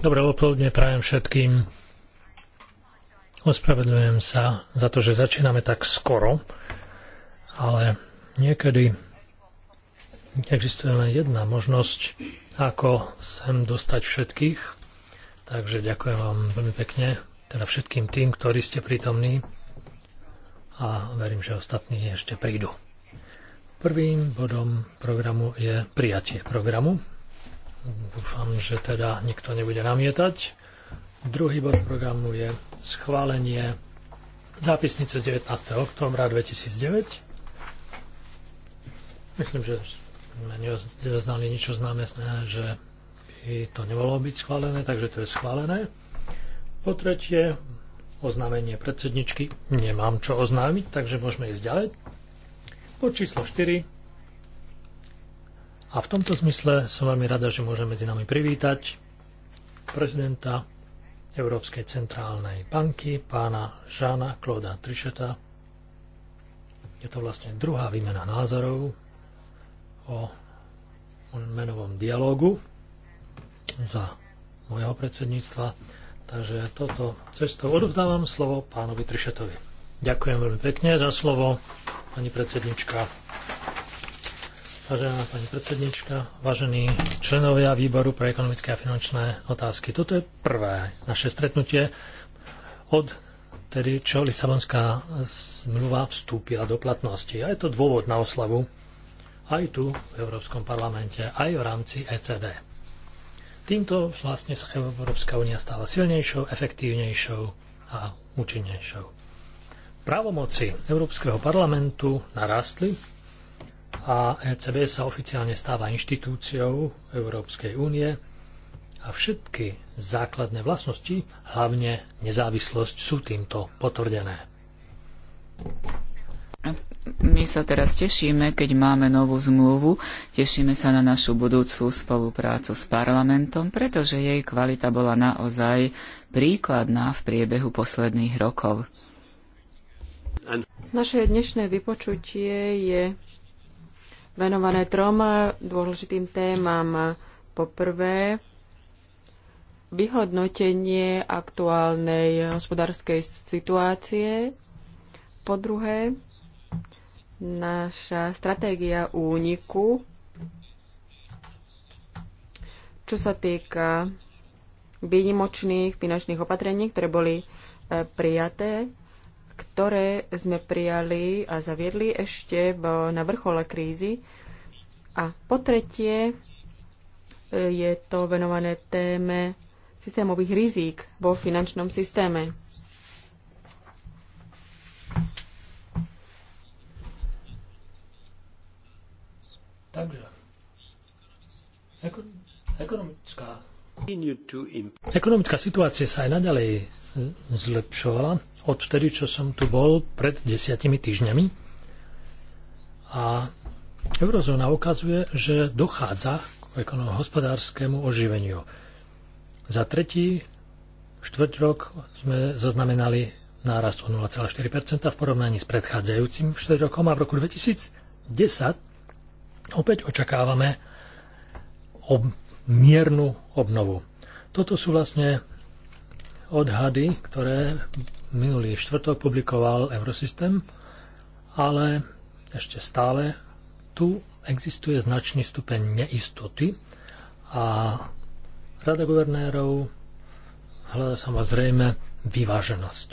Dobré odpoludne prajem všetkým. Ospravedlňujem sa za to, že začíname tak skoro, ale niekedy existuje len jedna možnosť, ako sem dostať všetkých. Takže ďakujem vám veľmi pekne, teda všetkým tým, ktorí ste prítomní a verím, že ostatní ešte prídu. Prvým bodom programu je prijatie programu. Dúfam, že teda nikto nebude namietať. Druhý bod programu je schválenie zápisnice z 19. októbra 2009. Myslím, že sme neoznali nič známestné, že by to nemalo byť schválené, takže to je schválené. Po tretie, oznámenie predsedničky. Nemám čo oznámiť, takže môžeme ísť ďalej. Pod číslo 4 a v tomto zmysle som veľmi rada, že môžem medzi nami privítať prezidenta Európskej centrálnej banky, pána Žána Klóda Trišeta. Je to vlastne druhá výmena názorov o menovom dialogu za môjho predsedníctva. Takže toto cestou odovzdávam slovo pánovi Trišetovi. Ďakujem veľmi pekne za slovo, pani predsednička. Vážená pani predsednička, vážení členovia Výboru pre ekonomické a finančné otázky. Toto je prvé naše stretnutie od tedy, čo Lisabonská zmluva vstúpila do platnosti. A je to dôvod na oslavu aj tu v Európskom parlamente, aj v rámci ECB. Týmto vlastne sa Európska únia stáva silnejšou, efektívnejšou a účinnejšou. Právomoci Európskeho parlamentu narastli a ECB sa oficiálne stáva inštitúciou Európskej únie a všetky základné vlastnosti, hlavne nezávislosť, sú týmto potvrdené. My sa teraz tešíme, keď máme novú zmluvu, tešíme sa na našu budúcu spoluprácu s parlamentom, pretože jej kvalita bola naozaj príkladná v priebehu posledných rokov. Naše dnešné vypočutie je venované trom dôležitým témam. Poprvé, vyhodnotenie aktuálnej hospodárskej situácie. Po druhé, naša stratégia úniku, čo sa týka výnimočných finančných opatrení, ktoré boli e, prijaté ktoré sme prijali a zaviedli ešte na vrchole krízy. A po tretie e, je to venované téme systémových rizík vo finančnom systéme. Takže ekonomická, ekonomická situácia sa aj naďalej e, zlepšovala odtedy, čo som tu bol pred desiatimi týždňami. A eurozóna ukazuje, že dochádza k hospodárskému oživeniu. Za tretí štvrť rok sme zaznamenali nárast o 0,4 v porovnaní s predchádzajúcim štvrť rokom a v roku 2010 opäť očakávame ob- miernu obnovu. Toto sú vlastne odhady, ktoré minulý štvrtok publikoval Eurosystem, ale ešte stále tu existuje značný stupeň neistoty a Rada guvernérov hľada samozrejme vyváženosť.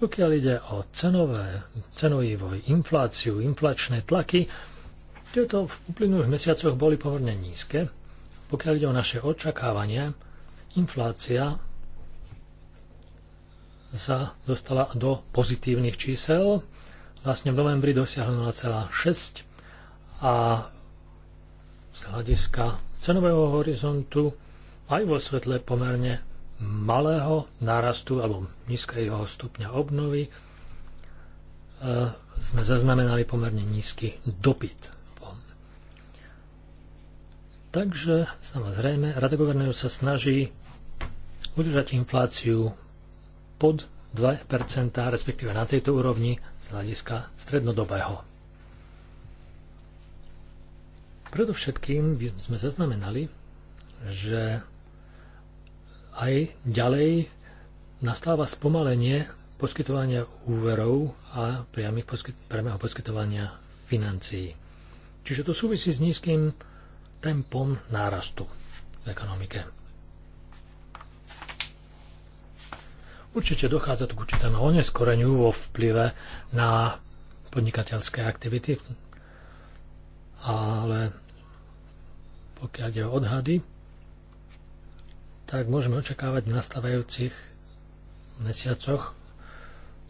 Pokiaľ ide o cenové, cenový vývoj, infláciu, inflačné tlaky, tieto v uplynulých mesiacoch boli pomerne nízke. Pokiaľ ide o naše očakávanie, inflácia sa dostala do pozitívnych čísel. Vlastne v novembri dosiahla 0,6 a z hľadiska cenového horizontu aj vo svetle pomerne malého nárastu alebo nízkeho stupňa obnovy e, sme zaznamenali pomerne nízky dopyt. Takže samozrejme, Rada sa snaží udržať infláciu pod 2 respektíve na tejto úrovni z hľadiska strednodobého. Predovšetkým sme zaznamenali, že aj ďalej nastáva spomalenie poskytovania úverov a priamých poskyt- priamého poskytovania financií. Čiže to súvisí s nízkym tempom nárastu v ekonomike. Určite dochádza k určitému oneskoreniu vo vplyve na podnikateľské aktivity, ale pokiaľ ide o odhady, tak môžeme očakávať v nastávajúcich mesiacoch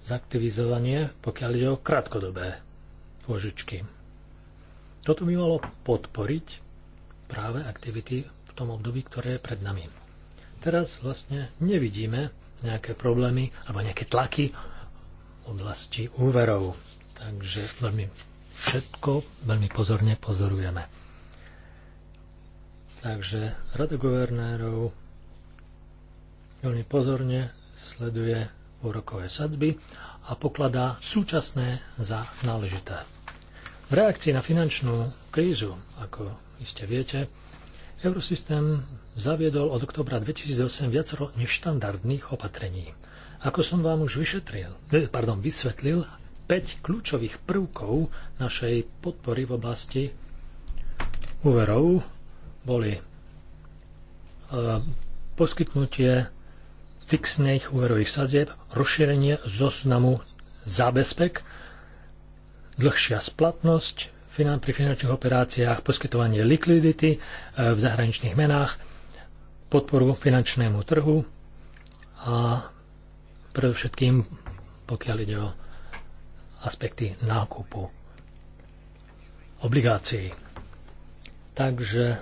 zaktivizovanie, pokiaľ ide o krátkodobé pôžičky. Toto by malo podporiť práve aktivity v tom období, ktoré je pred nami. Teraz vlastne nevidíme nejaké problémy alebo nejaké tlaky v oblasti úverov. Takže veľmi všetko veľmi pozorne pozorujeme. Takže Rada guvernérov veľmi pozorne sleduje úrokové sadzby a pokladá súčasné za náležité. V reakcii na finančnú krízu, ako iste viete, Eurosystém zaviedol od oktobra 2008 viacero neštandardných opatrení. Ako som vám už vyšetril, eh, pardon, vysvetlil, 5 kľúčových prvkov našej podpory v oblasti úverov boli eh, poskytnutie fixných úverových sadzieb, rozšírenie zoznamu zábezpek, dlhšia splatnosť, pri finančných operáciách, poskytovanie likvidity e, v zahraničných menách, podporu finančnému trhu a predovšetkým, pokiaľ ide o aspekty nákupu obligácií. Takže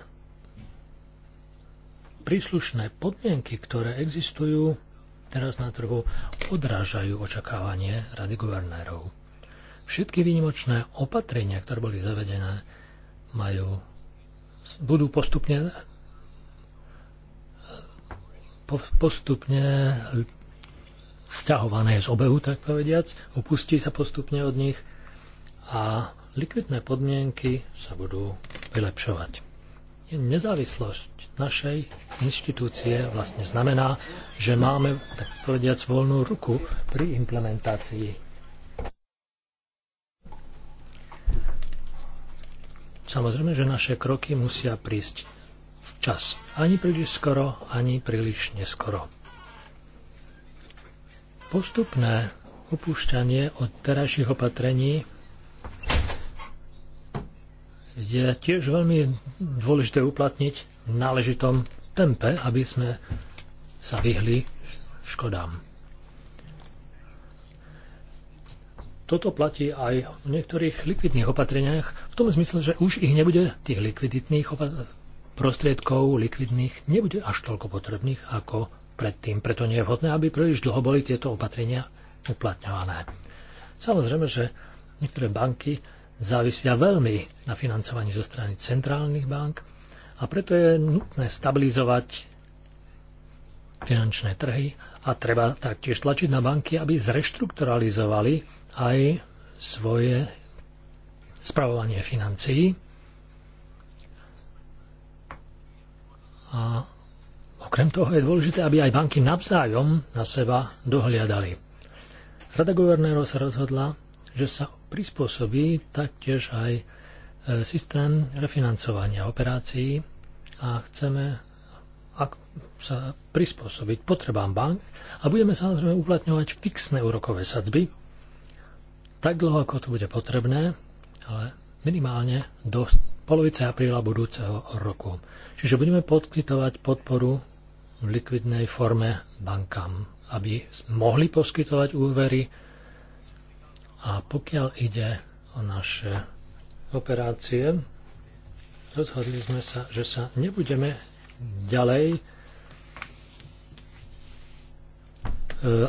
príslušné podmienky, ktoré existujú teraz na trhu, odrážajú očakávanie rady guvernérov. Všetky výnimočné opatrenia, ktoré boli zavedené, majú, budú postupne postupne sťahované z obehu, tak povediac, upustí sa postupne od nich a likvidné podmienky sa budú vylepšovať. Nezávislosť našej inštitúcie vlastne znamená, že máme, tak povediac, voľnú ruku pri implementácii Samozrejme, že naše kroky musia prísť včas. Ani príliš skoro, ani príliš neskoro. Postupné opúšťanie od terajších opatrení je tiež veľmi dôležité uplatniť v náležitom tempe, aby sme sa vyhli škodám. Toto platí aj v niektorých likvidných opatreniach, v tom zmysle, že už ich nebude, tých likviditných prostriedkov, likvidných, nebude až toľko potrebných ako predtým. Preto nie je vhodné, aby príliš dlho boli tieto opatrenia uplatňované. Samozrejme, že niektoré banky závisia veľmi na financovaní zo strany centrálnych bank a preto je nutné stabilizovať finančné trhy a treba taktiež tlačiť na banky, aby zreštrukturalizovali aj svoje spravovanie financií. A okrem toho je dôležité, aby aj banky navzájom na seba dohliadali. Rada guvernérov sa rozhodla, že sa prispôsobí taktiež aj e, systém refinancovania operácií a chceme sa prispôsobiť potrebám bank a budeme samozrejme uplatňovať fixné úrokové sadzby, tak dlho, ako to bude potrebné, ale minimálne do polovice apríla budúceho roku. Čiže budeme podkytovať podporu v likvidnej forme bankám, aby mohli poskytovať úvery a pokiaľ ide o naše operácie, rozhodli sme sa, že sa nebudeme ďalej e,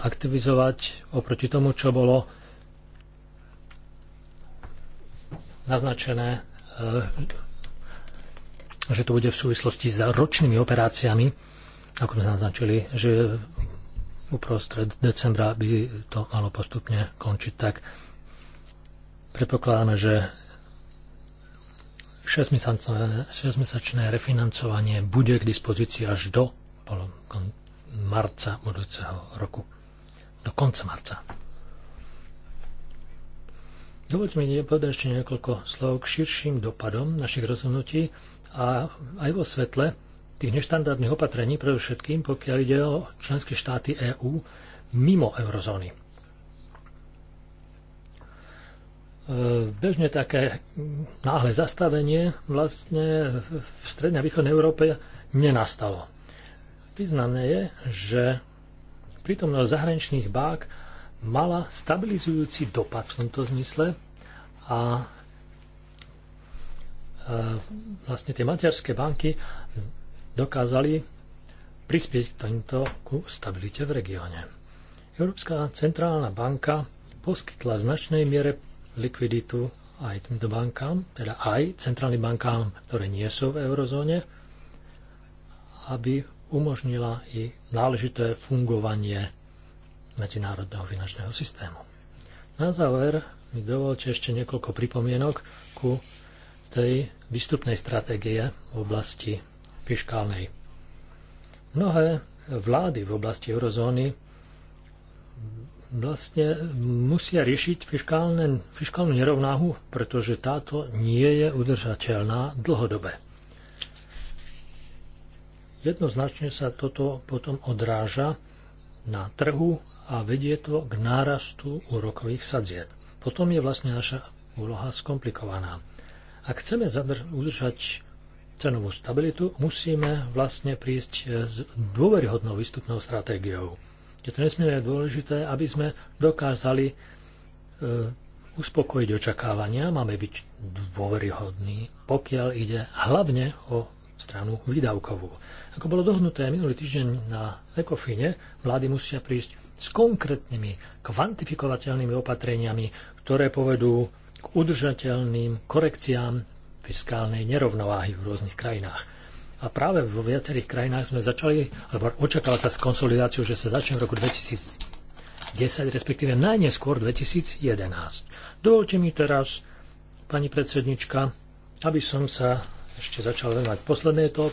aktivizovať oproti tomu, čo bolo naznačené, eh, že to bude v súvislosti s ročnými operáciami, ako sme naznačili, že uprostred decembra by to malo postupne končiť tak. Predpokladáme, že 6-mesačné refinancovanie bude k dispozícii až do marca budúceho roku. Do konca marca. Dovoľte mi povedať ešte niekoľko slov k širším dopadom našich rozhodnutí a aj vo svetle tých neštandardných opatrení, predovšetkým pokiaľ ide o členské štáty EÚ mimo eurozóny. E, bežne také náhle zastavenie vlastne v strednej a východnej Európe nenastalo. Významné je, že prítomnosť zahraničných bák mala stabilizujúci dopad v tomto zmysle a e, vlastne tie maďarské banky dokázali prispieť k tomto ku stabilite v regióne. Európska centrálna banka poskytla značnej miere likviditu aj týmto bankám, teda aj centrálnym bankám, ktoré nie sú v eurozóne, aby umožnila i náležité fungovanie medzinárodného finančného systému. Na záver mi dovolte ešte niekoľko pripomienok ku tej výstupnej stratégie v oblasti fiskálnej. Mnohé vlády v oblasti eurozóny vlastne musia riešiť fiskálne, fiskálnu nerovnáhu, pretože táto nie je udržateľná dlhodobé. Jednoznačne sa toto potom odráža na trhu a vedie to k nárastu úrokových sadzieb. Potom je vlastne naša úloha skomplikovaná. Ak chceme udržať cenovú stabilitu, musíme vlastne prísť e, s dôveryhodnou výstupnou stratégiou. Je to nesmierne dôležité, aby sme dokázali e, uspokojiť očakávania, máme byť dôveryhodní, pokiaľ ide hlavne o stranu výdavkovú. Ako bolo dohnuté minulý týždeň na Ekofine, vlády musia prísť s konkrétnymi kvantifikovateľnými opatreniami, ktoré povedú k udržateľným korekciám fiskálnej nerovnováhy v rôznych krajinách. A práve vo viacerých krajinách sme začali, alebo očakáva sa s konsolidáciou, že sa začne v roku 2010, respektíve najneskôr 2011. Dovolte mi teraz, pani predsednička, aby som sa ešte začal venovať poslednej to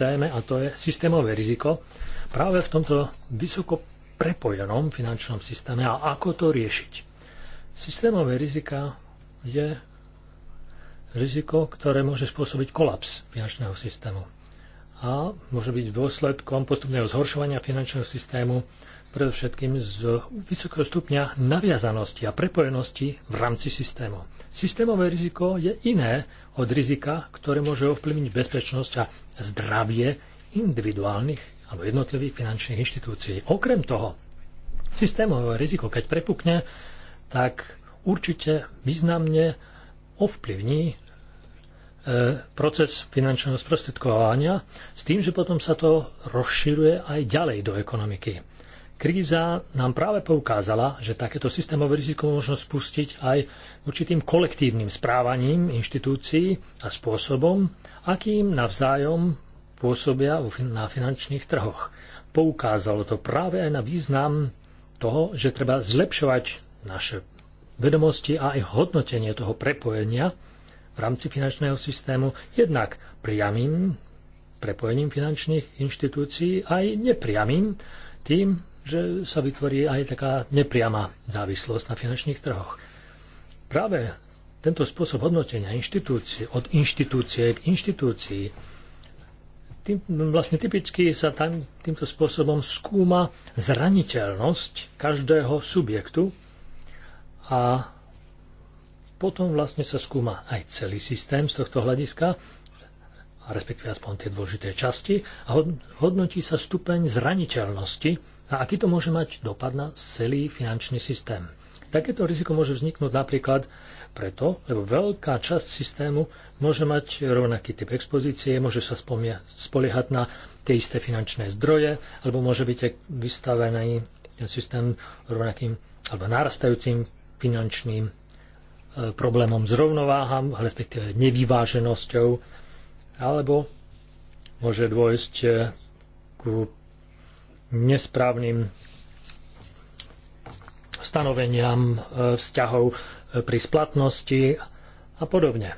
téme, a to je systémové riziko. Práve v tomto vysoko prepojenom finančnom systéme a ako to riešiť. Systémové rizika je riziko, ktoré môže spôsobiť kolaps finančného systému a môže byť dôsledkom postupného zhoršovania finančného systému, predovšetkým z vysokého stupňa naviazanosti a prepojenosti v rámci systému. Systémové riziko je iné od rizika, ktoré môže ovplyvniť bezpečnosť a zdravie individuálnych alebo jednotlivých finančných inštitúcií. Okrem toho, systémové riziko, keď prepukne, tak určite významne ovplyvní e, proces finančného sprostredkovania s tým, že potom sa to rozširuje aj ďalej do ekonomiky. Kríza nám práve poukázala, že takéto systémové riziko možno spustiť aj určitým kolektívnym správaním inštitúcií a spôsobom, akým navzájom pôsobia na finančných trhoch. Poukázalo to práve aj na význam toho, že treba zlepšovať naše vedomosti a aj hodnotenie toho prepojenia v rámci finančného systému jednak priamým prepojením finančných inštitúcií aj nepriamým tým, že sa vytvorí aj taká nepriama závislosť na finančných trhoch. Práve tento spôsob hodnotenia inštitúcie, od inštitúcie k inštitúcii tým, no vlastne typicky sa tam, týmto spôsobom skúma zraniteľnosť každého subjektu a potom vlastne sa skúma aj celý systém z tohto hľadiska, a respektíve aspoň tie dôležité časti, a hodnotí sa stupeň zraniteľnosti a aký to môže mať dopad na celý finančný systém. Takéto riziko môže vzniknúť napríklad preto, lebo veľká časť systému môže mať rovnaký typ expozície, môže sa spoliehať na tie isté finančné zdroje, alebo môže byť vystavený ten systém rovnakým alebo narastajúcim finančným e, problémom s rovnováham, respektíve nevyváženosťou, alebo môže dôjsť e, ku nesprávnym stanoveniam e, vzťahov pri splatnosti a podobne.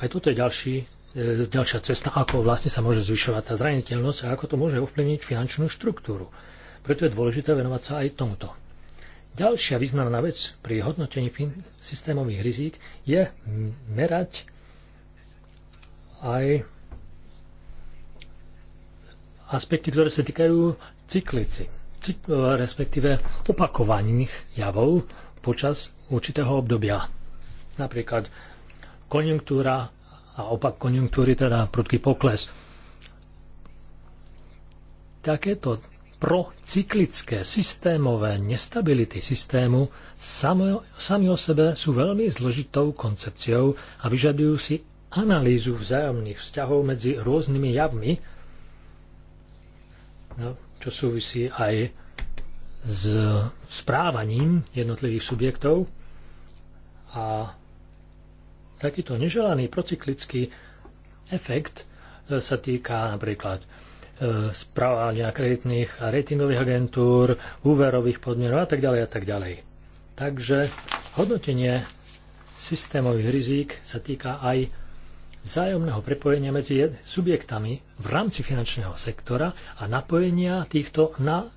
Aj toto je ďalší, e, ďalšia cesta, ako vlastne sa môže zvyšovať tá zraniteľnosť a ako to môže ovplyvniť finančnú štruktúru. Preto je dôležité venovať sa aj tomuto. Ďalšia významná vec pri hodnotení systémových rizík je merať aj aspekty, ktoré sa týkajú cyklici, cykl- respektíve opakovaných javov, počas určitého obdobia. Napríklad konjunktúra a opak konjunktúry, teda prudký pokles. Takéto procyklické systémové nestability systému sami, sami o sebe sú veľmi zložitou koncepciou a vyžadujú si analýzu vzájomných vzťahov medzi rôznymi javmi, no, čo súvisí aj s správaním jednotlivých subjektov a takýto neželaný procyklický efekt e, sa týka napríklad e, správania kreditných a ratingových agentúr, úverových podmienov a tak ďalej a tak ďalej. Takže hodnotenie systémových rizík sa týka aj vzájomného prepojenia medzi subjektami v rámci finančného sektora a napojenia týchto na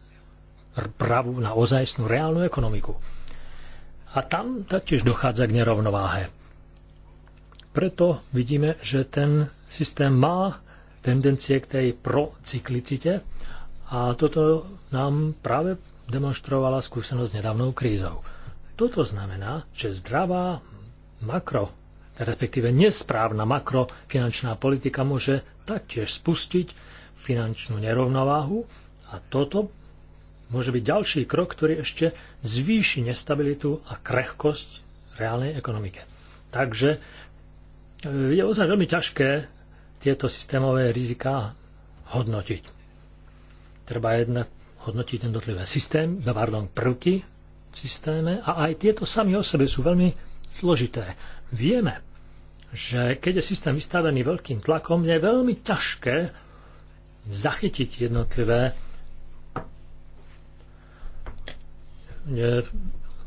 pravú na ozajstnú reálnu ekonomiku. A tam taktiež dochádza k nerovnováhe. Preto vidíme, že ten systém má tendencie k tej procyklicite a toto nám práve demonstrovala skúsenosť s nedávnou krízou. Toto znamená, že zdravá makro, respektíve nesprávna makrofinančná politika môže taktiež spustiť finančnú nerovnováhu a toto môže byť ďalší krok, ktorý ešte zvýši nestabilitu a krehkosť reálnej ekonomike. Takže e, je ozaj veľmi ťažké tieto systémové rizika hodnotiť. Treba jednak hodnotiť jednotlivé systém, no, pardon, prvky v systéme a aj tieto sami o sebe sú veľmi zložité. Vieme, že keď je systém vystavený veľkým tlakom, je veľmi ťažké zachytiť jednotlivé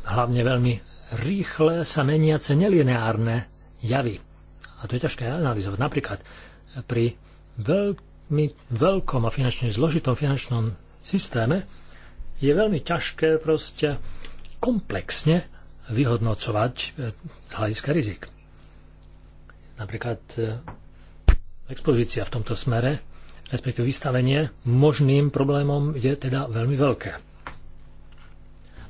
hlavne veľmi rýchle sa meniace nelineárne javy. A to je ťažké analyzovať. Napríklad pri veľmi veľkom a finančne zložitom finančnom systéme je veľmi ťažké proste komplexne vyhodnocovať e, hľadiska rizik. Napríklad e, expozícia v tomto smere, respektíve vystavenie možným problémom je teda veľmi veľké.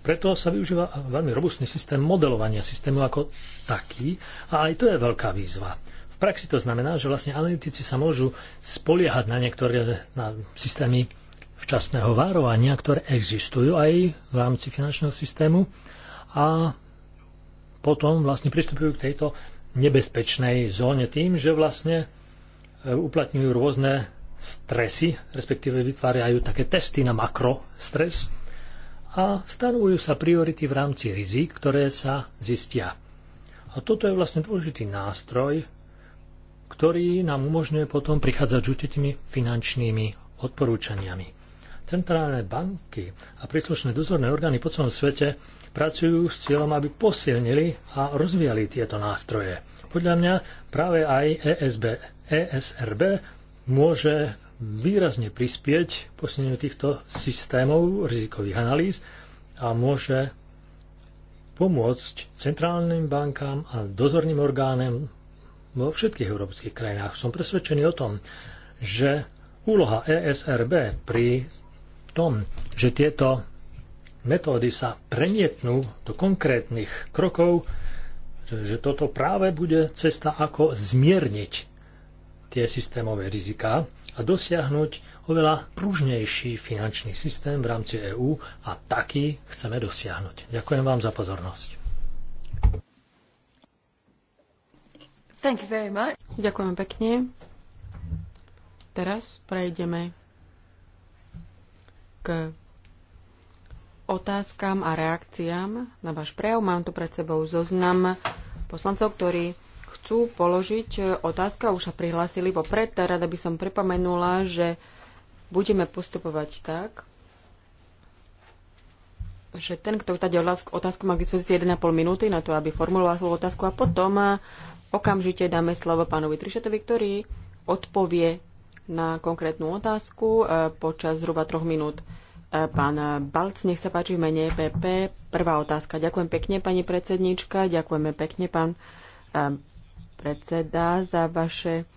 Preto sa využíva veľmi robustný systém modelovania systému ako taký a aj to je veľká výzva. V praxi to znamená, že vlastne analytici sa môžu spoliehať na niektoré na systémy včasného várovania, ktoré existujú aj v rámci finančného systému a potom vlastne pristupujú k tejto nebezpečnej zóne tým, že vlastne e, uplatňujú rôzne stresy, respektíve vytvárajú také testy na makrostres, a stanovujú sa priority v rámci rizik, ktoré sa zistia. A toto je vlastne dôležitý nástroj, ktorý nám umožňuje potom prichádzať s určitými finančnými odporúčaniami. Centrálne banky a príslušné dozorné orgány po celom svete pracujú s cieľom, aby posilnili a rozvíjali tieto nástroje. Podľa mňa práve aj ESB, ESRB môže výrazne prispieť posilneniu týchto systémov rizikových analýz a môže pomôcť centrálnym bankám a dozorným orgánom vo všetkých európskych krajinách. Som presvedčený o tom, že úloha ESRB pri tom, že tieto metódy sa premietnú do konkrétnych krokov, že toto práve bude cesta, ako zmierniť tie systémové riziká a dosiahnuť oveľa pružnejší finančný systém v rámci EÚ a taký chceme dosiahnuť. Ďakujem vám za pozornosť. Thank you very much. Ďakujem pekne. Teraz prejdeme k otázkam a reakciám na váš prejav. Mám tu pred sebou zoznam poslancov, ktorí chcú položiť e, otázka, už sa prihlásili vopred. Rada by som pripomenula, že budeme postupovať tak, že ten, kto tady otázku, má k dispozícii 1,5 minúty na to, aby formuloval svoju otázku a potom e, okamžite dáme slovo pánovi Trišetovi, ktorý odpovie na konkrétnu otázku e, počas zhruba troch minút. Pán Balc, nech sa páči v mene PP. Prvá otázka. Ďakujem pekne, pani predsednička. Ďakujeme pekne, pán predseda, za vaše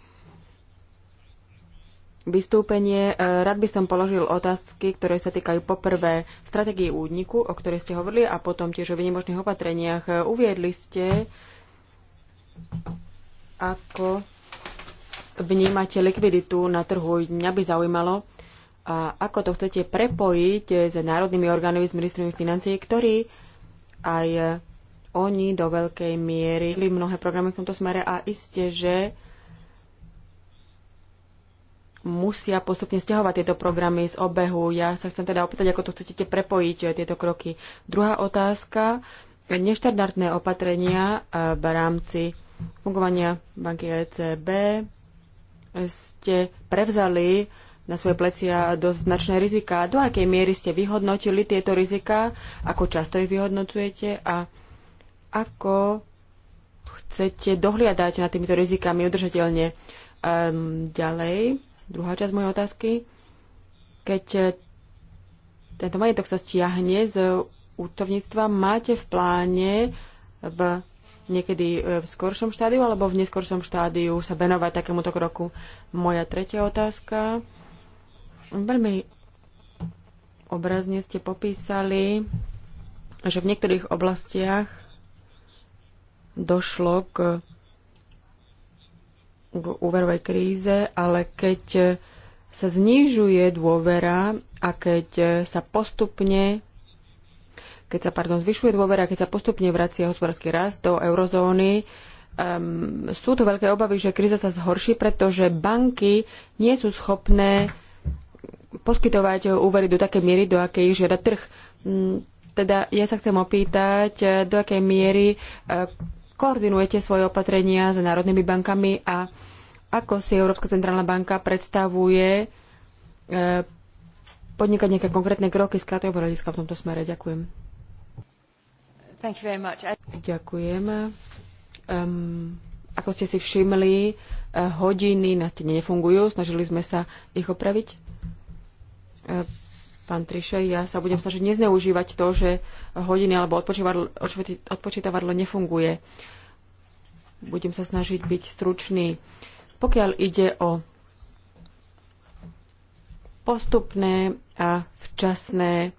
vystúpenie. E, rád by som položil otázky, ktoré sa týkajú poprvé stratégie údniku, o ktorej ste hovorili, a potom tiež o vynimočných opatreniach. E, uviedli ste, ako vnímate likviditu na trhu. Mňa by zaujímalo, a ako to chcete prepojiť s národnými orgánmi, s ministrami financií, ktorí aj oni do veľkej miery mnohé programy v tomto smere a iste, že musia postupne stiahovať tieto programy z obehu. Ja sa chcem teda opýtať, ako to chcete prepojiť, eh, tieto kroky. Druhá otázka. Neštandardné opatrenia eh, v rámci fungovania banky ECB ste prevzali na svoje plecia dosť značné rizika. Do akej miery ste vyhodnotili tieto rizika? Ako často ich vyhodnocujete? A ako chcete dohliadať nad týmito rizikami udržateľne? Um, ďalej, druhá časť mojej otázky. Keď eh, tento majetok sa stiahne z útovníctva, máte v pláne v niekedy eh, v skoršom štádiu alebo v neskoršom štádiu sa venovať takémuto kroku? Moja tretia otázka. Veľmi obrazne ste popísali, že v niektorých oblastiach došlo k, k úverovej kríze, ale keď sa znižuje dôvera a keď sa postupne keď sa pardon, zvyšuje dôvera, keď sa postupne vracia hospodársky rast do eurozóny, um, sú tu veľké obavy, že kríza sa zhorší, pretože banky nie sú schopné poskytovať úvery do takej miery, do akej ich žiada trh. Mm, teda ja sa chcem opýtať, do akej miery e, koordinujete svoje opatrenia s národnými bankami a ako si Európska centrálna banka predstavuje e, podnikať nejaké konkrétne kroky z krátkeho hľadiska v tomto smere. Ďakujem. Ďakujem. Um, ako ste si všimli, e, hodiny na stene nefungujú, snažili sme sa ich opraviť. E, pán Triše, ja sa budem snažiť nezneužívať to, že hodiny alebo odpočítavadlo nefunguje. Budem sa snažiť byť stručný. Pokiaľ ide o postupné a včasné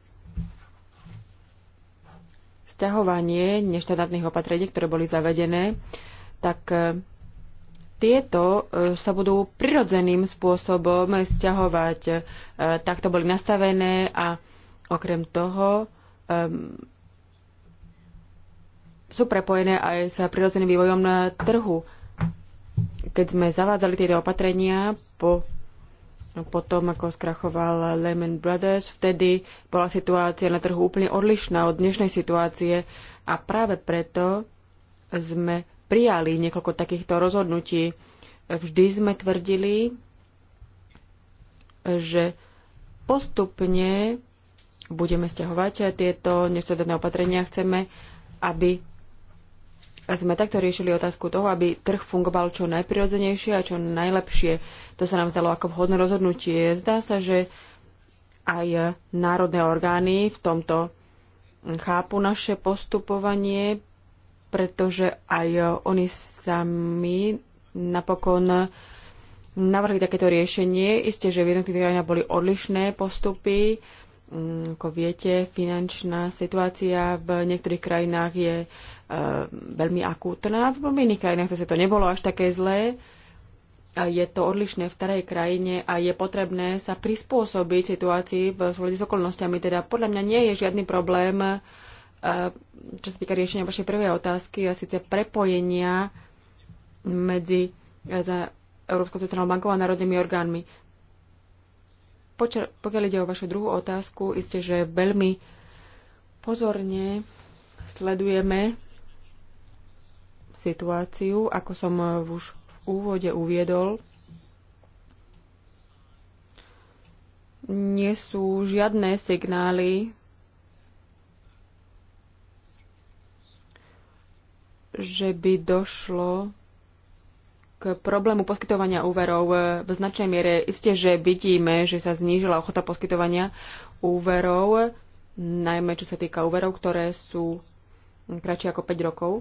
sťahovanie neštandardných opatrení, ktoré boli zavedené, tak e, tieto e, sa budú prirodzeným spôsobom sťahovať. E, Takto boli nastavené a okrem toho sú prepojené aj s prirodzeným vývojom na trhu. Keď sme zavádzali tieto opatrenia po, po tom, ako skrachoval Lehman Brothers, vtedy bola situácia na trhu úplne odlišná od dnešnej situácie a práve preto sme prijali niekoľko takýchto rozhodnutí. Vždy sme tvrdili, že postupne budeme stiahovať tieto neštandardné opatrenia. Chceme, aby sme takto riešili otázku toho, aby trh fungoval čo najprirodzenejšie a čo najlepšie. To sa nám zdalo ako vhodné rozhodnutie. Zdá sa, že aj národné orgány v tomto chápu naše postupovanie, pretože aj oni sami napokon navrhli takéto riešenie. Isté, že v jednotlivých krajinách boli odlišné postupy. Mm, ako viete, finančná situácia v niektorých krajinách je E, veľmi akútna. V iných krajinách zase to nebolo až také zlé. Je to odlišné v starej krajine a je potrebné sa prispôsobiť situácii v súhľade s okolnostiami. Teda podľa mňa nie je žiadny problém, e, čo sa týka riešenia vašej prvej otázky, a síce prepojenia medzi e, za Európskou centrálnou bankou a národnými orgánmi. Počer, pokiaľ ide o vašu druhú otázku, iste, že veľmi pozorne sledujeme situáciu. Ako som eh, už v úvode uviedol, nie sú žiadne signály, že by došlo k problému poskytovania úverov v značnej miere. Isté, že vidíme, že sa znížila ochota poskytovania úverov, najmä čo sa týka úverov, ktoré sú kratšie ako 5 rokov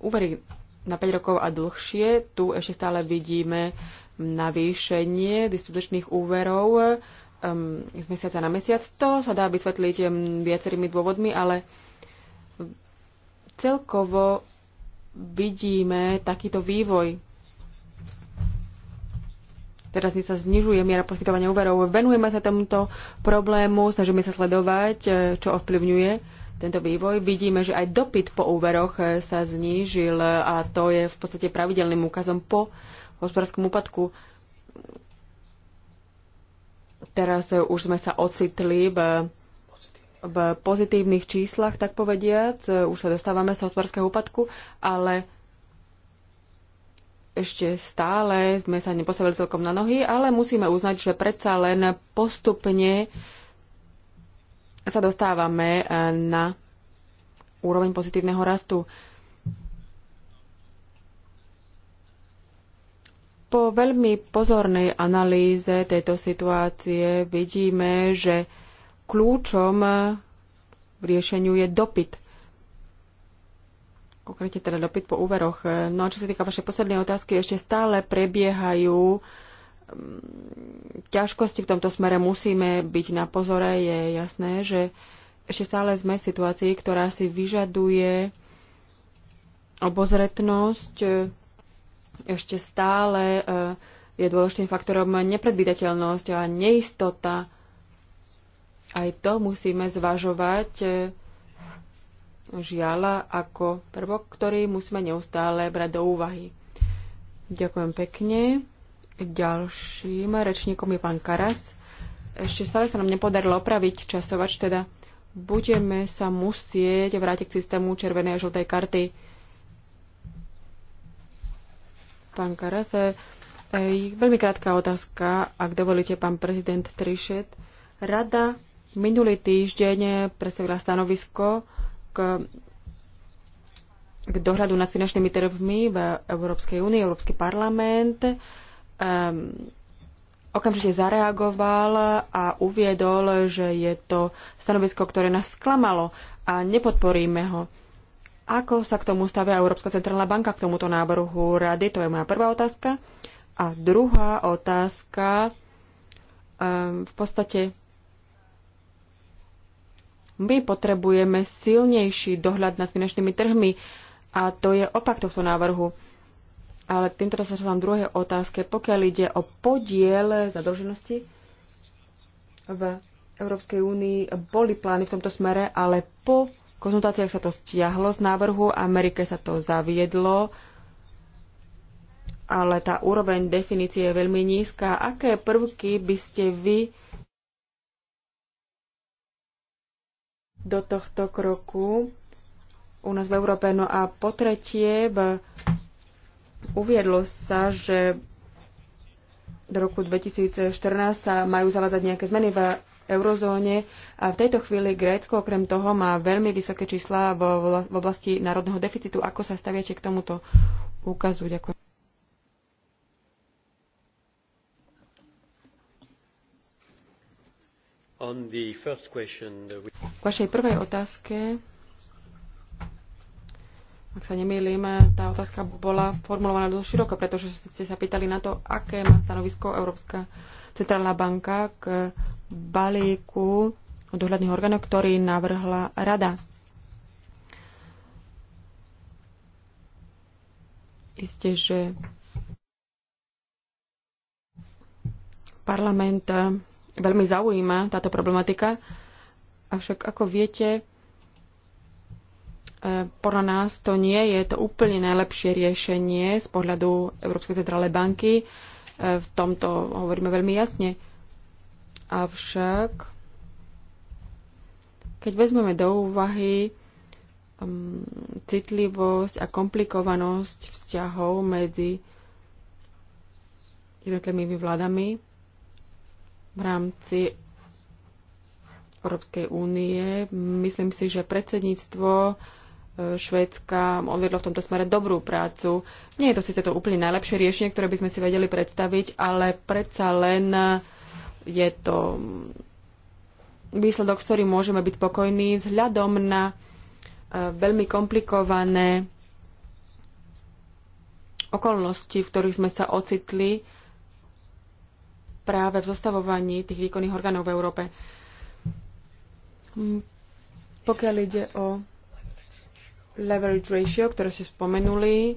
úvery na 5 rokov a dlhšie. Tu ešte stále vidíme navýšenie dispozičných úverov um, z mesiaca na mesiac. To sa dá vysvetliť um, viacerými dôvodmi, ale celkovo vidíme takýto vývoj. Teraz sa znižuje miera poskytovania úverov. Venujeme sa tomuto problému, snažíme sa sledovať, uh, čo ovplyvňuje tento vývoj. Vidíme, že aj dopyt po úveroch e, sa znížil a to je v podstate pravidelným úkazom po hospodárskom úpadku. Teraz e, už sme sa ocitli v, v pozitívnych číslach, tak povediac. E, už sa dostávame z hospodárskeho úpadku, ale ešte stále sme sa nepostavili celkom na nohy, ale musíme uznať, že predsa len postupne uh, sa dostávame e, na úroveň pozitívneho rastu. Po veľmi pozornej analýze tejto situácie vidíme, že kľúčom k riešeniu je dopyt. Konkrétne teda dopyt po úveroch. No a čo sa týka vašej poslednej otázky, ešte stále prebiehajú ťažkosti v tomto smere musíme byť na pozore. Je jasné, že ešte stále sme v situácii, ktorá si vyžaduje obozretnosť. Ešte stále eh, je dôležitým faktorom nepredvídateľnosť a neistota. Aj to musíme zvažovať eh, žiala ako prvok, ktorý musíme neustále brať do úvahy. Ďakujem pekne. Ďalším rečníkom je pán Karas. Ešte stále sa nám nepodarilo opraviť časovač, teda budeme sa musieť vrátiť k systému červenej a žltej karty. Pán Karas, e, e, veľmi krátka otázka, ak dovolíte, pán prezident Trišet. Rada minulý týždeň predstavila stanovisko k k dohľadu nad finančnými trhmi v Európskej únii, Európsky parlament um, okamžite zareagoval a uviedol, že je to stanovisko, ktoré nás sklamalo a nepodporíme ho. Ako sa k tomu stavia Európska centrálna banka k tomuto návrhu rady? To je moja prvá otázka. A druhá otázka um, v podstate my potrebujeme silnejší dohľad nad finančnými trhmi a to je opak tohto návrhu. Ale týmto sa vám druhé otázke. Pokiaľ ide o podiel zadlženosti v Európskej únii, boli plány v tomto smere, ale po konzultáciách sa to stiahlo z návrhu, Amerike sa to zaviedlo, ale tá úroveň definície je veľmi nízka. Aké prvky by ste vy do tohto kroku u nás v Európe. No a po tretie, v Uviedlo sa, že do roku 2014 sa majú zavádzať nejaké zmeny v eurozóne a v tejto chvíli Grécko okrem toho má veľmi vysoké čísla v oblasti národného deficitu. Ako sa staviate k tomuto úkazu? Ďakujem. K vašej prvej otázke ak sa nemýlim, tá otázka bola formulovaná dosť široko, pretože ste sa pýtali na to, aké má stanovisko Európska centrálna banka k balíku dohľadných orgánov, ktorý navrhla Rada. Isté, že parlament veľmi zaujíma táto problematika, avšak ako viete, E, podľa nás to nie je to úplne najlepšie riešenie z pohľadu Európskej centrálnej banky. E, v tomto hovoríme veľmi jasne. Avšak, keď vezmeme do úvahy um, citlivosť a komplikovanosť vzťahov medzi jednotlivými vládami v rámci Európskej únie. Myslím si, že predsedníctvo Švédska odvedlo v tomto smere dobrú prácu. Nie je to síce to úplne najlepšie riešenie, ktoré by sme si vedeli predstaviť, ale predsa len je to výsledok, s ktorým môžeme byť spokojní vzhľadom na e, veľmi komplikované okolnosti, v ktorých sme sa ocitli práve v zostavovaní tých výkonných orgánov v Európe. Hm, pokiaľ ide o leverage ratio, ktoré ste spomenuli, e,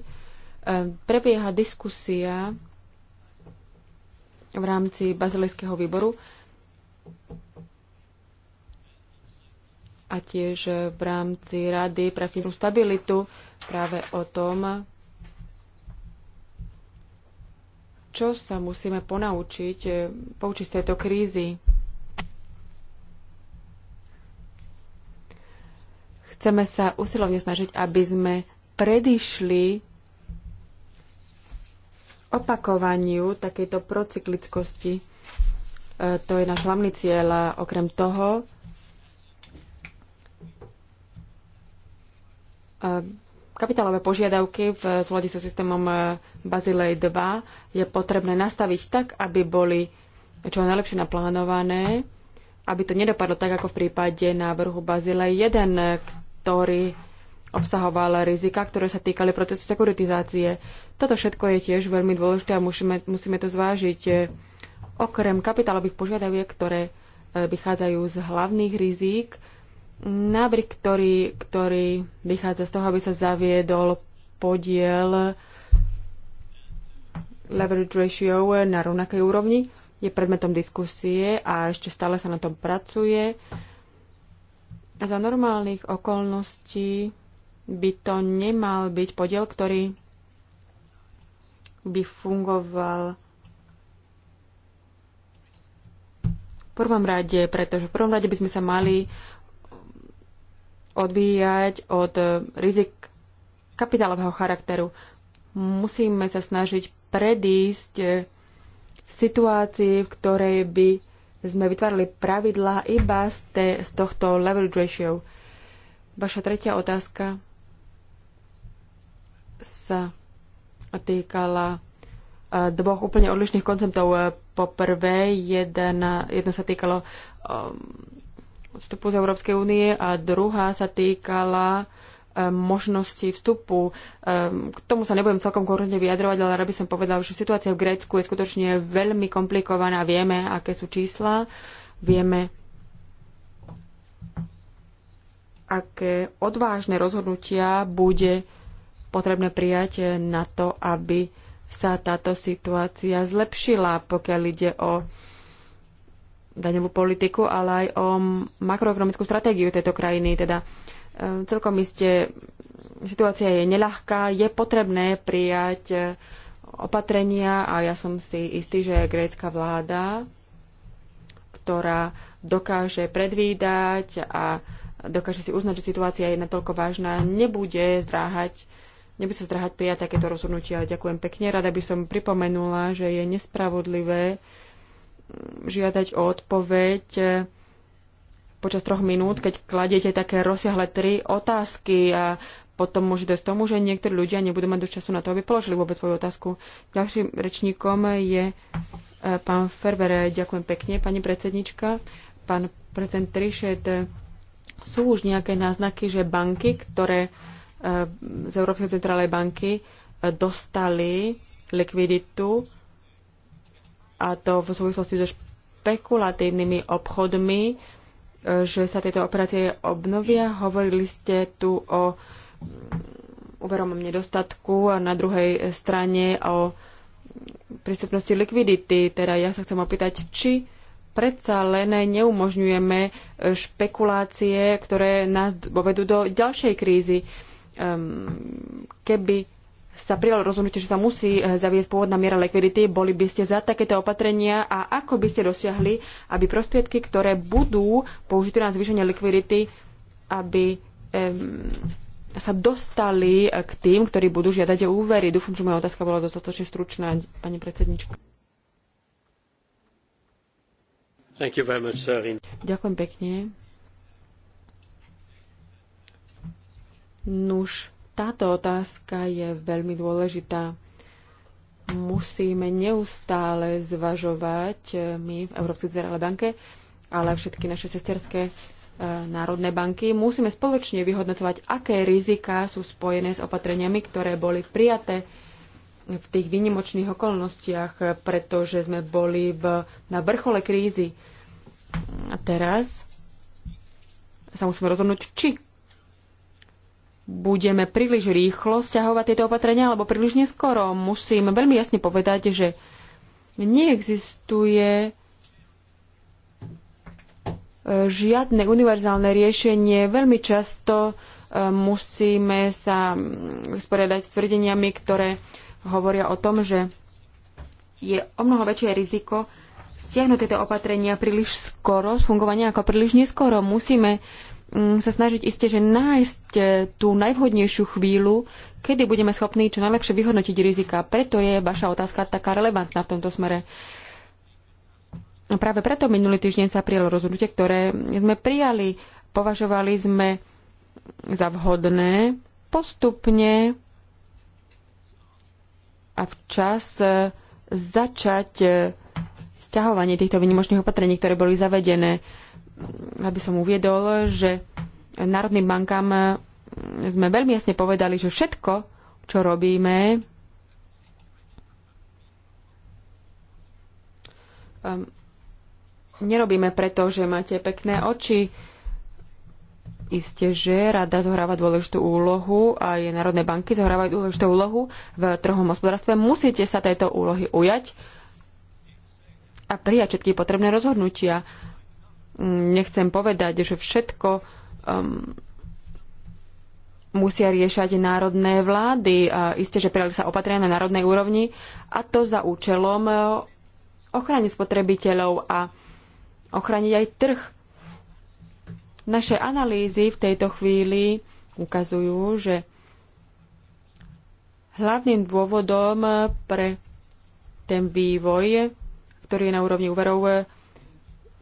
prebieha diskusia v rámci bazilejského výboru a tiež v rámci Rady pre finančnú stabilitu práve o tom, čo sa musíme ponaučiť, e, poučiť z tejto krízy. Chceme sa usilovne snažiť, aby sme predišli opakovaniu takejto procyklickosti. E, to je náš hlavný cieľ a okrem toho e, kapitálové požiadavky v zvládi so systémom e, Bazilej 2 je potrebné nastaviť tak, aby boli čo najlepšie naplánované, aby to nedopadlo tak, ako v prípade návrhu Bazilej 1, ktorý obsahoval rizika, ktoré sa týkali procesu sekuritizácie. Toto všetko je tiež veľmi dôležité a musíme, musíme to zvážiť. Okrem kapitálových požiadaviek, ktoré e, vychádzajú z hlavných rizík, návrh, ktorý, ktorý vychádza z toho, aby sa zaviedol podiel leverage ratio na rovnakej úrovni, je predmetom diskusie a ešte stále sa na tom pracuje. Za normálnych okolností by to nemal byť podiel, ktorý by fungoval v prvom rade, pretože v prvom rade by sme sa mali odvíjať od rizik kapitálového charakteru. Musíme sa snažiť predísť situácii, v ktorej by sme vytvárali pravidlá iba z, te, z tohto leverage ratio. Vaša tretia otázka sa týkala e, dvoch úplne odlišných konceptov. E, po prvé, jedno sa týkalo e, vstupu z Európskej únie a druhá sa týkala možnosti vstupu. Ehm, k tomu sa nebudem celkom konkrétne vyjadrovať, ale rád by som povedal, že situácia v Grécku je skutočne veľmi komplikovaná. Vieme, aké sú čísla, vieme, aké odvážne rozhodnutia bude potrebné prijať na to, aby sa táto situácia zlepšila, pokiaľ ide o daňovú politiku, ale aj o makroekonomickú stratégiu tejto krajiny. Teda Ehm, celkom iste situácia je neľahká, je potrebné prijať e, opatrenia a ja som si istý, že grécka vláda, ktorá dokáže predvídať a dokáže si uznať, že situácia je natoľko vážna, nebude zdráhať nebude sa zdráhať prijať takéto rozhodnutia. Ďakujem pekne. Rada by som pripomenula, že je nespravodlivé mm, žiadať o odpoveď e, počas troch minút, keď kladiete také rozsiahle tri otázky a potom môže dojsť tomu, že niektorí ľudia nebudú mať dosť času na to, aby položili vôbec svoju otázku. Ďalším rečníkom je e, pán Ferber. Ďakujem pekne, pani predsednička. Pán prezident Trišet, sú už nejaké náznaky, že banky, ktoré e, z Európskej centrálnej banky e, dostali likviditu a to v súvislosti so špekulatívnymi obchodmi že sa tieto operácie obnovia. Hovorili ste tu o úveromom nedostatku a na druhej strane o prístupnosti likvidity. Teda ja sa chcem opýtať, či predsa len neumožňujeme špekulácie, ktoré nás povedú do ďalšej krízy. Ehm, keby sa prijalo rozhodnutie, že sa musí e, zaviesť pôvodná miera likvidity, boli by ste za takéto opatrenia a ako by ste dosiahli, aby prostriedky, ktoré budú použité na zvýšenie likvidity, aby um, sa dostali e, k tým, ktorí budú žiadať o úvery. Dúfam, že moja otázka bola dostatočne stručná, pani predsednička. Much, Ďakujem pekne. Nuž, táto otázka je veľmi dôležitá. Musíme neustále zvažovať eh, my v Európskej centrálnej banke, ale všetky naše sesterské eh, národné banky, musíme spoločne vyhodnotovať, aké riziká sú spojené s opatreniami, ktoré boli prijaté v tých výnimočných okolnostiach, pretože sme boli v, na vrchole krízy. A teraz sa musíme rozhodnúť, či budeme príliš rýchlo stiahovať tieto opatrenia, alebo príliš neskoro. Musím veľmi jasne povedať, že neexistuje e, žiadne univerzálne riešenie. Veľmi často e, musíme sa mm, sporiadať s tvrdeniami, ktoré hovoria o tom, že je o mnoho väčšie riziko stiahnuť tieto opatrenia príliš skoro z fungovania ako príliš neskoro. Musíme Mm, sa snažiť iste, že nájsť e, tú najvhodnejšiu chvíľu, kedy budeme schopní čo najlepšie vyhodnotiť rizika. Preto je vaša otázka taká relevantná v tomto smere. Práve preto minulý týždeň sa prijalo rozhodnutie, ktoré sme prijali. Považovali sme za vhodné postupne a včas e, začať e, sťahovanie týchto vynimočných opatrení, ktoré boli zavedené aby som uviedol, že národným bankám eh, sme veľmi jasne povedali, že všetko, čo robíme, um, nerobíme preto, že máte pekné oči. Isté, že rada zohráva dôležitú úlohu a je Národné banky zohrávajú dôležitú úlohu v trhom hospodárstve. Musíte sa tejto úlohy ujať a prijať všetky potrebné rozhodnutia nechcem povedať, že všetko um, musia riešať národné vlády. A isté, že prijali sa opatrenia na národnej úrovni a to za účelom uh, ochrany spotrebiteľov a ochraniť aj trh. Naše analýzy v tejto chvíli ukazujú, že hlavným dôvodom pre ten vývoj, ktorý je na úrovni úverov,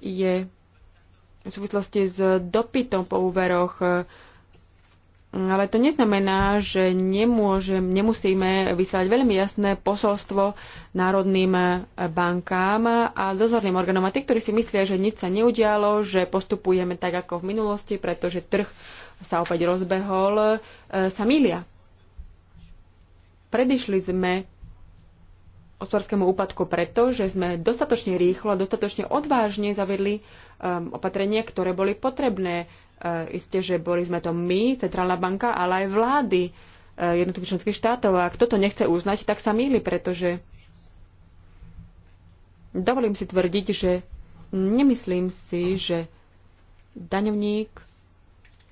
je v súvislosti s dopytom po úveroch. E, ale to neznamená, že nemôžem, nemusíme vyslať veľmi jasné posolstvo národným e, bankám a dozorným orgánom. A tí, ktorí si myslia, že nič sa neudialo, že postupujeme tak ako v minulosti, pretože trh sa opäť rozbehol, e, sa milia. Predišli sme hospodárskému úpadku preto, že sme dostatočne rýchlo a dostatočne odvážne zavedli Um, opatrenie, ktoré boli potrebné. Uh, isté, že boli sme to my, Centrálna banka, ale aj vlády uh, jednotlivých členských štátov. A kto to nechce uznať, tak sa míli, pretože dovolím si tvrdiť, že nemyslím si, že daňovník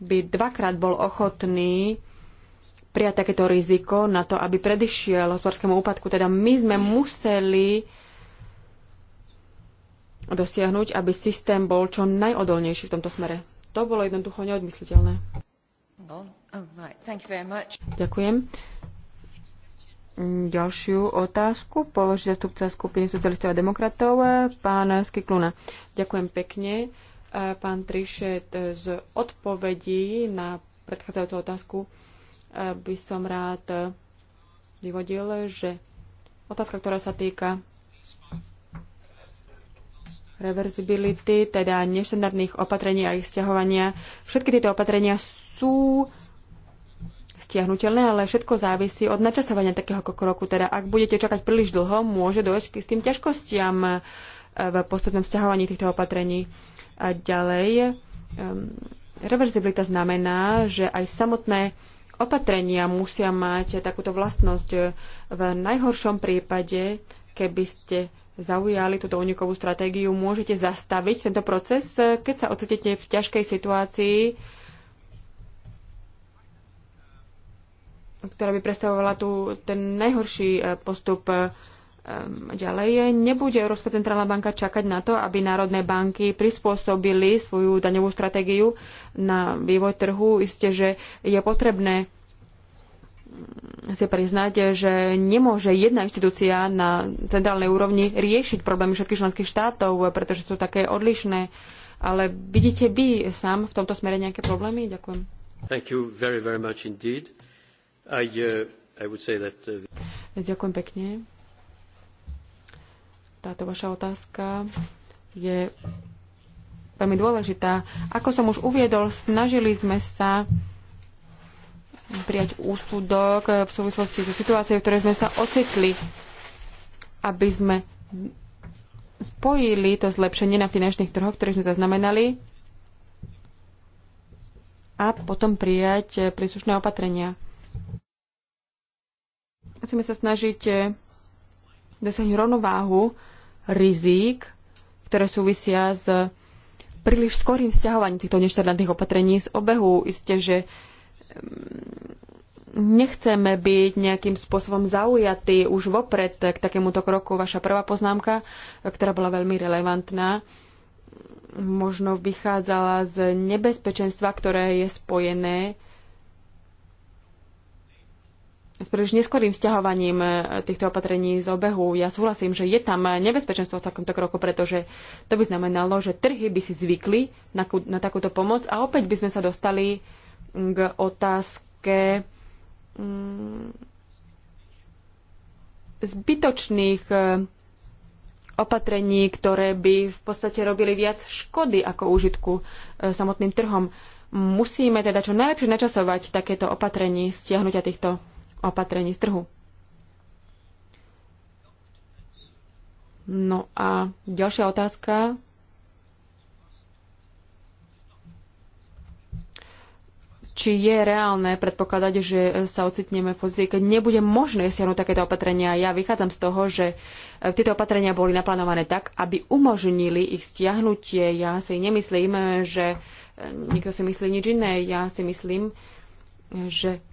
by dvakrát bol ochotný prijať takéto riziko na to, aby predišiel hospodárskému úpadku. Teda my sme museli dosiahnuť, aby systém bol čo najodolnejší v tomto smere. To bolo jednoducho neodmysliteľné. Oh, oh, Ďakujem. Ďalšiu otázku položí zastupca skupiny socialistov a demokratov, eh, pán Skikluna. Ďakujem pekne. Eh, pán Trišet, eh, z odpovedí na predchádzajúcu otázku by som rád vyvodil, že otázka, ktorá sa týka reverzibility, teda neštandardných opatrení a ich stiahovania. Všetky tieto opatrenia sú stiahnutelné, ale všetko závisí od načasovania takého kroku. Teda ak budete čakať príliš dlho, môže dojsť k tým ťažkostiam eh, v postupnom stiahovaní týchto opatrení. A ďalej, um, reverzibilita znamená, že aj samotné opatrenia musia mať takúto vlastnosť. V najhoršom prípade, keby ste zaujali túto unikovú stratégiu, môžete zastaviť tento proces, eh, keď sa ocitete v ťažkej situácii, ktorá by predstavovala tu ten najhorší eh, postup eh, ďalej. Nebude Európska centrálna banka čakať na to, aby národné banky prispôsobili svoju daňovú stratégiu na vývoj trhu. Isté, že je potrebné si priznať, že nemôže jedna inštitúcia na centrálnej úrovni riešiť problémy všetkých členských štátov, pretože sú také odlišné. Ale vidíte vy sám v tomto smere nejaké problémy? Ďakujem. Thank you very, very much indeed. I, uh, I would say that, uh... Ďakujem pekne. Táto vaša otázka je veľmi dôležitá. Ako som už uviedol, snažili sme sa prijať úsudok v súvislosti so situáciou, v ktorej sme sa ocitli, aby sme spojili to zlepšenie na finančných trhoch, ktoré sme zaznamenali a potom prijať príslušné opatrenia. Musíme sa snažiť dosiahnuť rovnováhu rizík, ktoré súvisia s príliš skorým vzťahovaním týchto neštandardných opatrení z obehu. Isté, že nechceme byť nejakým spôsobom zaujatí už vopred k takémuto kroku. Vaša prvá poznámka, ktorá bola veľmi relevantná, možno vychádzala z nebezpečenstva, ktoré je spojené s príliš neskorým vzťahovaním týchto opatrení z obehu. Ja súhlasím, že je tam nebezpečenstvo v takomto kroku, pretože to by znamenalo, že trhy by si zvykli na, na takúto pomoc a opäť by sme sa dostali uh, k otázke mm, zbytočných e, opatrení, ktoré by v podstate robili viac škody ako užitku e, samotným trhom. Musíme teda čo najlepšie načasovať takéto opatrení, stiahnutia týchto opatrení z trhu. No a ďalšia otázka či je reálne predpokladať, že sa ocitneme v pozícii, keď nebude možné siahnuť takéto opatrenia. Ja vychádzam z toho, že e, tieto opatrenia boli naplánované tak, aby umožnili ich stiahnutie. Ja si nemyslím, že e, niekto si myslí nič iné. Ja si myslím, že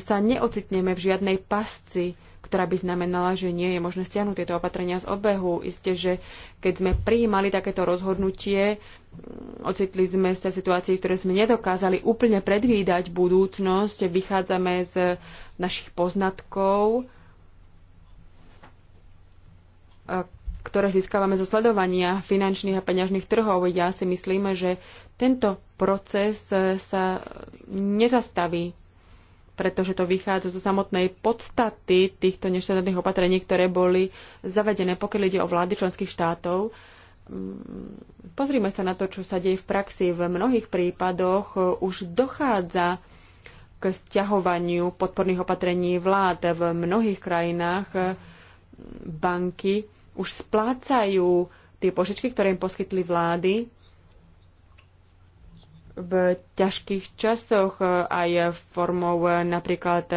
sa neocitneme v žiadnej pasci, ktorá by znamenala, že nie je možné stiahnuť tieto opatrenia z obehu. Isté, že keď sme prijímali takéto rozhodnutie, ocitli sme sa v situácii, ktoré sme nedokázali úplne predvídať budúcnosť. Vychádzame z našich poznatkov, e, ktoré získavame zo sledovania finančných a peňažných trhov. Ja si myslím, že tento proces e, sa nezastaví, pretože to vychádza zo samotnej podstaty týchto neštandardných opatrení, ktoré boli zavedené, pokiaľ ide o vlády členských štátov Mm, pozrime sa na to, čo sa deje v praxi. V mnohých prípadoch e, už dochádza k stiahovaniu podporných opatrení vlád. V mnohých krajinách e, banky už splácajú tie požičky, ktoré im poskytli vlády v ťažkých časoch e, aj formou napríklad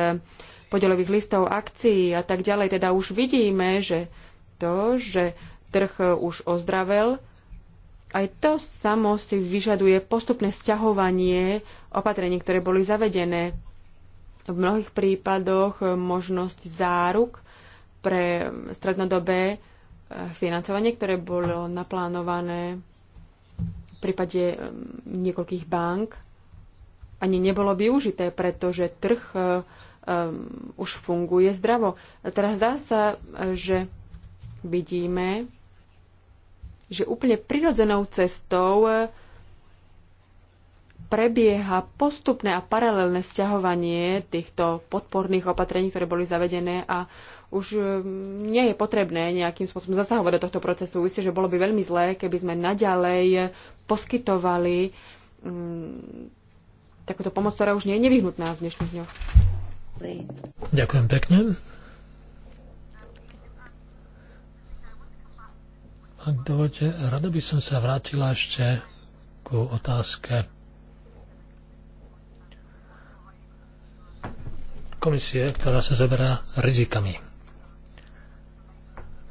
podelových listov, akcií a tak ďalej. Teda už vidíme, že to, že trh e, už ozdravel. Aj to samo si vyžaduje postupné sťahovanie opatrení, ktoré boli zavedené. V mnohých prípadoch e, možnosť záruk pre strednodobé e, financovanie, ktoré bolo naplánované v prípade niekoľkých bank, ani nebolo využité, pretože trh už funguje zdravo. Teraz zdá sa, že vidíme, že úplne prirodzenou cestou e, prebieha postupné a paralelné sťahovanie týchto podporných opatrení, ktoré boli zavedené a už e, nie je potrebné nejakým spôsobom zasahovať do tohto procesu. Isté, že bolo by veľmi zlé, keby sme naďalej e, poskytovali um, takúto pomoc, ktorá už nie je nevyhnutná v dnešných dňoch. Ďakujem pekne. ak dovolte, rada by som sa vrátila ešte ku otázke komisie, ktorá sa zaberá rizikami.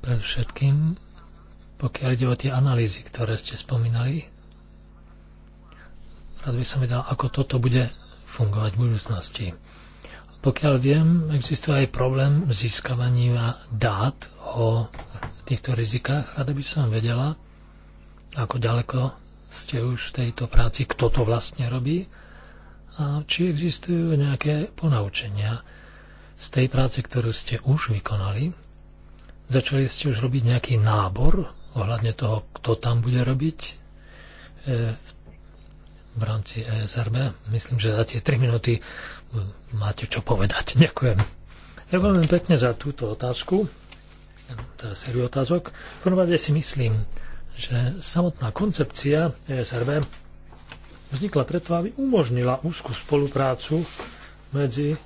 Predovšetkým, pokiaľ ide o tie analýzy, ktoré ste spomínali, rád by som vedel, ako toto bude fungovať v budúcnosti. Pokiaľ viem, existuje aj problém získavania dát o týchto rizikách. Rada by som vedela, ako ďaleko ste už v tejto práci, kto to vlastne robí a či existujú nejaké ponaučenia z tej práce, ktorú ste už vykonali. Začali ste už robiť nejaký nábor ohľadne toho, kto tam bude robiť e, v rámci ESRB. Myslím, že za tie 3 minúty máte čo povedať. Ďakujem. Ja veľmi pekne za túto otázku teraz sériu otázok. V prvom rade si myslím, že samotná koncepcia ESRB vznikla preto, aby umožnila úzku spoluprácu medzi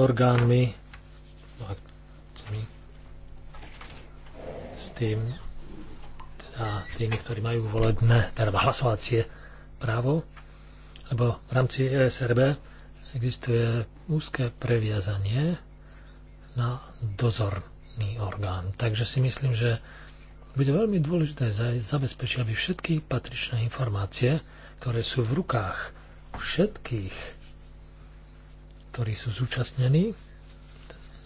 orgánmi s tým, teda tými, ktorí majú volebné, teda hlasovacie právo, lebo v rámci ESRB existuje úzke previazanie na dozorný orgán. Takže si myslím, že bude veľmi dôležité zabezpečiť, aby všetky patričné informácie, ktoré sú v rukách všetkých, ktorí sú zúčastnení,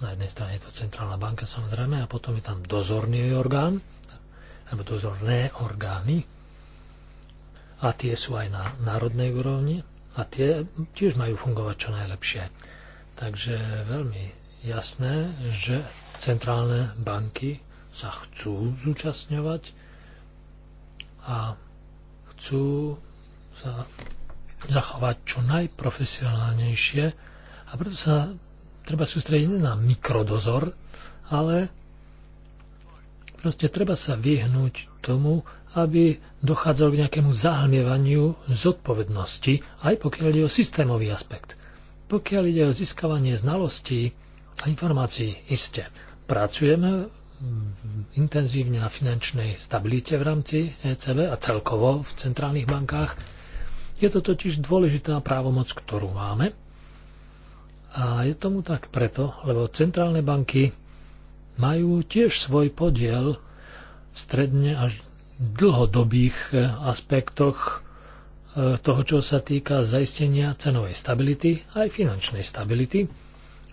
na jednej strane je to centrálna banka samozrejme, a potom je tam dozorný orgán, alebo dozorné orgány, a tie sú aj na národnej úrovni, a tie tiež majú fungovať čo najlepšie. Takže veľmi jasné, že centrálne banky sa chcú zúčastňovať a chcú sa zachovať čo najprofesionálnejšie a preto sa treba sústrediť na mikrodozor, ale proste treba sa vyhnúť tomu, aby dochádzalo k nejakému zahlmievaniu zodpovednosti, aj pokiaľ ide o systémový aspekt. Pokiaľ ide o získavanie znalostí a informácií. Isté, pracujeme intenzívne na finančnej stabilite v rámci ECB a celkovo v centrálnych bankách. Je to totiž dôležitá právomoc, ktorú máme. A je tomu tak preto, lebo centrálne banky majú tiež svoj podiel v stredne až dlhodobých e, aspektoch e, toho, čo sa týka zaistenia cenovej stability aj finančnej stability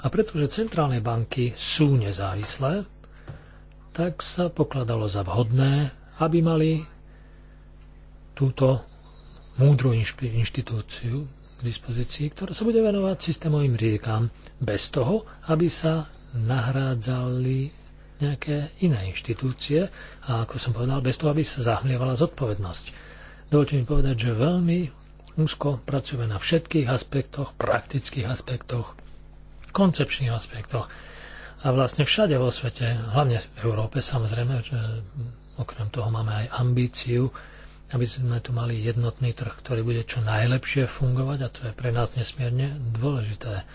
a pretože centrálne banky sú nezávislé, tak sa pokladalo za vhodné, aby mali túto múdru inštitúciu k dispozícii, ktorá sa bude venovať systémovým rizikám bez toho, aby sa nahrádzali nejaké iné inštitúcie a ako som povedal, bez toho, aby sa zahmlievala zodpovednosť. Dovolte mi povedať, že veľmi úzko pracujeme na všetkých aspektoch, praktických aspektoch koncepčných aspektoch. A vlastne všade vo svete, hlavne v Európe samozrejme, že okrem toho máme aj ambíciu, aby sme tu mali jednotný trh, ktorý bude čo najlepšie fungovať a to je pre nás nesmierne dôležité.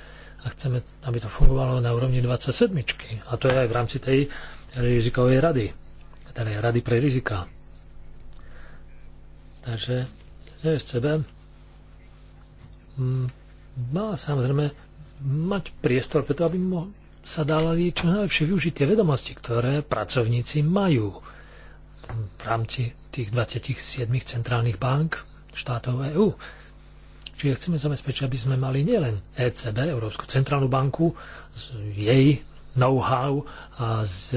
A chceme, aby to fungovalo na úrovni 27. A to je aj v rámci tej rizikovej rady, teda rady pre rizika. Takže No má samozrejme mať priestor preto, aby mo- sa dali čo najlepšie využiť tie vedomosti, ktoré pracovníci majú v rámci tých 27 centrálnych bank štátov EÚ. Čiže chceme zabezpečiť, aby sme mali nielen ECB, Európsku centrálnu banku, s jej know-how a s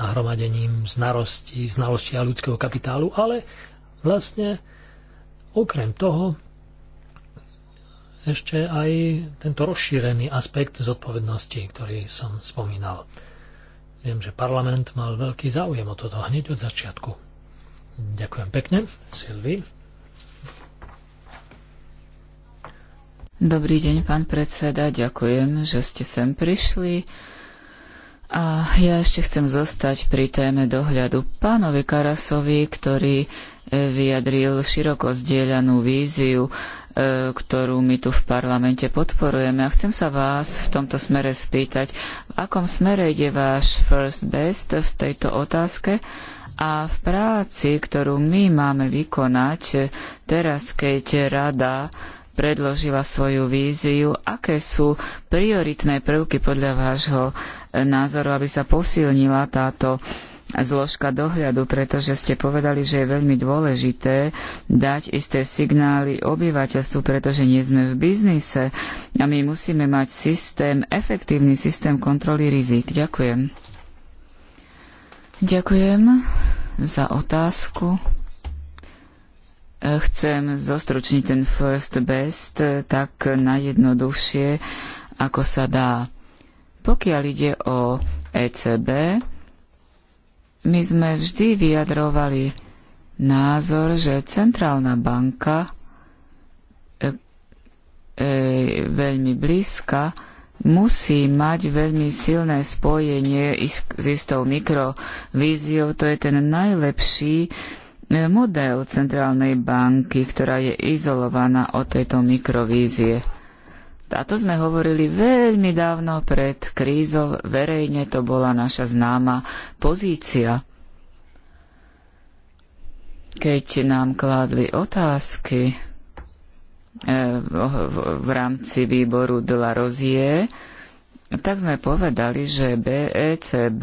nahromadením znalostí, znalosti a ľudského kapitálu, ale vlastne okrem toho ešte aj tento rozšírený aspekt zodpovednosti, ktorý som spomínal. Viem, že parlament mal veľký záujem o toto hneď od začiatku. Ďakujem pekne, Silvi. Dobrý deň, pán predseda, ďakujem, že ste sem prišli. A ja ešte chcem zostať pri téme dohľadu pánovi Karasovi, ktorý eh, vyjadril široko zdieľanú víziu E, ktorú my tu v parlamente podporujeme. A chcem sa vás v tomto smere spýtať, v akom smere ide váš first best v tejto otázke a v práci, ktorú my máme vykonať teraz, keď rada predložila svoju víziu, aké sú prioritné prvky podľa vášho názoru, aby sa posilnila táto zložka dohľadu, pretože ste povedali, že je veľmi dôležité dať isté signály obyvateľstvu, pretože nie sme v biznise a my musíme mať systém, efektívny systém kontroly rizik. Ďakujem. Ďakujem za otázku. Chcem zostručniť ten first best tak najjednoduchšie, ako sa dá. Pokiaľ ide o ECB, my sme vždy vyjadrovali názor, že centrálna banka e, e, veľmi blízka musí mať veľmi silné spojenie s istou mikrovíziou. To je ten najlepší e, model centrálnej banky, ktorá je izolovaná od tejto mikrovízie. A to sme hovorili veľmi dávno pred krízou, verejne to bola naša známa pozícia. Keď nám kládli otázky eh, v, v rámci výboru Dla Rozie, tak sme povedali, že BECB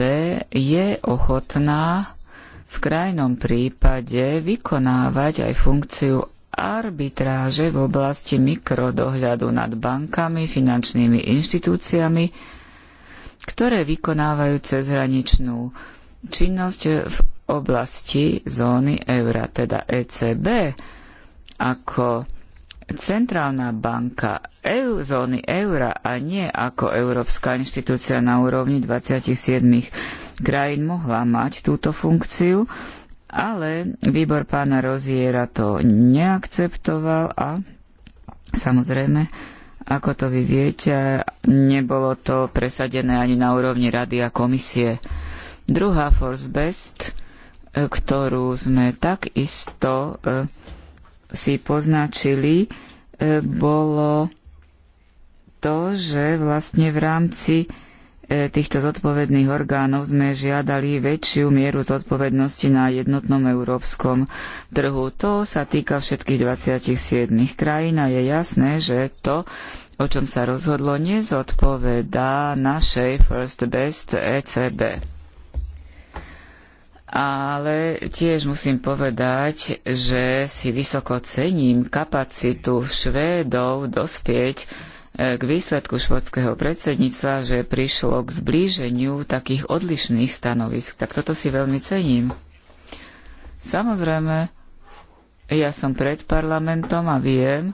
e je ochotná v krajnom prípade vykonávať aj funkciu arbitráže v oblasti mikrodohľadu nad bankami, finančnými inštitúciami, ktoré vykonávajú cezhraničnú činnosť v oblasti zóny eura, teda ECB, ako centrálna banka EU, zóny eura a nie ako európska inštitúcia na úrovni 27 krajín mohla mať túto funkciu, ale výbor pána Roziera to neakceptoval a samozrejme, ako to vy viete, nebolo to presadené ani na úrovni rady a komisie. Druhá Force Best, e, ktorú sme takisto e, si poznačili, e, bolo to, že vlastne v rámci týchto zodpovedných orgánov sme žiadali väčšiu mieru zodpovednosti na jednotnom európskom trhu. To sa týka všetkých 27 krajín a je jasné, že to, o čom sa rozhodlo, nezodpovedá našej First Best ECB. Ale tiež musím povedať, že si vysoko cením kapacitu Švédov dospieť k výsledku švedského predsedníctva, že prišlo k zblíženiu takých odlišných stanovisk. Tak toto si veľmi cením. Samozrejme, ja som pred parlamentom a viem,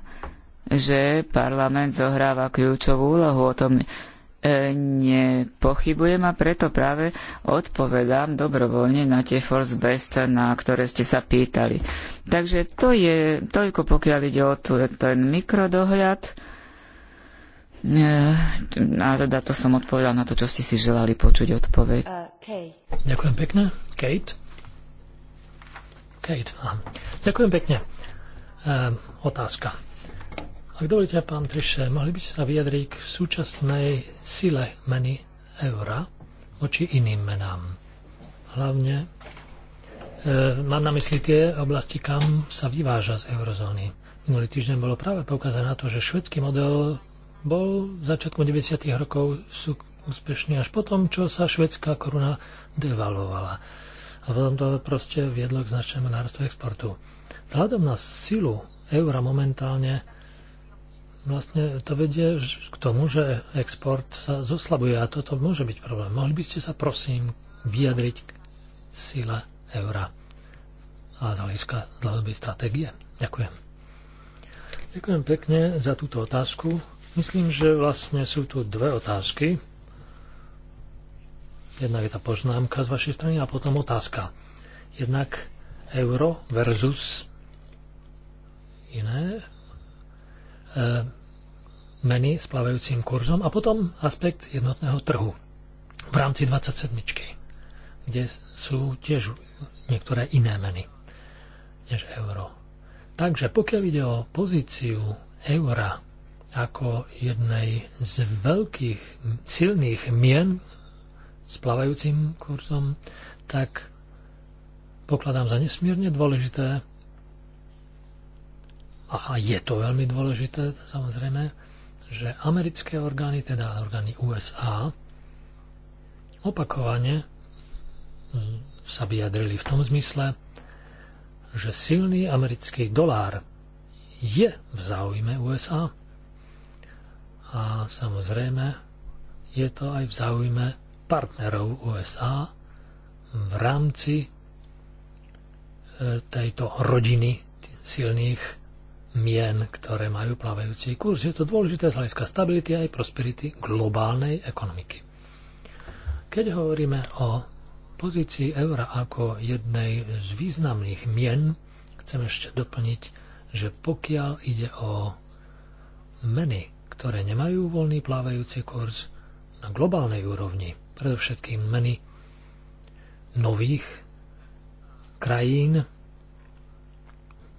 že parlament zohráva kľúčovú úlohu. O tom e, nepochybujem a preto práve odpovedám dobrovoľne na tie force best, na ktoré ste sa pýtali. Takže to je toľko, pokiaľ ide o ten mikrodohľad a rada teda to som odpovedala na to, čo ste si želali počuť odpoveď. Uh, Ďakujem pekne. Kate? Kate, aha. Ďakujem pekne. Uh, otázka. Ak dovolíte, pán Triše, mohli by ste sa vyjadriť k súčasnej sile meny eura voči iným menám. Hlavne e, mám na mysli tie oblasti, kam sa vyváža z eurozóny. Minulý týždeň bolo práve poukázané na to, že švedský model bol začiatku 90. rokov sú úspešný až potom, čo sa švedská koruna devalovala. A potom to proste viedlo k značnému nárastu exportu. Vzhľadom na silu eura momentálne vlastne to vedie k tomu, že export sa zoslabuje a toto môže byť problém. Mohli by ste sa prosím vyjadriť k sile eura a z hľadiska dlhodobej stratégie. Ďakujem. Ďakujem pekne za túto otázku. Myslím, že vlastne sú tu dve otázky. Jednak je tá poznámka z vašej strany a potom otázka. Jednak euro versus iné e, meny s plavajúcim kurzom a potom aspekt jednotného trhu v rámci 27, kde sú tiež niektoré iné meny než euro. Takže pokiaľ ide o pozíciu eura ako jednej z veľkých silných mien s plavajúcim kurzom, tak pokladám za nesmierne dôležité a je to veľmi dôležité samozrejme, že americké orgány, teda orgány USA, opakovane sa vyjadrili v tom zmysle, že silný americký dolár je v záujme USA a samozrejme je to aj v záujme partnerov USA v rámci e, tejto rodiny silných mien, ktoré majú plávajúci kurz. Je to dôležité z hľadiska stability aj prosperity globálnej ekonomiky. Keď hovoríme o pozícii eura ako jednej z významných mien, chcem ešte doplniť, že pokiaľ ide o meny ktoré nemajú voľný plávajúci kurz na globálnej úrovni, predovšetkým meny nových krajín,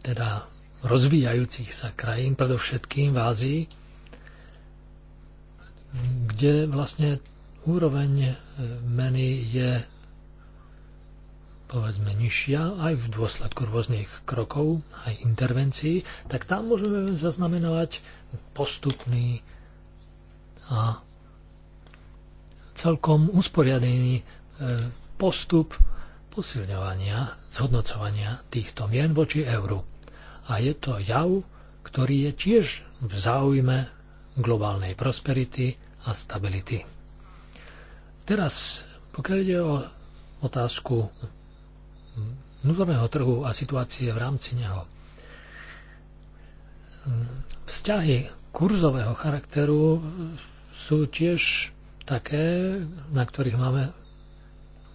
teda rozvíjajúcich sa krajín, predovšetkým v Ázii, kde vlastne úroveň e, meny je povedzme nižšia aj v dôsledku rôznych krokov, aj intervencií, tak tam môžeme zaznamenovať postupný a celkom usporiadený e, postup posilňovania, zhodnocovania týchto mien voči euru. A je to jav, ktorý je tiež v záujme globálnej prosperity a stability. Teraz, pokiaľ ide o otázku vnútorného trhu a situácie v rámci neho, vzťahy kurzového charakteru sú tiež také, na ktorých máme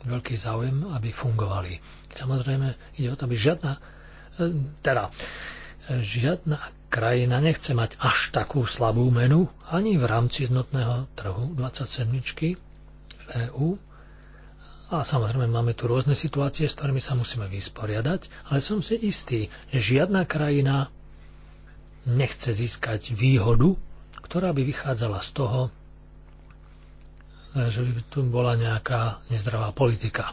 veľký záujem, aby fungovali. Samozrejme, ide o to, aby žiadna, e, teda, žiadna krajina nechce mať až takú slabú menu ani v rámci jednotného trhu 27 v EÚ. A samozrejme máme tu rôzne situácie, s ktorými sa musíme vysporiadať, ale som si istý, že žiadna krajina nechce získať výhodu, ktorá by vychádzala z toho, že by tu bola nejaká nezdravá politika.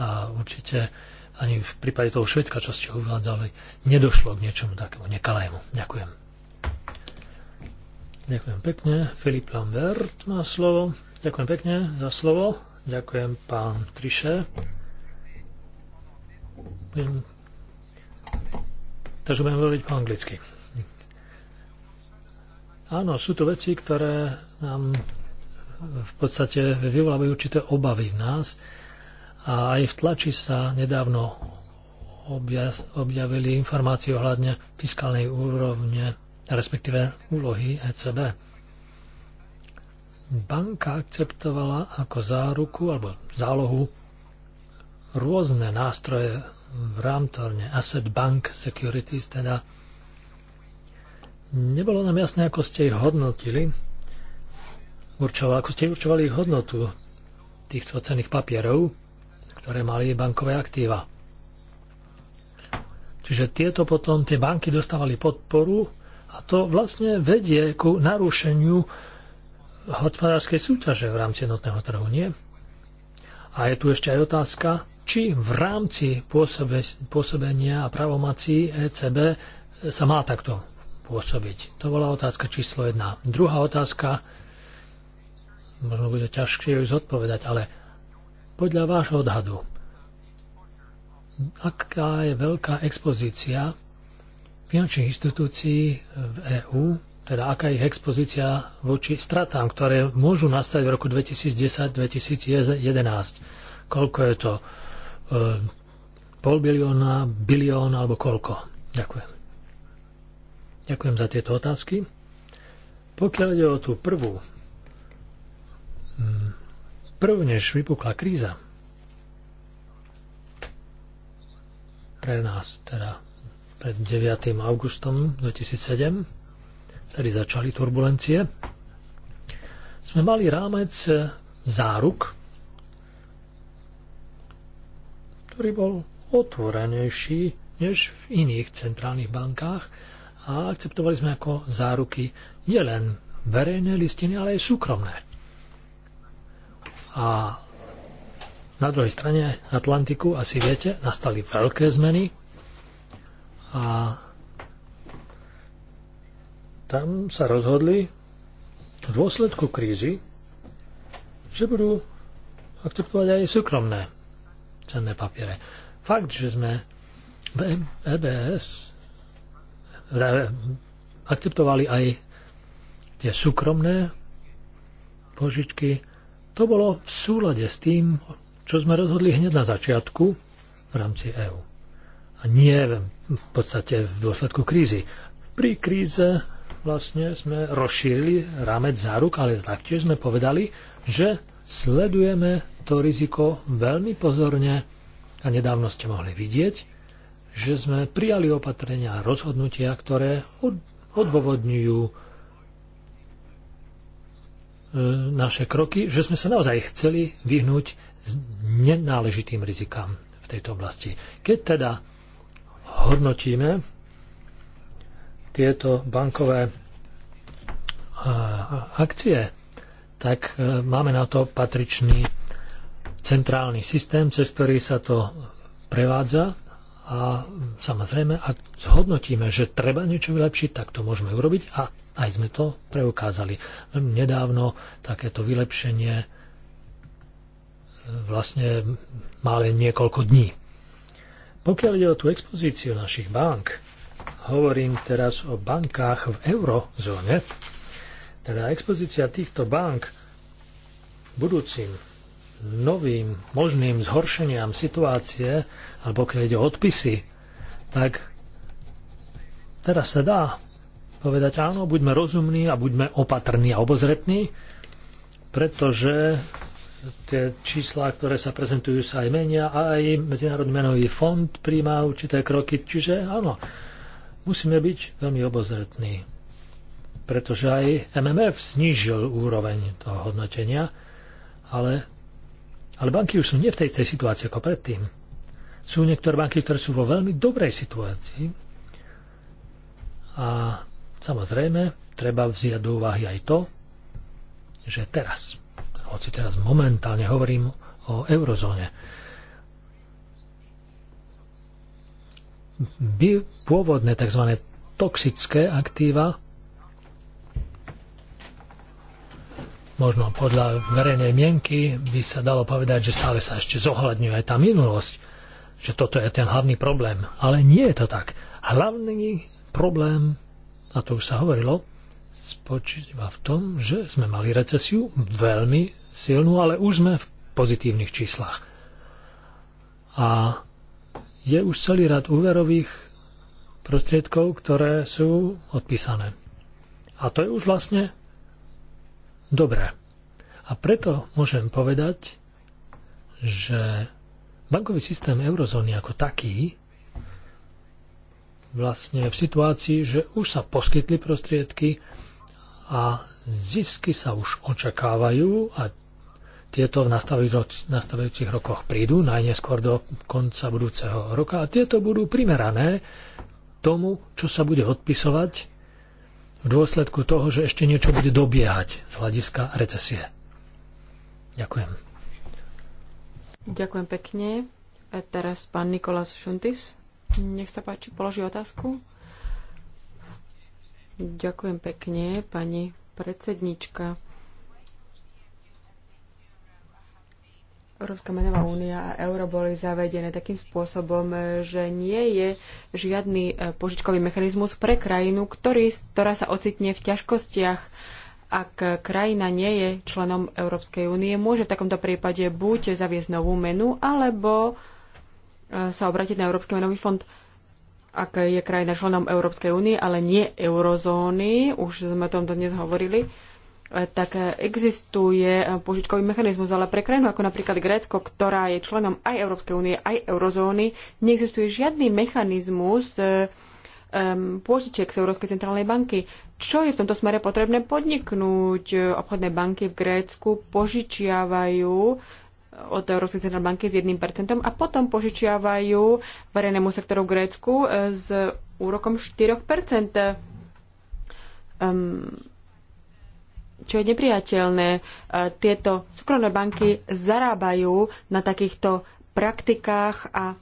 A určite ani v prípade toho Švedska, čo ste uvádzali, nedošlo k niečomu takému nekalému. Ďakujem. Ďakujem pekne. Filip Lambert má slovo. Ďakujem pekne za slovo. Ďakujem pán Triše. Budem... Takže budem hovoriť po anglicky. Áno, sú to veci, ktoré nám v podstate vyvolávajú určité obavy v nás. A aj v tlači sa nedávno objavili informácie ohľadne fiskálnej úrovne, respektíve úlohy ECB. Banka akceptovala ako záruku alebo zálohu rôzne nástroje v rámtorne Asset Bank Securities, teda Nebolo nám jasné, ako ste ich hodnotili, určovali, ako ste určovali hodnotu týchto cených papierov, ktoré mali bankové aktíva. Čiže tieto potom, tie banky dostávali podporu a to vlastne vedie ku narušeniu hospodárskej súťaže v rámci jednotného trhu, nie? A je tu ešte aj otázka, či v rámci pôsobenia a pravomací ECB sa má takto pôsobiť. To bola otázka číslo jedna. Druhá otázka, možno bude ťažšie ju zodpovedať, ale podľa vášho odhadu, aká je veľká expozícia finančných inštitúcií v EÚ, teda aká je ich expozícia voči stratám, ktoré môžu nastať v roku 2010-2011. Koľko je to? E, pol bilióna, bilión alebo koľko? Ďakujem. Ďakujem za tieto otázky. Pokiaľ ide o tú prvú, mm, prv než vypukla kríza, pre nás teda pred 9. augustom 2007, tedy začali turbulencie, sme mali rámec záruk, ktorý bol otvorenejší než v iných centrálnych bankách, a akceptovali sme ako záruky nielen verejné listiny, ale aj súkromné. A na druhej strane Atlantiku, asi viete, nastali veľké zmeny a tam sa rozhodli v dôsledku krízy, že budú akceptovať aj súkromné cenné papiere. Fakt, že sme v EBS akceptovali aj tie súkromné požičky. To bolo v súlade s tým, čo sme rozhodli hneď na začiatku v rámci EÚ. A nie v podstate v dôsledku krízy. Pri kríze vlastne sme rozšírili rámec záruk, ale taktiež sme povedali, že sledujeme to riziko veľmi pozorne a nedávno ste mohli vidieť, že sme prijali opatrenia a rozhodnutia, ktoré odôvodňujú e, naše kroky, že sme sa naozaj chceli vyhnúť nenáležitým rizikám v tejto oblasti. Keď teda hodnotíme tieto bankové e, akcie, tak e, máme na to patričný centrálny systém, cez ktorý sa to prevádza a samozrejme, ak zhodnotíme, že treba niečo vylepšiť, tak to môžeme urobiť a aj sme to preukázali. Veľmi nedávno takéto vylepšenie e, vlastne má len niekoľko dní. Pokiaľ ide o tú expozíciu našich bank, hovorím teraz o bankách v eurozóne, teda expozícia týchto bank budúcim novým možným zhoršeniam situácie, alebo keď ide o odpisy, tak teraz sa dá povedať áno, buďme rozumní a buďme opatrní a obozretní, pretože tie čísla, ktoré sa prezentujú, sa aj menia a aj Medzinárodný menový fond príjma určité kroky. Čiže áno, musíme byť veľmi obozretní, pretože aj MMF znížil úroveň toho hodnotenia, ale ale banky už sú nie v tej, tej situácii ako predtým. Sú niektoré banky, ktoré sú vo veľmi dobrej situácii. A samozrejme, treba vziať do úvahy aj to, že teraz, hoci teraz momentálne hovorím o eurozóne, by pôvodné tzv. toxické aktíva možno podľa verejnej mienky by sa dalo povedať, že stále sa ešte zohľadňuje aj tá minulosť, že toto je ten hlavný problém. Ale nie je to tak. Hlavný problém, a to už sa hovorilo, spočíva v tom, že sme mali recesiu veľmi silnú, ale už sme v pozitívnych číslach. A je už celý rad úverových prostriedkov, ktoré sú odpísané. A to je už vlastne dobré. A preto môžem povedať, že bankový systém eurozóny ako taký vlastne v situácii, že už sa poskytli prostriedky a zisky sa už očakávajú a tieto v nastavujúcich rokoch prídu, najneskôr do konca budúceho roka a tieto budú primerané tomu, čo sa bude odpisovať v dôsledku toho, že ešte niečo bude dobiehať z hľadiska recesie. Ďakujem. Ďakujem pekne. A teraz pán Nikolás Šuntis. Nech sa páči, položí otázku. Ďakujem pekne, pani predsednička. Európska menová únia a euro boli zavedené takým spôsobom, že nie je žiadny e, požičkový mechanizmus pre krajinu, ktorý, ktorá sa ocitne v ťažkostiach. Ak krajina nie je členom Európskej únie, môže v takomto prípade buď zaviesť novú menu, alebo e, sa obratiť na Európsky menový fond. Ak je krajina členom Európskej únie, ale nie eurozóny, už sme o tom dnes hovorili, tak existuje požičkový mechanizmus, ale pre krajinu ako napríklad Grécko, ktorá je členom aj Európskej únie, aj eurozóny, neexistuje žiadny mechanizmus um, pôžičiek z Európskej centrálnej banky. Čo je v tomto smere potrebné podniknúť? Obchodné banky v Grécku požičiavajú od Európskej centrálnej banky s 1% a potom požičiavajú verejnému sektoru v Grécku eh, s úrokom 4%. Um, čo je nepriateľné. E, tieto súkromné banky zarábajú na takýchto praktikách a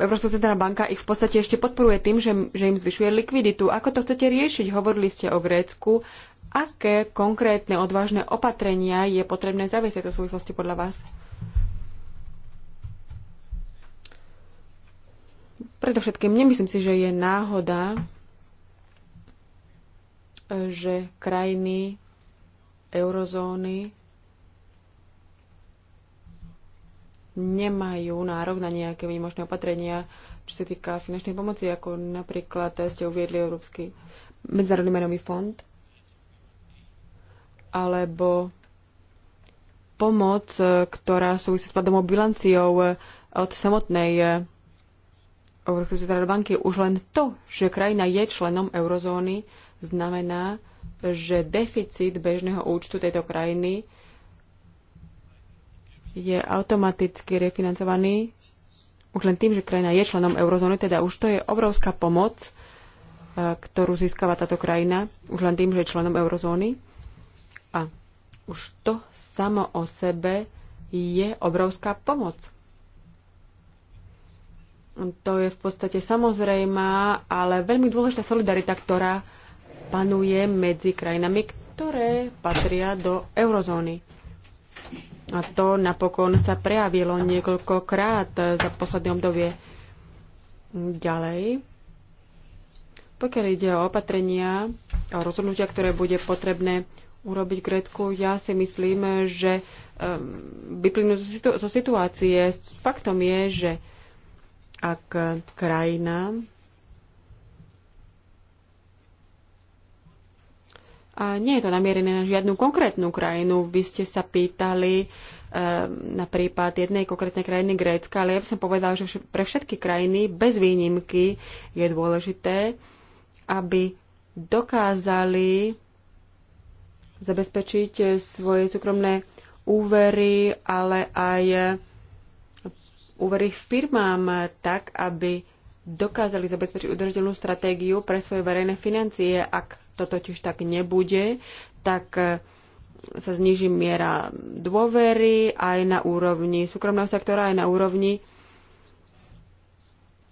Európska centrálna banka ich v podstate ešte podporuje tým, že, že im zvyšuje likviditu. Ako to chcete riešiť? Hovorili ste o Grécku. Aké konkrétne odvážne opatrenia je potrebné zaviesť tejto súvislosti podľa vás? Predovšetkým nemyslím si, že je náhoda, že krajiny eurozóny nemajú nárok na nejaké výmožné opatrenia, čo sa týka finančnej pomoci, ako napríklad eh, ste uviedli Európsky medzinárodný menový fond, alebo pomoc, eh, ktorá súvisí s pladomou bilanciou eh, od samotnej Európskej centrálnej banky. Už len to, že krajina je členom eurozóny, znamená, že deficit bežného účtu tejto krajiny je automaticky refinancovaný už len tým, že krajina je členom eurozóny, teda už to je obrovská pomoc, e, ktorú získava táto krajina už len tým, že je členom eurozóny. A už to samo o sebe je obrovská pomoc. To je v podstate samozrejmá, ale veľmi dôležitá solidarita, ktorá panuje medzi krajinami, ktoré patria do eurozóny. A to napokon sa prejavilo niekoľkokrát za posledné obdobie. Ďalej, pokiaľ ide o opatrenia, a rozhodnutia, ktoré bude potrebné urobiť v Grécku, ja si myslím, že ehm, vyplynú zo, situ- zo situácie. Faktom je, že ak krajina A nie je to namierené na žiadnu konkrétnu krajinu. Vy ste sa pýtali ehm, na prípad jednej konkrétnej krajiny Grécka, ale ja by som povedala, že pre všetky krajiny bez výnimky je dôležité, aby dokázali zabezpečiť svoje súkromné úvery, ale aj úvery firmám tak, aby dokázali zabezpečiť udržateľnú stratégiu pre svoje verejné financie. Ak to totiž tak nebude, tak e, sa zniží miera dôvery aj na úrovni súkromného sektora, aj na úrovni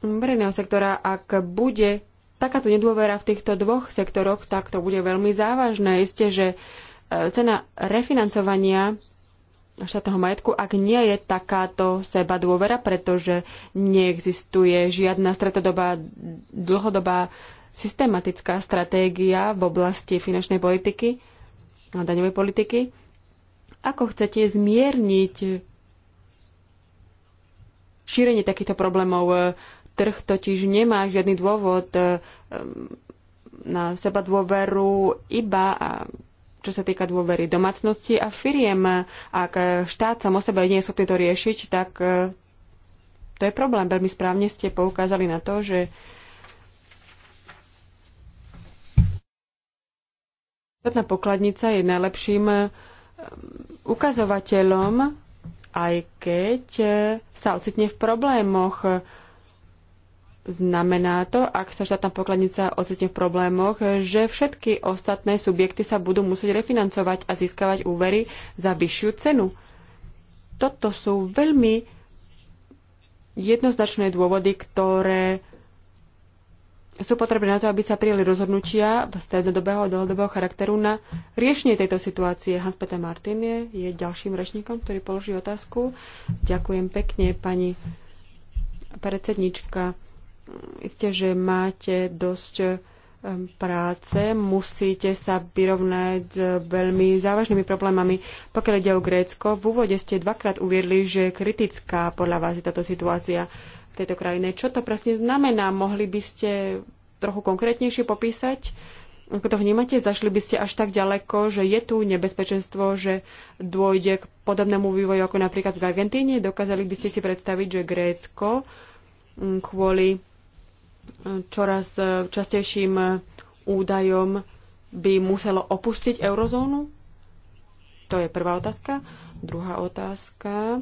verejného sektora. Ak bude takáto nedôvera v týchto dvoch sektoroch, tak to bude veľmi závažné. Isté, že e, cena refinancovania štátneho majetku, ak nie je takáto seba dôvera, pretože neexistuje žiadna stretodobá, dlhodobá systematická stratégia v oblasti finančnej politiky a daňovej politiky. Ako chcete zmierniť šírenie takýchto problémov? Trh totiž nemá žiadny dôvod eh, na seba dôveru iba a čo sa týka dôvery domácnosti a firiem. Ak štát sam o sebe nie je schopný to riešiť, tak eh, to je problém. Veľmi správne ste poukázali na to, že Štátna pokladnica je najlepším eh, ukazovateľom, aj keď eh, sa ocitne v problémoch. Znamená to, ak sa štátna pokladnica ocitne v problémoch, že všetky ostatné subjekty sa budú musieť refinancovať a získavať úvery za vyššiu cenu. Toto sú veľmi jednoznačné dôvody, ktoré sú potrebné na to, aby sa prijeli rozhodnutia v strednodobého a dlhodobého charakteru na riešenie tejto situácie. Hans-Peter Martin je, je ďalším rečníkom, ktorý položí otázku. Ďakujem pekne, pani predsednička. Isté, že máte dosť práce, musíte sa vyrovnať s veľmi závažnými problémami. Pokiaľ ide o Grécko, v úvode ste dvakrát uviedli, že kritická podľa vás je táto situácia tejto krajine. Čo to presne znamená? Mohli by ste trochu konkrétnejšie popísať? Ako to vnímate? Zašli by ste až tak ďaleko, že je tu nebezpečenstvo, že dôjde k podobnému vývoju ako napríklad v Argentíne? Dokázali by ste si predstaviť, že Grécko kvôli čoraz e, častejším e, údajom by muselo opustiť eurozónu? To je prvá otázka. Druhá otázka.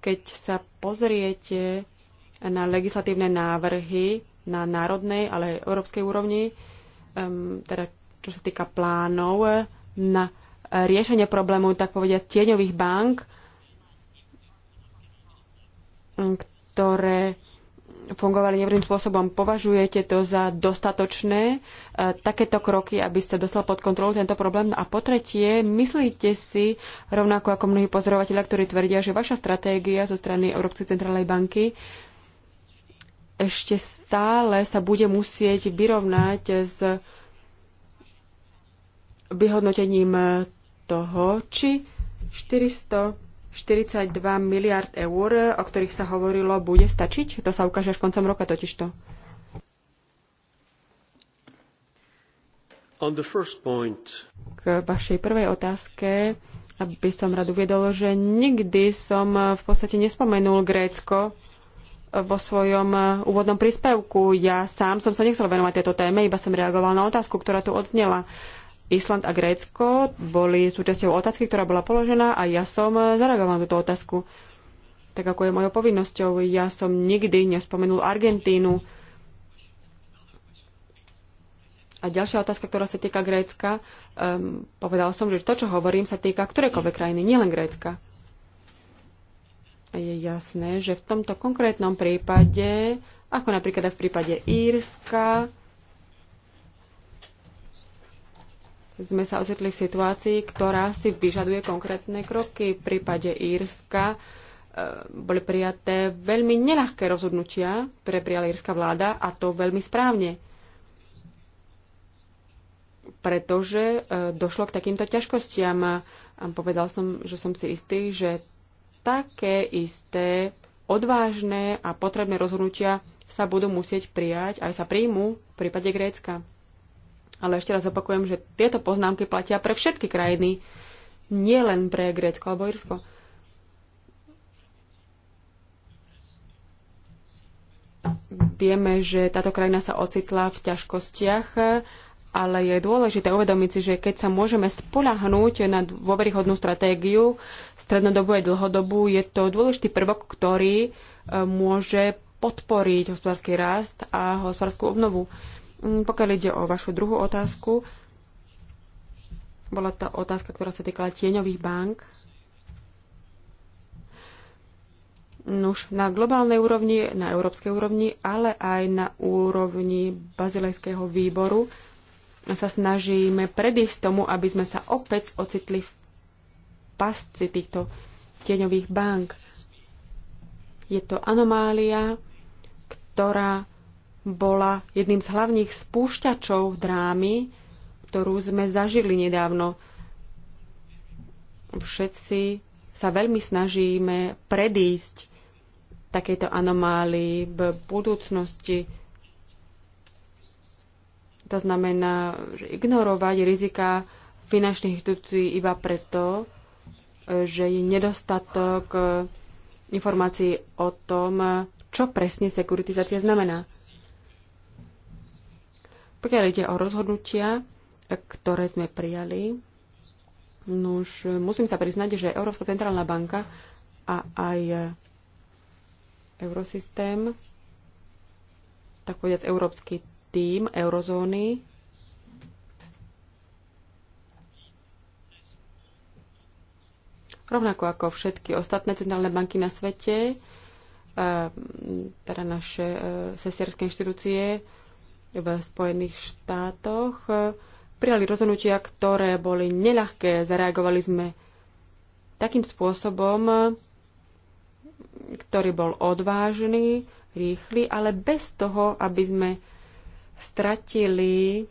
Keď sa pozriete na legislatívne návrhy na národnej, ale aj európskej úrovni, teda čo sa týka plánov eh, na riešenie problému, tak povediať, tieňových bank, ktoré fungovali nevrým spôsobom. Považujete to za dostatočné eh, takéto kroky, aby ste dostal pod kontrolu tento problém? A po tretie, myslíte si, rovnako ako mnohí pozorovateľia, ktorí tvrdia, že vaša stratégia zo strany Európskej centrálnej banky ešte stále sa bude musieť vyrovnať s vyhodnotením toho, či 442 miliard eur, o ktorých sa hovorilo, bude stačiť. To sa ukáže až koncom roka totižto. On the first point. K vašej prvej otázke aby som rád uviedol, že nikdy som v podstate nespomenul Grécko vo svojom e, úvodnom príspevku. Ja sám som sa nechcel venovať tejto téme, iba som reagoval na otázku, ktorá tu odznela. Island a Grécko boli súčasťou otázky, ktorá bola položená a ja som e, zareagoval na túto otázku. Tak ako je mojou povinnosťou, ja som nikdy nespomenul Argentínu. A ďalšia otázka, ktorá sa týka Grécka, um, povedal som, že to, čo hovorím, sa týka ktorejkoľvek krajiny, nielen Grécka je jasné, že v tomto konkrétnom prípade, ako napríklad v prípade Írska, sme sa ocitli v situácii, ktorá si vyžaduje konkrétne kroky. V prípade Írska e, boli prijaté veľmi neľahké rozhodnutia, ktoré prijala írska vláda a to veľmi správne. Pretože e, došlo k takýmto ťažkostiam a povedal som, že som si istý, že také isté odvážne a potrebné rozhodnutia sa budú musieť prijať, aj sa príjmu v prípade Grécka. Ale ešte raz opakujem, že tieto poznámky platia pre všetky krajiny, nie len pre Grécko alebo Irsko. Vieme, že táto krajina sa ocitla v ťažkostiach ale je dôležité uvedomiť si, že keď sa môžeme spolahnúť na dôveryhodnú stratégiu, strednodobú aj dlhodobú, je to dôležitý prvok, ktorý e, môže podporiť hospodársky rast a hospodárskú obnovu. Mm, pokiaľ ide o vašu druhú otázku, bola tá otázka, ktorá sa týkala tieňových bank. Nuž, na globálnej úrovni, na európskej úrovni, ale aj na úrovni bazilejského výboru sa snažíme predísť tomu, aby sme sa opäť ocitli v pasci týchto tieňových bank. Je to anomália, ktorá bola jedným z hlavných spúšťačov drámy, ktorú sme zažili nedávno. Všetci sa veľmi snažíme predísť takéto anomálii v budúcnosti to znamená, že ignorovať rizika finančných institúcií iba preto, že je nedostatok e, informácií o tom, čo presne sekuritizácia znamená. Pokiaľ ide o rozhodnutia, ktoré sme prijali, nuž, no musím sa priznať, že Európska centrálna banka a aj Eurosystém, tak povediac európsky tým eurozóny, rovnako ako všetky ostatné centrálne banky na svete, eh, teda naše eh, sesierské inštitúcie v Spojených štátoch, eh, prijali rozhodnutia, ktoré boli neľahké. Zareagovali sme takým spôsobom, ktorý bol odvážny, rýchly, ale bez toho, aby sme stratili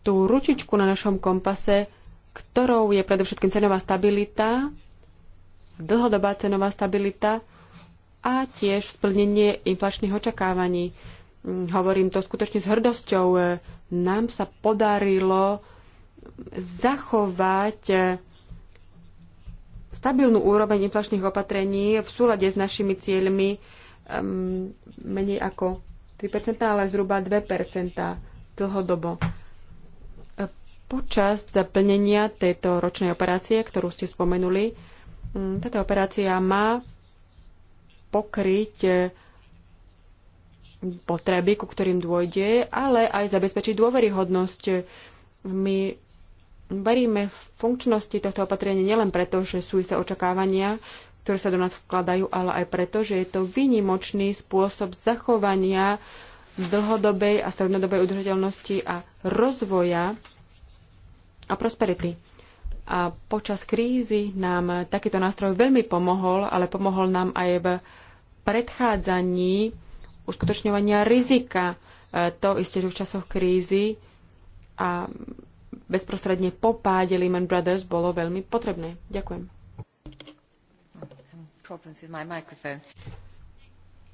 tú ručičku na našom kompase, ktorou je predovšetkým cenová stabilita, dlhodobá cenová stabilita a tiež splnenie inflačných očakávaní. Mm, hovorím to skutočne s hrdosťou. Nám sa podarilo zachovať eh, stabilnú úroveň inflačných opatrení v súlade s našimi cieľmi ehm, menej ako 3%, ale zhruba 2% dlhodobo. E, počas zaplnenia tejto ročnej operácie, ktorú ste spomenuli, táto operácia má pokryť e, potreby, ku ktorým dôjde, ale aj zabezpečiť dôveryhodnosť. My veríme v funkčnosti tohto opatrenia nielen preto, že sú isté očakávania, ktoré sa do nás vkladajú, ale aj preto, že je to výnimočný spôsob zachovania dlhodobej a strednodobej udržateľnosti a rozvoja a prosperity. A počas krízy nám takýto nástroj veľmi pomohol, ale pomohol nám aj v predchádzaní uskutočňovania rizika. E, to isté, že v časoch krízy a bezprostredne po páde Lehman Brothers bolo veľmi potrebné. Ďakujem.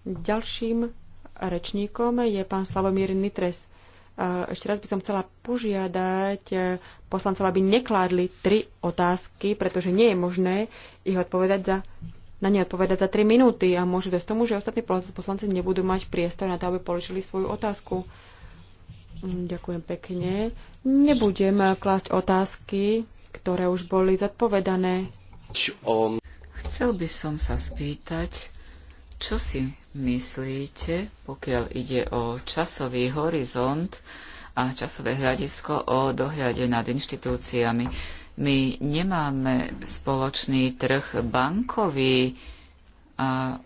Ďalším rečníkom je pán Slavomír Nitres. Ešte raz by som chcela požiadať poslancov, aby nekládli tri otázky, pretože nie je možné ich odpovedať za, na ne odpovedať za tri minúty a môže dosť tomu, že ostatní poslanci nebudú mať priestor na to, aby položili svoju otázku. Mm, Ďakujem pekne. Nebudem klásť otázky, ktoré už boli zodpovedané. Chcel by som sa spýtať, čo si myslíte, pokiaľ ide o časový horizont a časové hľadisko o dohľade nad inštitúciami? My nemáme spoločný trh bankový a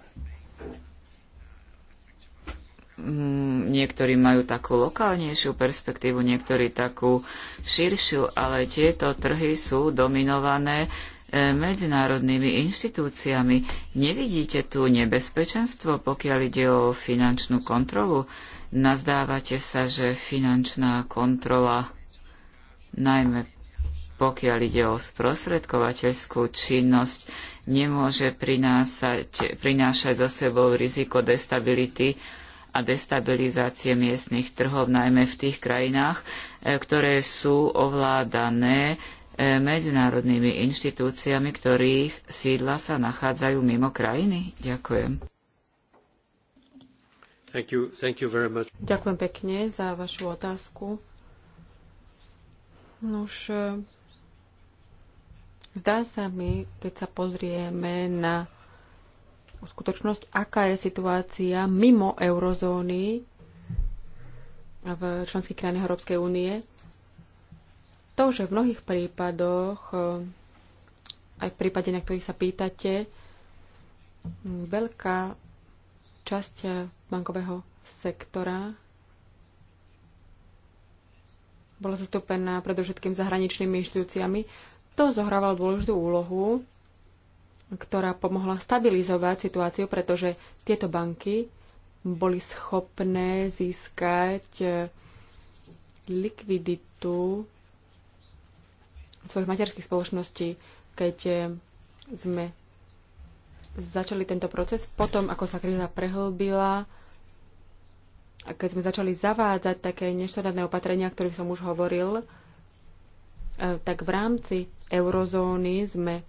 mm, niektorí majú takú lokálnejšiu perspektívu, niektorí takú širšiu, ale tieto trhy sú dominované E, medzinárodnými inštitúciami. Nevidíte tu nebezpečenstvo, pokiaľ ide o finančnú kontrolu? Nazdávate sa, že finančná kontrola, najmä pokiaľ ide o sprostredkovateľskú činnosť, nemôže prinášať, prinášať sebou riziko destability a destabilizácie miestnych trhov, najmä v tých krajinách, e, ktoré sú ovládané E, medzinárodnými inštitúciami, ktorých sídla sa nachádzajú mimo krajiny? Ďakujem. Thank you, thank you very much. Ďakujem pekne za vašu otázku. Nož, e, zdá sa mi, keď sa pozrieme na skutočnosť, aká je situácia mimo eurozóny v členských krajinách Európskej únie, to, že v mnohých prípadoch, e, aj v prípade, na ktorý sa pýtate, veľká časť bankového sektora bola zastúpená predovšetkým zahraničnými inštitúciami. To zohrávalo dôležitú úlohu, ktorá pomohla stabilizovať situáciu, pretože tieto banky boli schopné získať e, likviditu svojich materských spoločností, keď eh, sme začali tento proces, potom ako sa kríza prehlbila, a keď sme začali zavádzať také neštandardné opatrenia, o ktorých som už hovoril, eh, tak v rámci eurozóny sme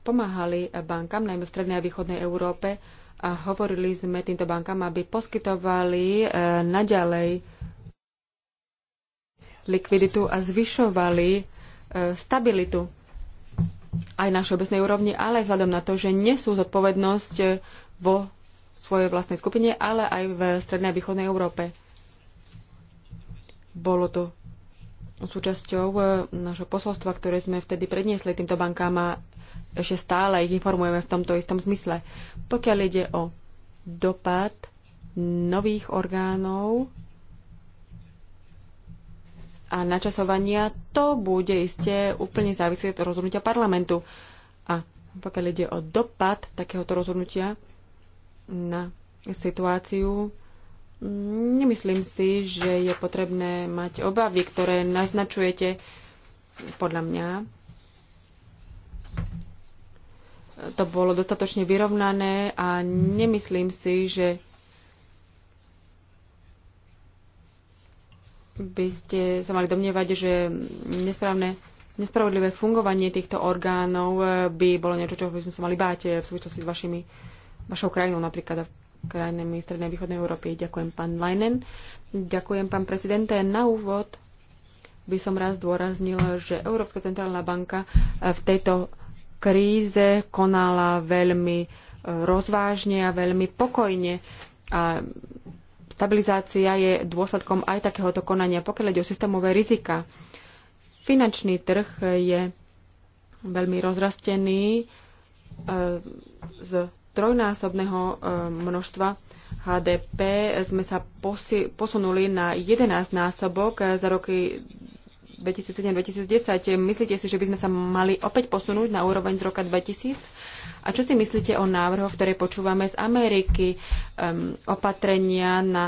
pomáhali bankám, najmä v strednej a východnej Európe, a hovorili sme týmto bankám, aby poskytovali eh, naďalej likviditu a zvyšovali stabilitu aj na všeobecnej úrovni, ale vzhľadom na to, že nesú zodpovednosť e, vo svojej vlastnej skupine, ale aj v strednej a východnej Európe. Bolo to súčasťou e, nášho posolstva, ktoré sme vtedy predniesli týmto bankám a ešte stále ich informujeme v tomto istom zmysle. Pokiaľ ide o dopad nových orgánov a načasovania, to bude iste úplne závisieť od rozhodnutia parlamentu. A pokiaľ ide o dopad takéhoto rozhodnutia na situáciu, nemyslím si, že je potrebné mať obavy, ktoré naznačujete podľa mňa. To bolo dostatočne vyrovnané a nemyslím si, že by ste sa mali domnievať, že nesprávne nespravodlivé fungovanie týchto orgánov eh, by bolo niečo, čo by sme sa mali báť eh, v súvislosti s vašimi, vašou krajinou napríklad a krajinami Strednej a Východnej Európy. Ďakujem pán Leinen. Ďakujem pán prezidente. Na úvod by som raz dôraznil, že Európska centrálna banka eh, v tejto kríze konala veľmi rozvážne a veľmi pokojne a Stabilizácia je dôsledkom aj takéhoto konania, pokiaľ ide o systémové rizika. Finančný trh je veľmi rozrastený e, z trojnásobného e, množstva HDP sme sa posunuli na 11 násobok za roky 2007-2010. Myslíte si, že by sme sa mali opäť posunúť na úroveň z roka 2000? A čo si myslíte o návrhoch, ktoré počúvame z Ameriky, um, opatrenia na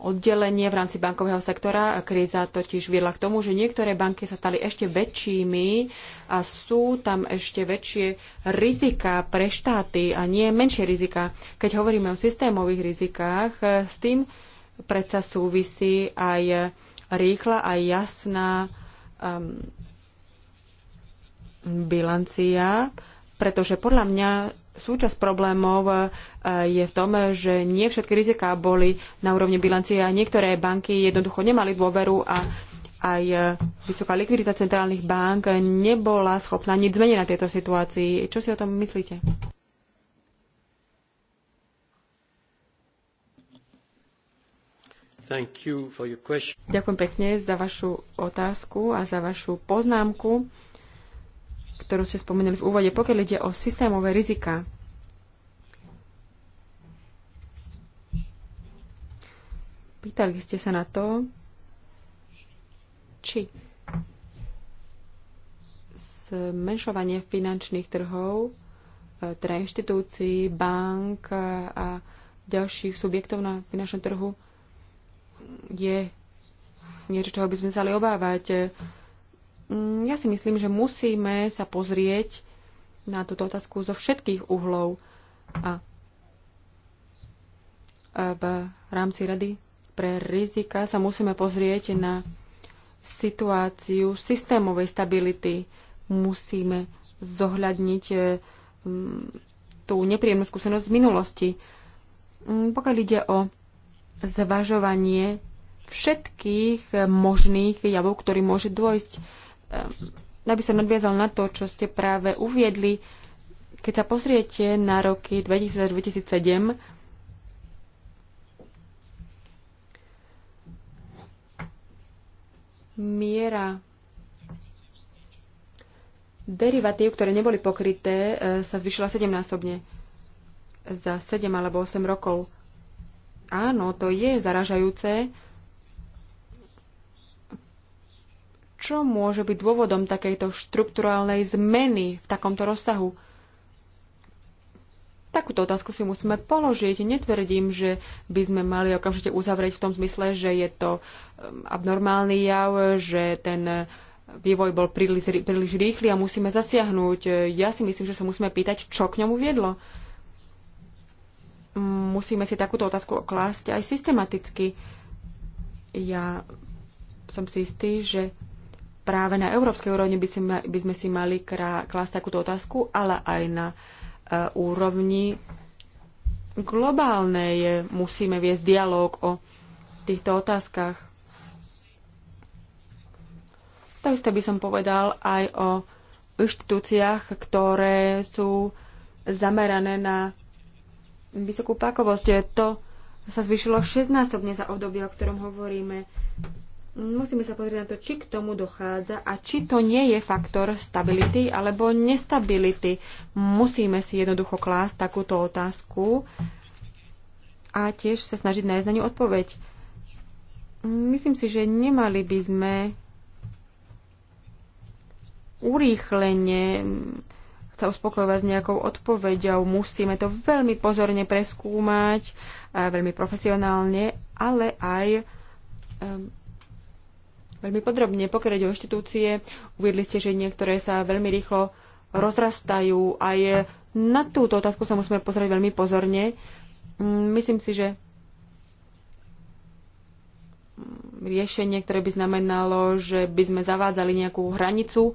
oddelenie v rámci bankového sektora. Kríza totiž viedla k tomu, že niektoré banky sa stali ešte väčšími a sú tam ešte väčšie rizika pre štáty a nie menšie rizika. Keď hovoríme o systémových rizikách, s tým predsa súvisí aj rýchla a jasná um, bilancia pretože podľa mňa súčasť problémov e, je v tom, že nie všetky riziká boli na úrovni bilancie a niektoré banky jednoducho nemali dôveru a aj e, vysoká likvidita centrálnych bank nebola schopná nič zmeniť na tejto situácii. Čo si o tom myslíte? You Ďakujem pekne za vašu otázku a za vašu poznámku ktorú ste spomenuli v úvode, pokiaľ ide o systémové rizika. Pýtali ste sa na to, či zmenšovanie finančných trhov, e, teda inštitúcií, bank a ďalších subjektov na finančnom trhu je niečo, čoho by sme sa obávať. Mm, ja si myslím, že musíme sa pozrieť na túto otázku zo všetkých uhlov a v rámci Rady pre rizika sa musíme pozrieť na situáciu systémovej stability. Musíme zohľadniť e, mm, tú nepríjemnú skúsenosť z minulosti. Mm, pokiaľ ide o zvažovanie všetkých e, možných javov, ktorý môže dôjsť Ehm, aby som nadviazal na to, čo ste práve uviedli. Keď sa pozriete na roky 2007 miera derivatív, ktoré neboli pokryté, ehm, sa zvyšila sedemnásobne za 7 alebo 8 rokov. Áno, to je zaražajúce, Čo môže byť dôvodom takejto štrukturálnej zmeny v takomto rozsahu? Takúto otázku si musíme položiť. Netvrdím, že by sme mali okamžite uzavrieť v tom zmysle, že je to um, abnormálny jav, že ten uh, vývoj bol príliš, príliš rýchly a musíme zasiahnuť. Ja si myslím, že sa musíme pýtať, čo k ňomu viedlo. Musíme si takúto otázku klásť aj systematicky. Ja som si istý, že práve na európskej úrovni by, si, by sme si mali krá, klásť takúto otázku, ale aj na e, úrovni globálnej musíme viesť dialog o týchto otázkach. Tak by som povedal aj o inštitúciách, ktoré sú zamerané na vysokú pakovosť. To sa zvyšilo 16 za obdobie, o ktorom hovoríme musíme sa pozrieť na to, či k tomu dochádza a či to nie je faktor stability alebo nestability. Musíme si jednoducho klásť takúto otázku a tiež sa snažiť nájsť na ňu odpoveď. Myslím si, že nemali by sme urýchlenie sa uspokojovať s nejakou odpoveďou. Musíme to veľmi pozorne preskúmať, veľmi profesionálne, ale aj veľmi podrobne pokiaľ o inštitúcie. Uviedli ste, že niektoré sa veľmi rýchlo rozrastajú a je na túto otázku sa musíme pozrieť veľmi pozorne. Mm, myslím si, že riešenie, ktoré by znamenalo, že by sme zavádzali nejakú hranicu e,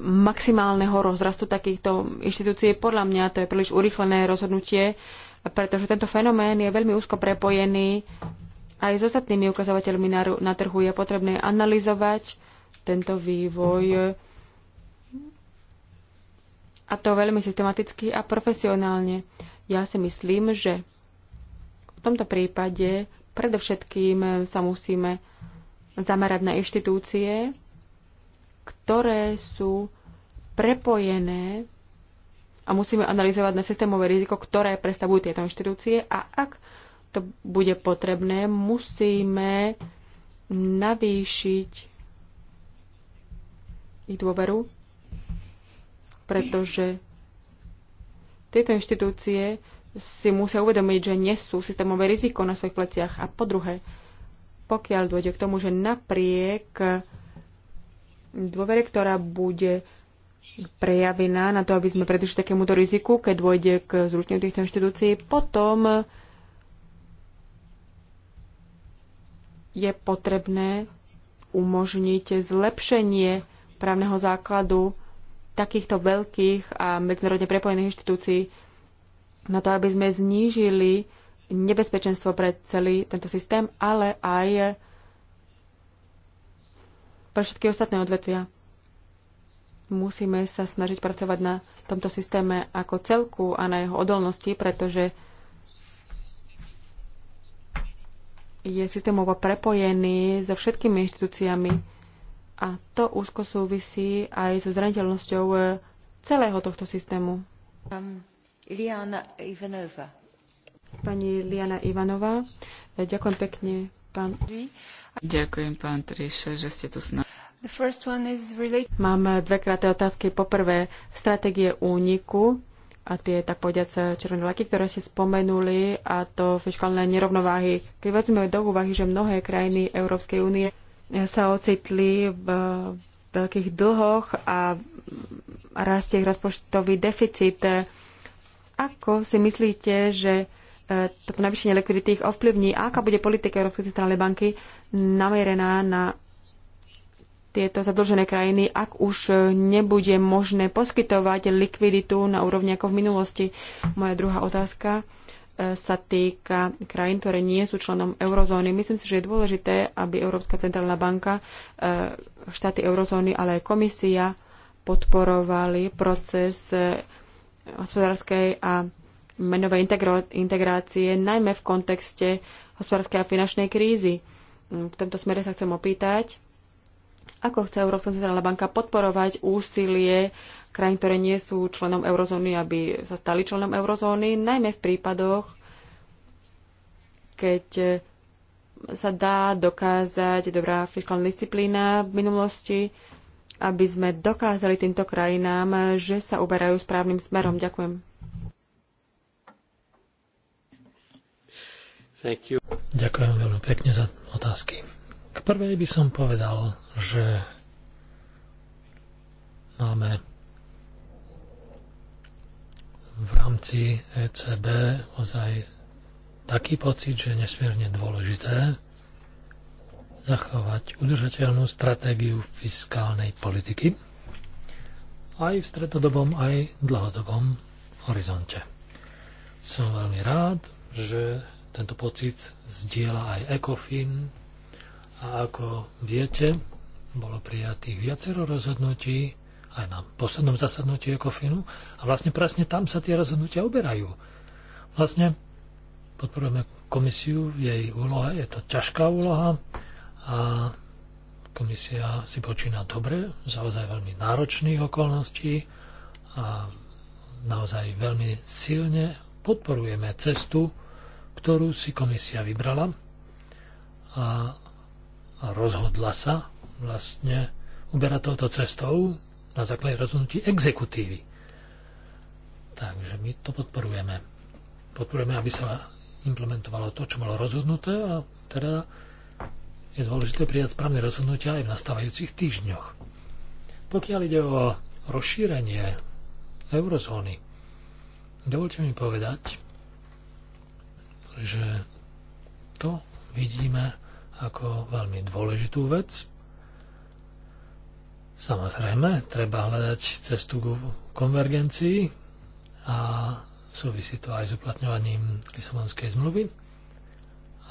maximálneho rozrastu takýchto inštitúcií. Podľa mňa to je príliš urýchlené rozhodnutie, pretože tento fenomén je veľmi úzko prepojený aj s ostatnými ukazovateľmi na, na trhu je potrebné analyzovať tento vývoj a to veľmi systematicky a profesionálne. Ja si myslím, že v tomto prípade predovšetkým sa musíme zamerať na inštitúcie, ktoré sú prepojené a musíme analyzovať na systémové riziko, ktoré predstavujú tieto inštitúcie a ak to bude potrebné, musíme navýšiť ich dôveru, pretože tieto inštitúcie si musia uvedomiť, že nesú systémové riziko na svojich pleciach. A po druhé, pokiaľ dôjde k tomu, že napriek dôvere, ktorá bude prejavená na to, aby sme predišli takémuto riziku, keď dôjde k zručeniu týchto inštitúcií, potom je potrebné umožniť zlepšenie právneho základu takýchto veľkých a medzinárodne prepojených inštitúcií na to, aby sme znížili nebezpečenstvo pre celý tento systém, ale aj pre všetky ostatné odvetvia. Musíme sa snažiť pracovať na tomto systéme ako celku a na jeho odolnosti, pretože je systémovo prepojený so všetkými inštitúciami a to úzko súvisí aj so zraniteľnosťou eh, celého tohto systému. Um, Liana Ivanova. Pani Liana Ivanová, eh, ďakujem pekne, pán... Ďakujem, pán Triše, že ste tu s nami. Mám dve kráté otázky. Poprvé, stratégie úniku a tie, tak povediať, červené vlaky, ktoré ste spomenuli, a to fiskálne nerovnováhy. Keď vezmeme do úvahy, že mnohé krajiny Európskej únie sa ocitli v veľkých dlhoch a rastie ich rozpočtový deficit, ako si myslíte, že e, toto navýšenie likvidity ich ovplyvní a aká bude politika Európskej centrálnej banky namerená na tieto zadlžené krajiny, ak už e, nebude možné poskytovať likviditu na úrovni ako v minulosti. Moja druhá otázka e, sa týka krajín, ktoré nie sú členom eurozóny. Myslím si, že je dôležité, aby Európska centrálna banka, e, štáty eurozóny, ale aj komisia podporovali proces hospodárskej a menovej integrácie, najmä v kontexte hospodárskej a finančnej krízy. Mm, v tomto smere sa chcem opýtať, ako chce Európska centrálna banka podporovať úsilie krajín, ktoré nie sú členom eurozóny, aby sa stali členom eurozóny, najmä v prípadoch, keď sa dá dokázať dobrá fiskálna disciplína v minulosti, aby sme dokázali týmto krajinám, že sa uberajú správnym smerom. Ďakujem. Ďakujem veľmi pekne za otázky. K prvej by som povedal, že máme v rámci ECB ozaj taký pocit, že je nesmierne dôležité zachovať udržateľnú stratégiu fiskálnej politiky aj v stredodobom, aj dlhodobom horizonte. Som veľmi rád, že tento pocit zdieľa aj ECOFIN, a ako viete, bolo prijatých viacero rozhodnutí aj na poslednom zasadnutí ECOFINu a vlastne presne tam sa tie rozhodnutia uberajú. Vlastne podporujeme komisiu v jej úlohe, je to ťažká úloha a komisia si počína dobre, zaozaj veľmi náročných okolností a naozaj veľmi silne podporujeme cestu, ktorú si komisia vybrala a a rozhodla sa vlastne uberať touto cestou na základe rozhodnutí exekutívy. Takže my to podporujeme. Podporujeme, aby sa implementovalo to, čo bolo rozhodnuté a teda je dôležité prijať správne rozhodnutia aj v nastávajúcich týždňoch. Pokiaľ ide o rozšírenie eurozóny, dovolte mi povedať, že to vidíme ako veľmi dôležitú vec. Samozrejme, treba hľadať cestu k konvergencii a súvisí to aj s uplatňovaním Lisabonskej zmluvy.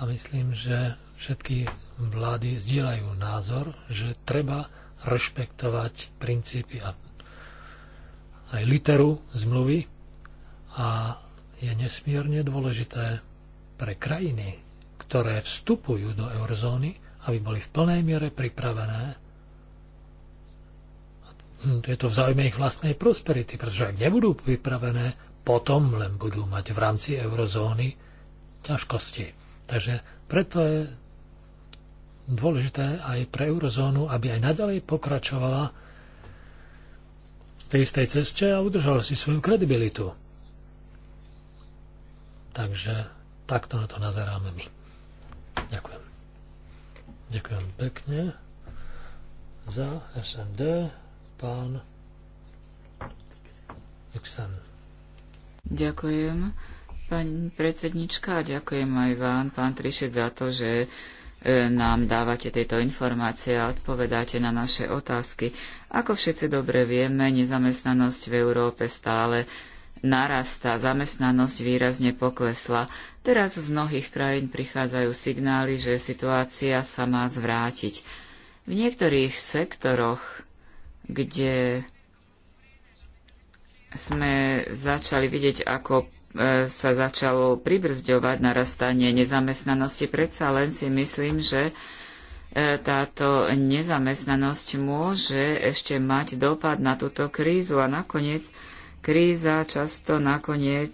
A myslím, že všetky vlády zdieľajú názor, že treba rešpektovať princípy a aj literu zmluvy a je nesmierne dôležité pre krajiny, ktoré vstupujú do eurozóny, aby boli v plnej miere pripravené. Je to v záujme ich vlastnej prosperity, pretože ak nebudú pripravené, potom len budú mať v rámci eurozóny ťažkosti. Takže preto je dôležité aj pre eurozónu, aby aj naďalej pokračovala v tej istej ceste a udržala si svoju kredibilitu. Takže takto na to nazeráme my. Ďakujem. Ďakujem pekne za SND pán XM. Ďakujem pani predsednička a ďakujem aj vám, pán Trišec, za to, že e, nám dávate tieto informácie a odpovedáte na naše otázky. Ako všetci dobre vieme, nezamestnanosť v Európe stále narastá, zamestnanosť výrazne poklesla. Teraz z mnohých krajín prichádzajú signály, že situácia sa má zvrátiť. V niektorých sektoroch, kde sme začali vidieť, ako e, sa začalo pribrzďovať narastanie nezamestnanosti, predsa len si myslím, že e, táto nezamestnanosť môže ešte mať dopad na túto krízu a nakoniec kríza často nakoniec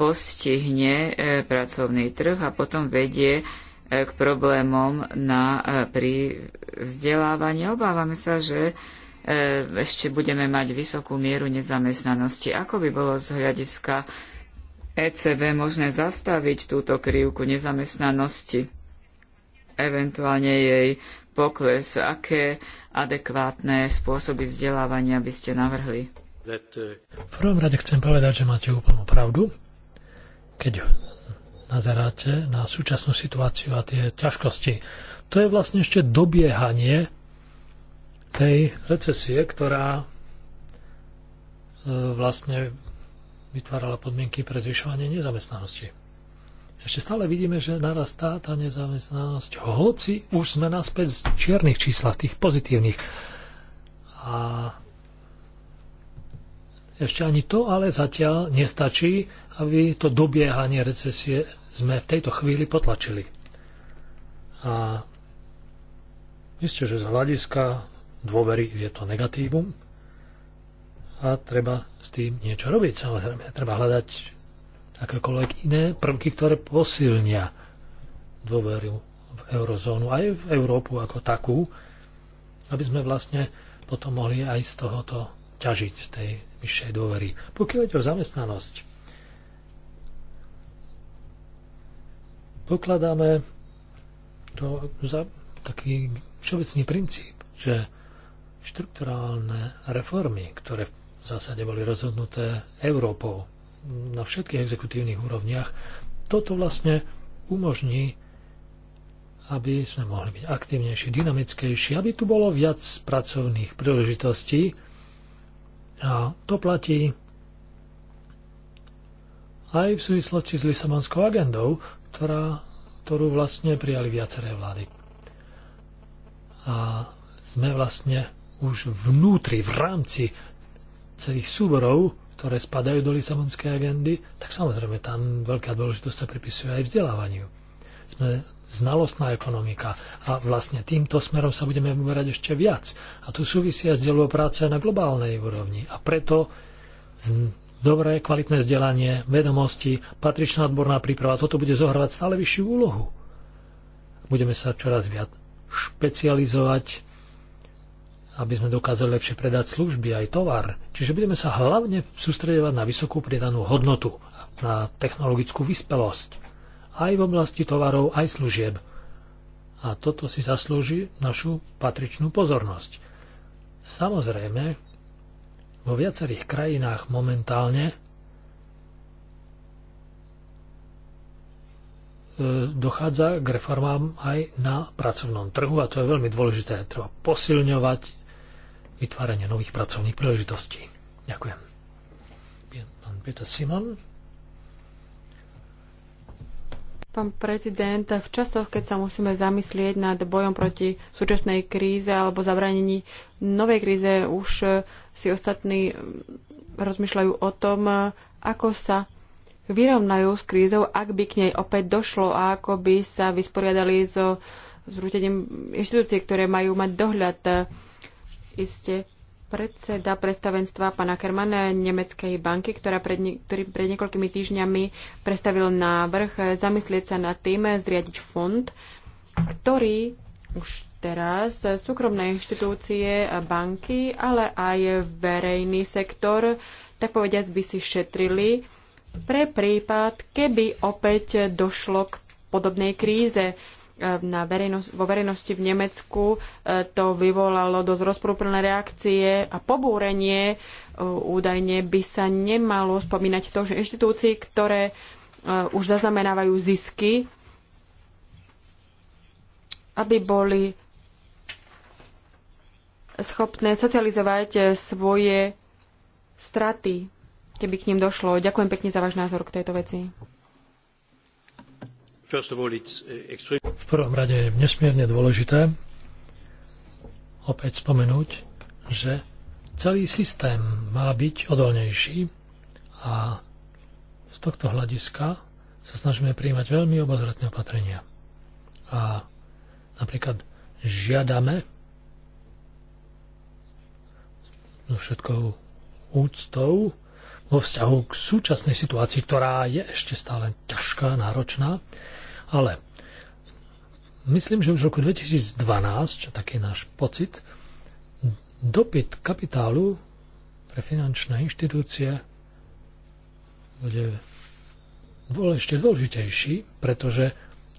postihne e, pracovný trh a potom vedie e, k problémom na, e, pri vzdelávaní. Obávame sa, že ešte budeme mať vysokú mieru nezamestnanosti. Ako by bolo z hľadiska ECB možné zastaviť túto krivku nezamestnanosti, eventuálne jej pokles? Aké adekvátne spôsoby vzdelávania by ste navrhli? V prvom rade chcem povedať, že máte úplnú pravdu keď nazeráte na súčasnú situáciu a tie ťažkosti. To je vlastne ešte dobiehanie tej recesie, ktorá e, vlastne vytvárala podmienky pre zvyšovanie nezamestnanosti. Ešte stále vidíme, že narastá tá nezamestnanosť, hoci už sme naspäť z čiernych číslach, tých pozitívnych. A ešte ani to ale zatiaľ nestačí, aby to dobiehanie recesie sme v tejto chvíli potlačili. A isté, že z hľadiska dôvery je to negatívum a treba s tým niečo robiť. Samozrejme, treba hľadať akékoľvek iné prvky, ktoré posilnia dôveru v eurozónu aj v Európu ako takú, aby sme vlastne potom mohli aj z tohoto ťažiť, z tej vyššej dôvery. Pokiaľ ide o zamestnanosť, pokladáme to za taký všeobecný princíp, že štrukturálne reformy, ktoré v zásade boli rozhodnuté Európou na všetkých exekutívnych úrovniach, toto vlastne umožní, aby sme mohli byť aktívnejší, dynamickejší, aby tu bolo viac pracovných príležitostí, a to platí aj v súvislosti s Lisabonskou agendou, ktorá, ktorú vlastne prijali viaceré vlády. A sme vlastne už vnútri, v rámci celých súborov, ktoré spadajú do Lisabonskej agendy, tak samozrejme tam veľká dôležitosť sa pripisuje aj vzdelávaniu. Sme znalostná ekonomika a vlastne týmto smerom sa budeme uberať ešte viac. A tu súvisia s dielou práce na globálnej úrovni a preto dobré, kvalitné vzdelanie, vedomosti, patričná odborná príprava, toto bude zohrávať stále vyššiu úlohu. Budeme sa čoraz viac špecializovať, aby sme dokázali lepšie predať služby aj tovar. Čiže budeme sa hlavne sústredovať na vysokú pridanú hodnotu, na technologickú vyspelosť aj v oblasti tovarov, aj služieb. A toto si zaslúži našu patričnú pozornosť. Samozrejme, vo viacerých krajinách momentálne e, dochádza k reformám aj na pracovnom trhu a to je veľmi dôležité. Treba posilňovať vytváranie nových pracovných príležitostí. Ďakujem. Peter Simon. Pán prezident, v časoch, keď sa musíme zamyslieť nad bojom proti súčasnej kríze alebo zabranení novej kríze, už eh, si ostatní mm, rozmýšľajú o tom, eh, ako sa vyrovnajú s krízou, ak by k nej opäť došlo a ako by sa vysporiadali so zrútením inštitúcií, ktoré majú mať dohľad. Eh, iste predseda predstavenstva pana Kermana Nemeckej banky, ktorá pred, nie, ktorý pred niekoľkými týždňami predstavil návrh zamyslieť sa nad tým, zriadiť fond, ktorý už teraz súkromné inštitúcie, banky, ale aj verejný sektor, tak povediať, by si šetrili pre prípad, keby opäť došlo k podobnej kríze na verejnosť, vo verejnosti v Nemecku e, to vyvolalo dosť rozprúplné reakcie a pobúrenie. E, údajne by sa nemalo spomínať to, že inštitúcii, ktoré e, už zaznamenávajú zisky, aby boli schopné socializovať svoje straty, keby k ním došlo. Ďakujem pekne za váš názor k tejto veci. Uh, v prvom rade je nesmierne dôležité opäť spomenúť, že celý systém má byť odolnejší a z tohto hľadiska sa snažíme príjmať veľmi obozretné opatrenia. A napríklad žiadame so všetkou úctou vo vzťahu k súčasnej situácii, ktorá je ešte stále ťažká, náročná, ale myslím, že už v roku 2012, taký náš pocit, dopyt kapitálu pre finančné inštitúcie bude ešte dôležitejší, pretože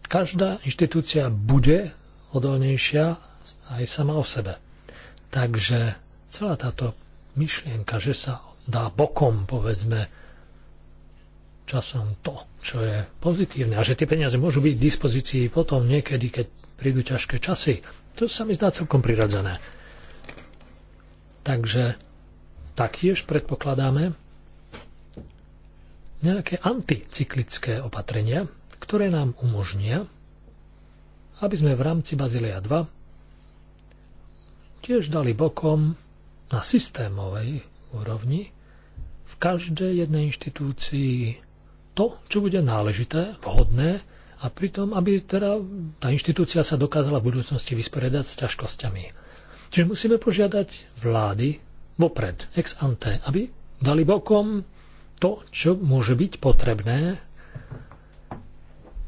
každá inštitúcia bude odolnejšia aj sama o sebe. Takže celá táto myšlienka, že sa dá bokom, povedzme, časom to, čo je pozitívne a že tie peniaze môžu byť v dispozícii potom niekedy, keď prídu ťažké časy. To sa mi zdá celkom prirodzené. Takže taktiež predpokladáme nejaké anticyklické opatrenia, ktoré nám umožnia, aby sme v rámci Bazilia 2 tiež dali bokom na systémovej úrovni v každej jednej inštitúcii to, čo bude náležité, vhodné a pritom, aby teda tá inštitúcia sa dokázala v budúcnosti vysporiadať s ťažkosťami. Čiže musíme požiadať vlády vopred, ex ante, aby dali bokom to, čo môže byť potrebné,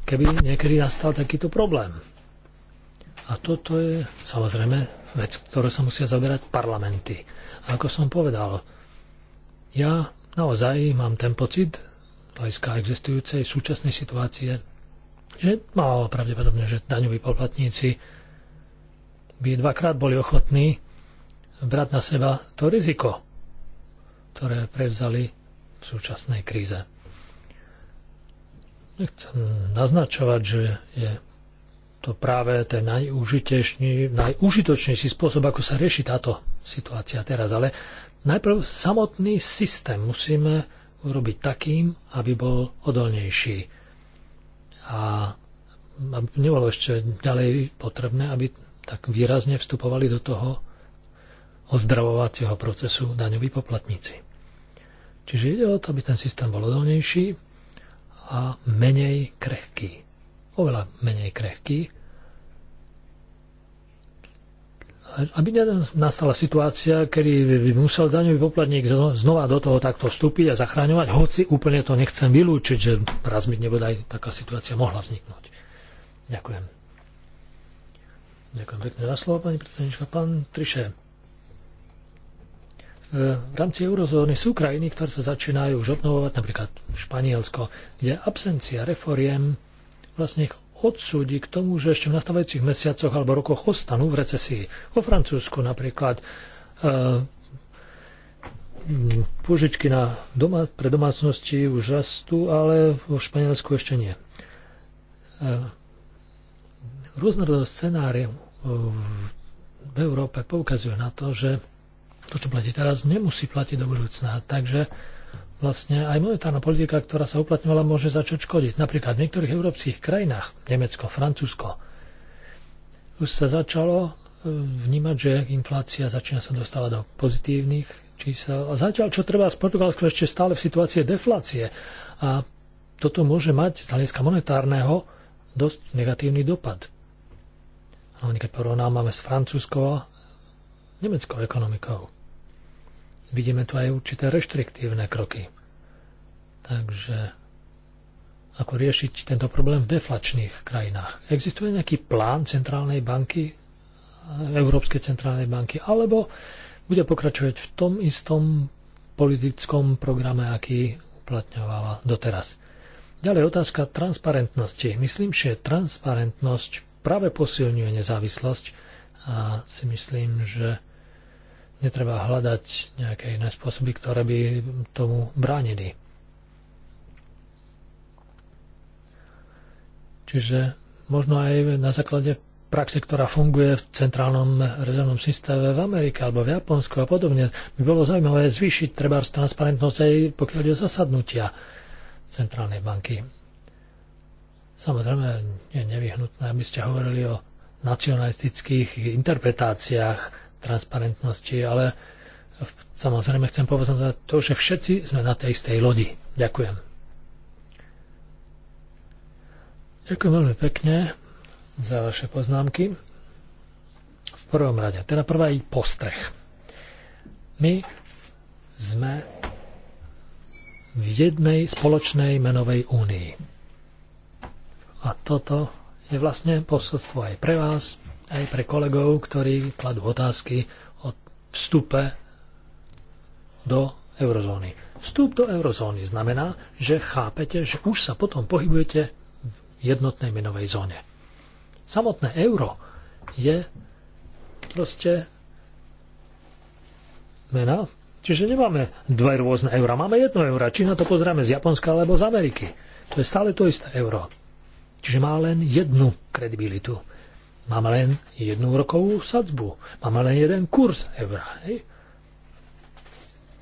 keby niekedy nastal takýto problém. A toto je samozrejme vec, ktorú sa musia zaberať parlamenty. A ako som povedal, ja naozaj mám ten pocit, hľadiska existujúcej súčasnej situácie, že málo pravdepodobne, že daňoví poplatníci by dvakrát boli ochotní brať na seba to riziko, ktoré prevzali v súčasnej kríze. Nechcem naznačovať, že je to práve ten najúžitočnejší spôsob, ako sa rieši táto situácia teraz, ale najprv samotný systém musíme urobiť takým, aby bol odolnejší. A nebolo ešte ďalej potrebné, aby tak výrazne vstupovali do toho ozdravovacieho procesu daňoví poplatníci. Čiže ide o to, aby ten systém bol odolnejší a menej krehký. Oveľa menej krehký, aby nastala situácia, kedy by musel daňový poplatník znova do toho takto vstúpiť a zachraňovať, hoci úplne to nechcem vylúčiť, že raz by nebodaj taká situácia mohla vzniknúť. Ďakujem. Ďakujem pekne za slovo, pani predsednička. Pán Triše, e, v rámci eurozóny sú krajiny, ktoré sa začínajú už obnovovať, napríklad Španielsko, kde absencia reforiem vlastne odsúdi k tomu, že ešte v nastávajúcich mesiacoch alebo rokoch ostanú v recesii. Vo Francúzsku napríklad eh, požičky na doma, pre domácnosti už rastú, ale vo Španielsku ešte nie. Eh, Rôznorodnosť scenárie v Európe poukazuje na to, že to, čo platí teraz, nemusí platiť do budúcna. Takže vlastne aj monetárna politika, ktorá sa uplatňovala, môže začať škodiť. Napríklad v niektorých európskych krajinách, Nemecko, Francúzsko, už sa začalo e, vnímať, že inflácia začína sa dostávať do pozitívnych čísel. A zatiaľ, čo treba z Portugalsko ešte stále v situácii deflácie. A toto môže mať z hľadiska monetárneho dosť negatívny dopad. Hlavne keď porovnávame s francúzskou a nemeckou ekonomikou. Vidíme tu aj určité reštriktívne kroky. Takže ako riešiť tento problém v deflačných krajinách. Existuje nejaký plán centrálnej banky, Európskej centrálnej banky, alebo bude pokračovať v tom istom politickom programe, aký uplatňovala doteraz. Ďalej otázka transparentnosti. Myslím, že transparentnosť práve posilňuje nezávislosť a si myslím, že netreba hľadať nejaké iné spôsoby, ktoré by tomu bránili. Čiže možno aj na základe praxe, ktorá funguje v centrálnom rezervnom systéme v Amerike alebo v Japonsku a podobne, by bolo zaujímavé zvýšiť treba transparentnosť aj pokiaľ ide zasadnutia centrálnej banky. Samozrejme, je nevyhnutné, aby ste hovorili o nacionalistických interpretáciách transparentnosti, ale samozrejme chcem povedať to, že všetci sme na tej istej lodi. Ďakujem. Ďakujem veľmi pekne za vaše poznámky. V prvom rade, teda prvá je postreh. My sme v jednej spoločnej menovej únii. A toto je vlastne posolstvo aj pre vás, aj pre kolegov, ktorí kladú otázky o vstupe do eurozóny. Vstup do eurozóny znamená, že chápete, že už sa potom pohybujete jednotnej menovej zóne. Samotné euro je proste mena, čiže nemáme dve rôzne eura, máme jedno euro, či na to pozrieme z Japonska alebo z Ameriky. To je stále to isté euro. Čiže má len jednu kredibilitu. Máme len jednu rokovú sadzbu. Máme len jeden kurz eura. Hej?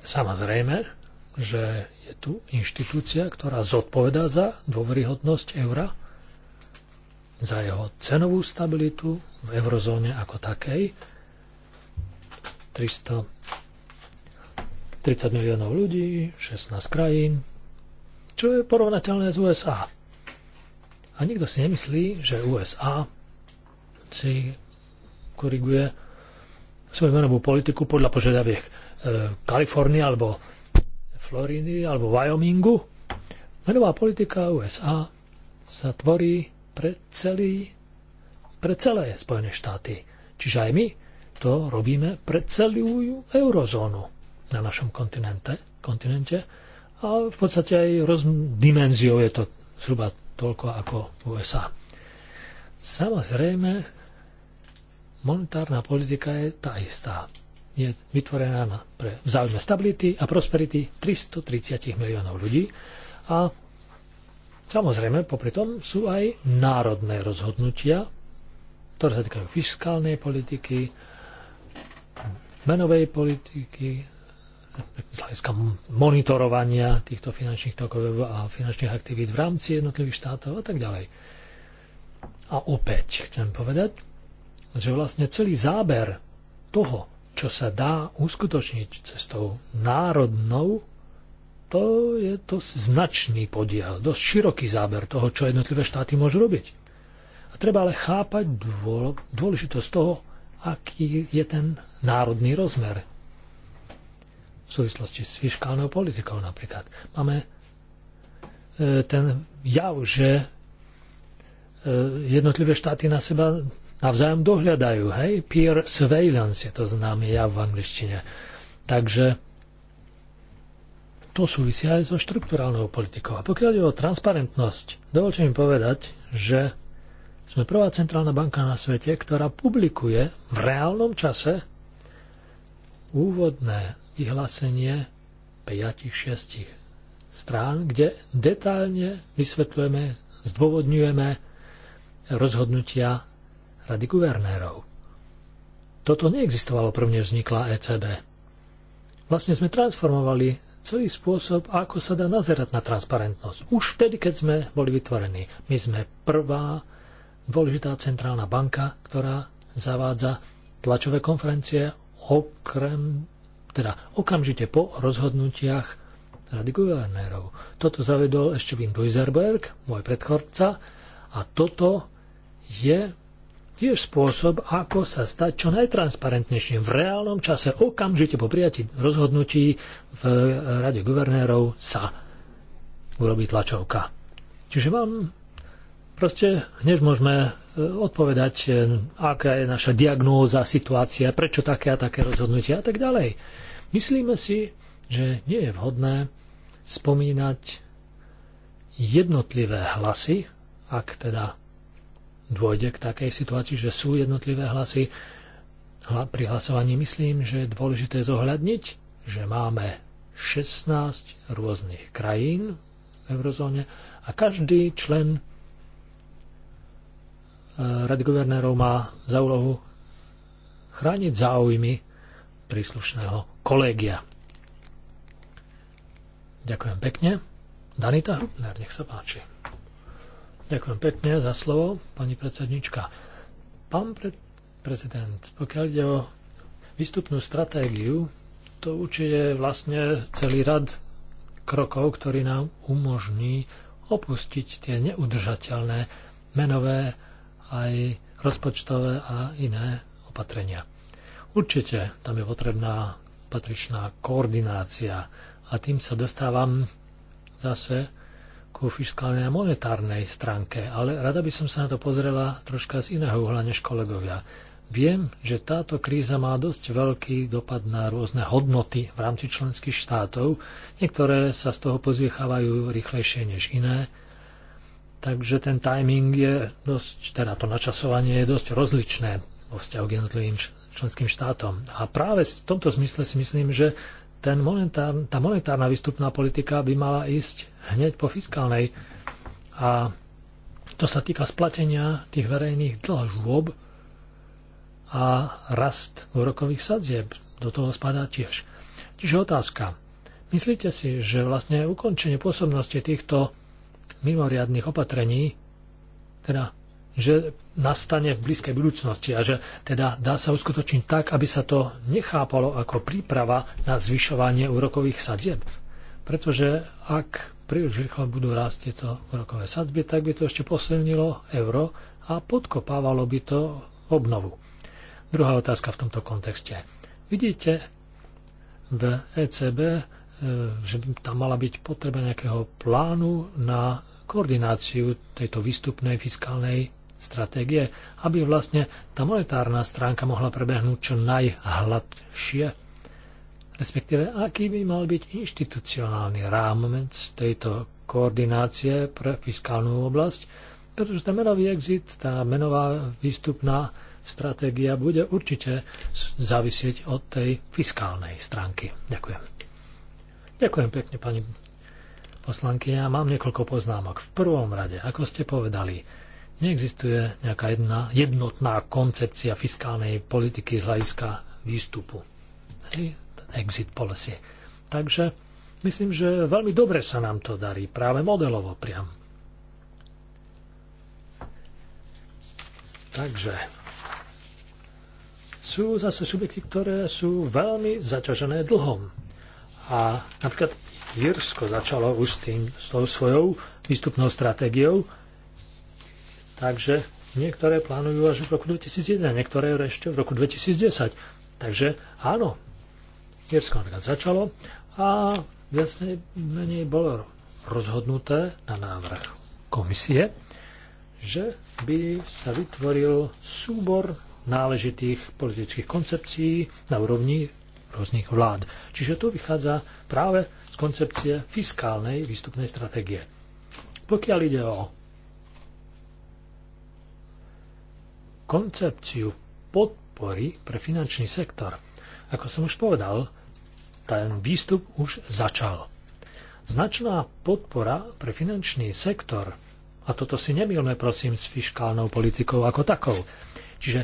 Samozrejme, že je tu inštitúcia, ktorá zodpovedá za dôveryhodnosť eura za jeho cenovú stabilitu v eurozóne ako takej. 330 miliónov ľudí, 16 krajín, čo je porovnateľné s USA. A nikto si nemyslí, že USA si koriguje svoju menovú politiku podľa požiadaviek e, Kalifornie alebo Floridy alebo Wyomingu. Menová politika USA sa tvorí pre, celý, pre celé Spojené štáty. Čiže aj my to robíme pre celú eurozónu na našom kontinente, kontinente a v podstate aj rozdimenziou dimenziou je to zhruba toľko ako USA. Samozrejme, monetárna politika je tá istá. Je vytvorená pre, vzájomné stability a prosperity 330 miliónov ľudí a Samozrejme, popri tom sú aj národné rozhodnutia, ktoré sa týkajú fiskálnej politiky, menovej politiky, z hľadiska monitorovania týchto finančných tokov a finančných aktivít v rámci jednotlivých štátov a tak ďalej. A opäť chcem povedať, že vlastne celý záber toho, čo sa dá uskutočniť cestou národnou to je to značný podiel, dosť široký záber toho, čo jednotlivé štáty môžu robiť. A treba ale chápať dôl, dôležitosť toho, aký je ten národný rozmer v súvislosti s fiskálnou politikou napríklad. Máme e, ten jav, že e, jednotlivé štáty na seba navzájom dohľadajú. Hej? Peer surveillance je to známy jav v angličtine. Takže to súvisia aj so štruktúrálnou politikou. A pokiaľ je o transparentnosť, dovolte mi povedať, že sme prvá centrálna banka na svete, ktorá publikuje v reálnom čase úvodné vyhlásenie 5-6 strán, kde detálne vysvetľujeme, zdôvodňujeme rozhodnutia Rady guvernérov. Toto neexistovalo prvne vznikla ECB. Vlastne sme transformovali celý spôsob, ako sa dá nazerať na transparentnosť. Už vtedy, keď sme boli vytvorení. My sme prvá dôležitá centrálna banka, ktorá zavádza tlačové konferencie okrem, teda okamžite po rozhodnutiach Rady guvernérov. Toto zavedol ešte Wim Duisberg, môj predchodca, a toto je tiež spôsob, ako sa stať čo najtransparentnejším v reálnom čase, okamžite po prijatí rozhodnutí v Rade guvernérov sa urobí tlačovka. Čiže vám proste hneď môžeme e, odpovedať, e, aká je naša diagnóza, situácia, prečo také a také rozhodnutia a tak ďalej. Myslíme si, že nie je vhodné spomínať jednotlivé hlasy, ak teda dôjde k takej situácii, že sú jednotlivé hlasy pri hlasovaní. Myslím, že je dôležité zohľadniť, že máme 16 rôznych krajín v eurozóne a každý člen e, Rady guvernérov má za úlohu chrániť záujmy príslušného kolégia. Ďakujem pekne. Danita, nech sa páči. Ďakujem pekne za slovo, pani predsednička. Pán pre- prezident, pokiaľ ide o výstupnú stratégiu, to určite je vlastne celý rad krokov, ktorý nám umožní opustiť tie neudržateľné menové aj rozpočtové a iné opatrenia. Určite tam je potrebná patričná koordinácia a tým sa dostávam zase ku fiskálnej a monetárnej stránke, ale rada by som sa na to pozrela troška z iného uhla než kolegovia. Viem, že táto kríza má dosť veľký dopad na rôzne hodnoty v rámci členských štátov. Niektoré sa z toho pozviechávajú rýchlejšie než iné. Takže ten timing je dosť, teda to načasovanie je dosť rozličné vo vzťahu k jednotlivým členským štátom. A práve v tomto zmysle si myslím, že ten monetár, tá monetárna výstupná politika by mala ísť hneď po fiskálnej. A to sa týka splatenia tých verejných dlžôb a rast úrokových sadzieb. Do toho spadá tiež. Čiže otázka. Myslíte si, že vlastne ukončenie pôsobnosti týchto mimoriadných opatrení, teda že nastane v blízkej budúcnosti a že teda dá sa uskutočniť tak, aby sa to nechápalo ako príprava na zvyšovanie úrokových sadieb. Pretože ak príliš rýchlo budú rásť tieto úrokové sadzby, tak by to ešte posilnilo euro a podkopávalo by to obnovu. Druhá otázka v tomto kontexte. Vidíte v ECB, e, že by tam mala byť potreba nejakého plánu na koordináciu tejto výstupnej fiskálnej stratégie, aby vlastne tá monetárna stránka mohla prebehnúť čo najhladšie. Respektíve, aký by mal byť inštitucionálny rámec tejto koordinácie pre fiskálnu oblasť, pretože ten menový exit, tá menová výstupná stratégia bude určite závisieť od tej fiskálnej stránky. Ďakujem. Ďakujem pekne, pani poslankyňa. Mám niekoľko poznámok. V prvom rade, ako ste povedali, Neexistuje nejaká jedna, jednotná koncepcia fiskálnej politiky z hľadiska výstupu. Hej? Exit policy. Takže myslím, že veľmi dobre sa nám to darí, práve modelovo priam. Takže sú zase subjekty, ktoré sú veľmi zaťažené dlhom. A napríklad Jirsko začalo už s tým, s tou svojou výstupnou stratégiou, Takže niektoré plánujú až v roku 2001, niektoré ešte v roku 2010. Takže áno, Írsko napríklad začalo a viac menej bolo rozhodnuté na návrh komisie, že by sa vytvoril súbor náležitých politických koncepcií na úrovni rôznych vlád. Čiže tu vychádza práve z koncepcie fiskálnej výstupnej stratégie. Pokiaľ ide o koncepciu podpory pre finančný sektor. Ako som už povedal, ten výstup už začal. Značná podpora pre finančný sektor, a toto si nemilme prosím s fiškálnou politikou ako takou, čiže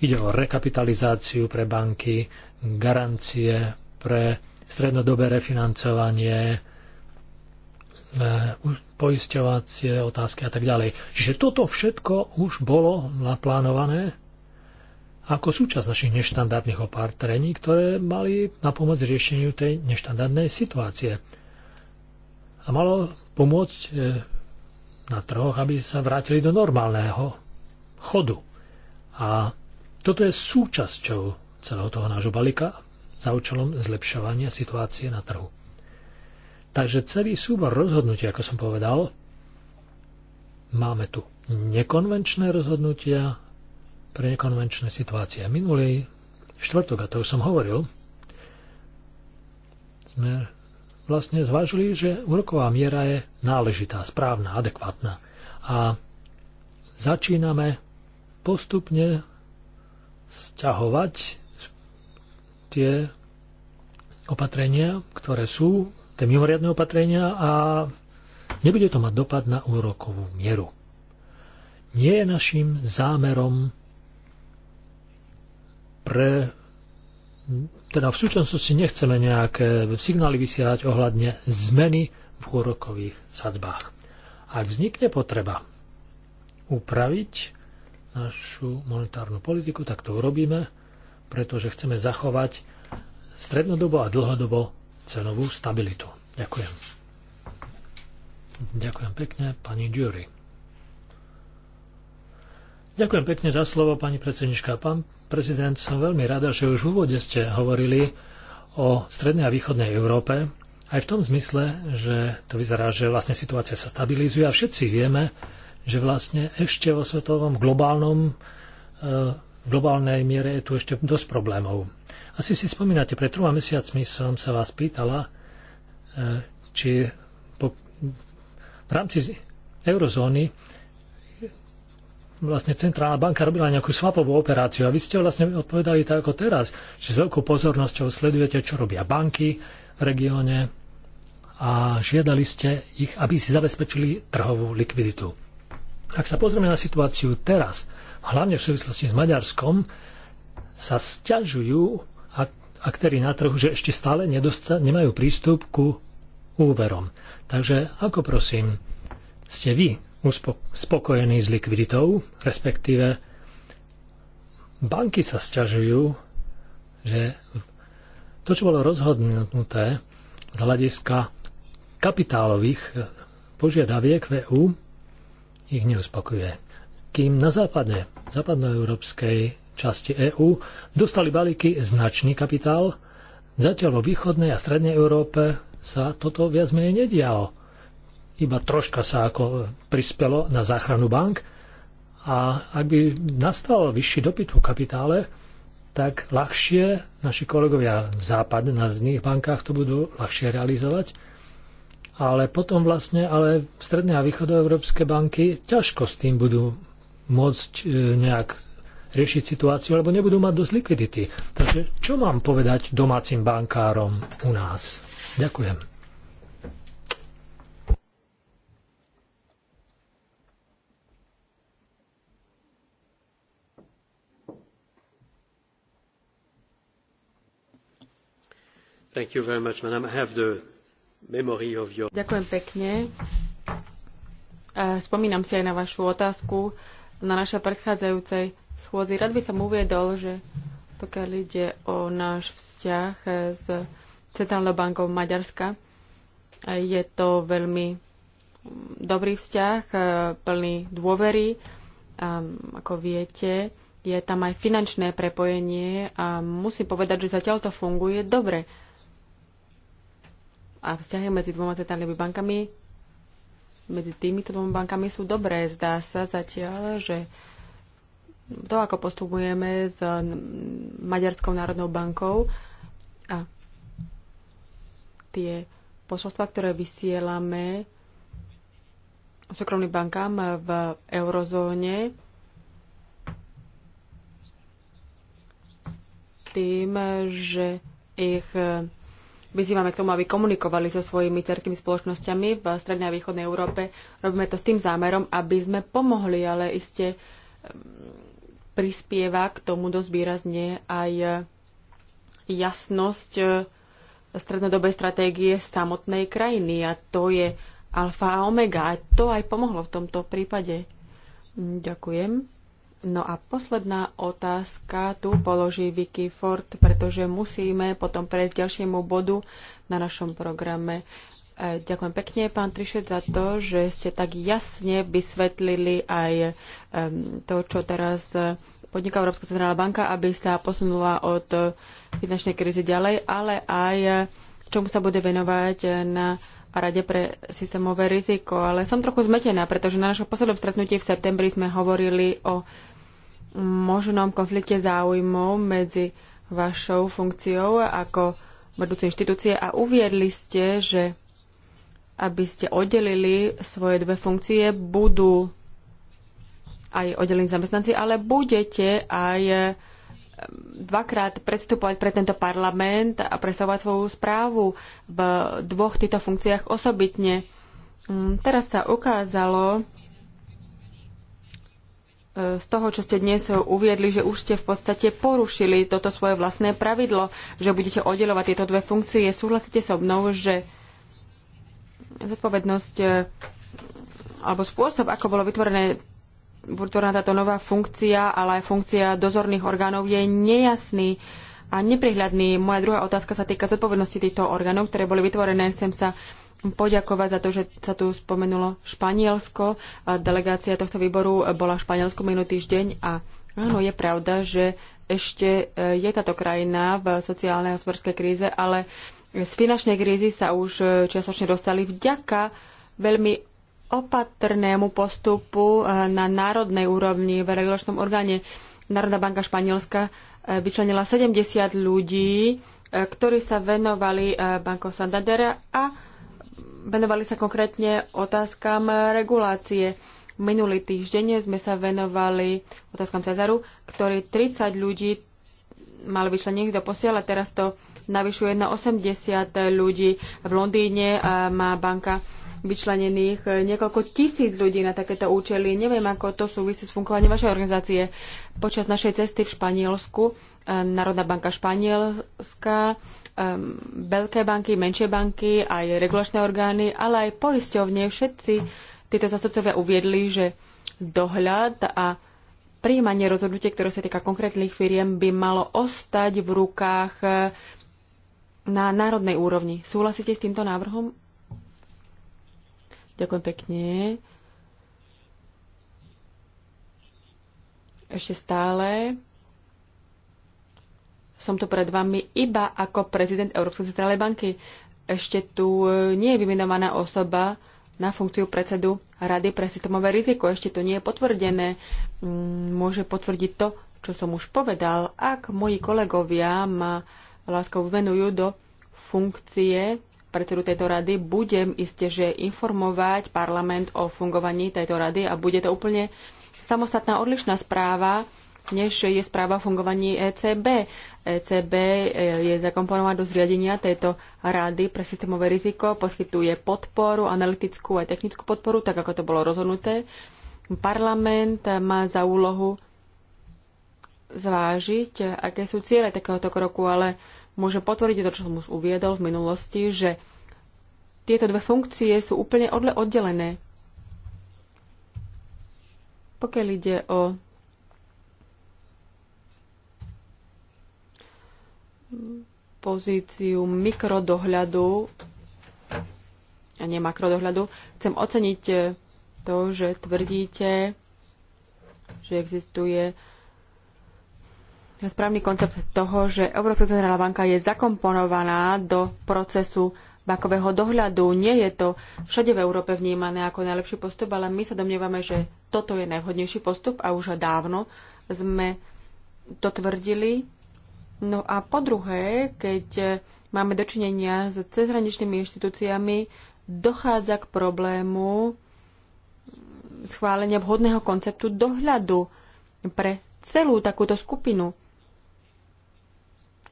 ide o rekapitalizáciu pre banky, garancie pre strednodobé refinancovanie, E, poisťovacie otázky a tak ďalej. Čiže toto všetko už bolo naplánované ako súčasť našich neštandardných opatrení, ktoré mali na pomoc riešeniu tej neštandardnej situácie. A malo pomôcť e, na trhoch, aby sa vrátili do normálneho chodu. A toto je súčasťou celého toho nášho balíka za účelom zlepšovania situácie na trhu. Takže celý súbor rozhodnutí, ako som povedal, máme tu nekonvenčné rozhodnutia pre nekonvenčné situácie. Minulý štvrtok, a to už som hovoril, sme vlastne zvážili, že úroková miera je náležitá, správna, adekvátna. A začíname postupne sťahovať tie opatrenia, ktoré sú tie mimoriadne opatrenia a nebude to mať dopad na úrokovú mieru. Nie je našim zámerom pre... Teda v súčasnosti nechceme nejaké signály vysielať ohľadne zmeny v úrokových sadzbách. Ak vznikne potreba upraviť našu monetárnu politiku, tak to urobíme, pretože chceme zachovať strednodobo a dlhodobo cenovú stabilitu. Ďakujem. Ďakujem pekne, pani Jury. Ďakujem pekne za slovo, pani predsednička. Pán prezident, som veľmi rada, že už v úvode ste hovorili o strednej a východnej Európe, aj v tom zmysle, že to vyzerá, že vlastne situácia sa stabilizuje a všetci vieme, že vlastne ešte vo svetovom globálnom, e, globálnej miere je tu ešte dosť problémov. Asi si spomínate, pred troma mesiacmi som sa vás pýtala, e, či po, v rámci eurozóny vlastne centrálna banka robila nejakú svapovú operáciu a vy ste vlastne odpovedali tak ako teraz, že s veľkou pozornosťou sledujete, čo robia banky v regióne a žiadali ste ich, aby si zabezpečili trhovú likviditu. Ak sa pozrieme na situáciu teraz, hlavne v súvislosti s Maďarskom, sa sťažujú aktéry na trhu, že ešte stále nemajú prístup ku úverom. Takže ako prosím, ste vy spokojení s likviditou, respektíve banky sa sťažujú, že to, čo bolo rozhodnuté z hľadiska kapitálových požiadaviek VU, e ich neuspokojuje. Kým na západe, západnoeurópskej časti EÚ dostali balíky značný kapitál, zatiaľ vo východnej a strednej Európe sa toto viac menej nedialo. Iba troška sa ako prispelo na záchranu bank a ak by nastal vyšší dopyt po kapitále, tak ľahšie naši kolegovia v západe na zných bankách to budú ľahšie realizovať. Ale potom vlastne ale stredné a východoeurópske banky ťažko s tým budú môcť e, nejak riešiť situáciu, lebo nebudú mať dosť likvidity. Takže čo mám povedať domácim bankárom u nás? Ďakujem. Thank you very much, madam. I have the memory of your... Ďakujem pekne. Spomínam si aj na vašu otázku na našej predchádzajúcej schôdzi. Rád by som uviedol, že pokiaľ ide o náš vzťah s Centrálnou bankou Maďarska, je to veľmi dobrý vzťah, e, plný dôvery. A ako viete, je tam aj finančné prepojenie a musím povedať, že zatiaľ to funguje dobre. A vzťahy medzi dvoma centrálnymi bankami, medzi týmito dvoma bankami sú dobré. Zdá sa zatiaľ, že to, ako postupujeme s Maďarskou národnou bankou a tie posolstva, ktoré vysielame súkromným bankám v eurozóne, tým, že ich vyzývame k tomu, aby komunikovali so svojimi cerkými spoločnosťami v strednej a východnej Európe. Robíme to s tým zámerom, aby sme pomohli, ale iste prispieva k tomu dosť výrazne aj jasnosť e, strednodobej stratégie samotnej krajiny a to je alfa a omega. A to aj pomohlo v tomto prípade. Mm, ďakujem. No a posledná otázka tu položí Vicky Ford, pretože musíme potom prejsť ďalšiemu bodu na našom programe. E, ďakujem pekne, pán Trišet, za to, že ste tak jasne vysvetlili aj e, to, čo teraz podniká Európska centrálna banka, aby sa posunula od e, finančnej krízy ďalej, ale aj čomu sa bude venovať na Rade pre systémové riziko. Ale som trochu zmetená, pretože na našom poslednom stretnutí v septembri sme hovorili o možnom konflikte záujmov medzi vašou funkciou ako vedúcej inštitúcie a uviedli ste, že aby ste oddelili svoje dve funkcie, budú aj oddelení zamestnanci, ale budete aj eh, dvakrát predstupovať pre tento parlament a predstavovať svoju správu v dvoch týchto funkciách osobitne. Mm, teraz sa ukázalo eh, z toho, čo ste dnes uviedli, že už ste v podstate porušili toto svoje vlastné pravidlo, že budete oddelovať tieto dve funkcie. Súhlasíte so mnou, že zodpovednosť e, alebo spôsob, ako bolo vytvorené vytvorená táto nová funkcia, ale aj funkcia dozorných orgánov je nejasný a neprihľadný. Moja druhá otázka sa týka zodpovednosti týchto orgánov, ktoré boli vytvorené. Chcem sa poďakovať za to, že sa tu spomenulo Španielsko. Delegácia tohto výboru bola v Španielsku minulý týždeň a áno, je pravda, že ešte e, je táto krajina v sociálnej a hospodárskej kríze, ale z finančnej krízy sa už e, čiastočne dostali vďaka veľmi opatrnému postupu e, na národnej úrovni v regulačnom orgáne. Národná banka Španielska e, vyčlenila 70 ľudí, ktorí sa venovali Banko Santander a venovali sa konkrétne otázkam regulácie. Minulý týždeň sme sa venovali otázkam Cezaru, ktorý 30 ľudí mal vyčlenených do posiela, teraz to navyšuje na 80 ľudí. V Londýne má banka vyčlenených e, niekoľko tisíc ľudí na takéto účely. Neviem, ako to súvisí s fungovaním vašej organizácie. Počas našej cesty v Španielsku e, Národná banka Španielska, e, veľké banky, menšie banky, aj regulačné orgány, ale aj poisťovne, všetci títo zastupcovia uviedli, že dohľad a príjmanie rozhodnutie, ktoré sa týka konkrétnych firiem, by malo ostať v rukách na národnej úrovni. Súhlasíte s týmto návrhom? Ďakujem pekne. Ešte stále som tu pred vami iba ako prezident Európskej centrálnej banky. Ešte tu nie je vymenovaná osoba na funkciu predsedu Rady pre systémové riziko. Ešte to nie je potvrdené. Mm, môže potvrdiť to, čo som už povedal. Ak moji kolegovia ma láskou venujú do funkcie predsedu tejto rady, budem iste, že informovať parlament o fungovaní tejto rady a bude to úplne samostatná odlišná správa, než je správa o fungovaní ECB. ECB e, je zakomponovaná do zriadenia tejto rady pre systémové riziko, poskytuje podporu, analytickú a technickú podporu, tak ako to bolo rozhodnuté. Parlament má za úlohu zvážiť, aké sú ciele takéhoto kroku, ale môžem potvrdiť to, čo som už uviedol v minulosti, že tieto dve funkcie sú úplne odle oddelené. Pokiaľ ide o pozíciu mikrodohľadu a nie makrodohľadu, chcem oceniť to, že tvrdíte, že existuje správny koncept toho, že Európska centrálna banka je zakomponovaná do procesu bankového dohľadu. Nie je to všade v Európe vnímané ako najlepší postup, ale my sa domnievame, že toto je najvhodnejší postup a už dávno sme to tvrdili. No a po druhé, keď máme dočinenia s cezhraničnými inštitúciami, dochádza k problému schválenia vhodného konceptu dohľadu pre celú takúto skupinu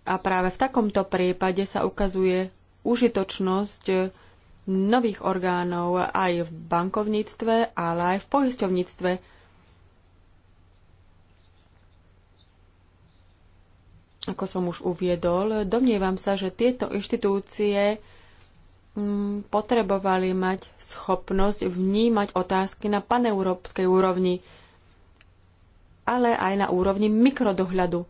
a práve v takomto prípade sa ukazuje užitočnosť nových orgánov aj v bankovníctve, ale aj v poisťovníctve. Ako som už uviedol, domnievam sa, že tieto inštitúcie mm, potrebovali mať schopnosť vnímať otázky na paneurópskej úrovni, ale aj na úrovni mikrodohľadu.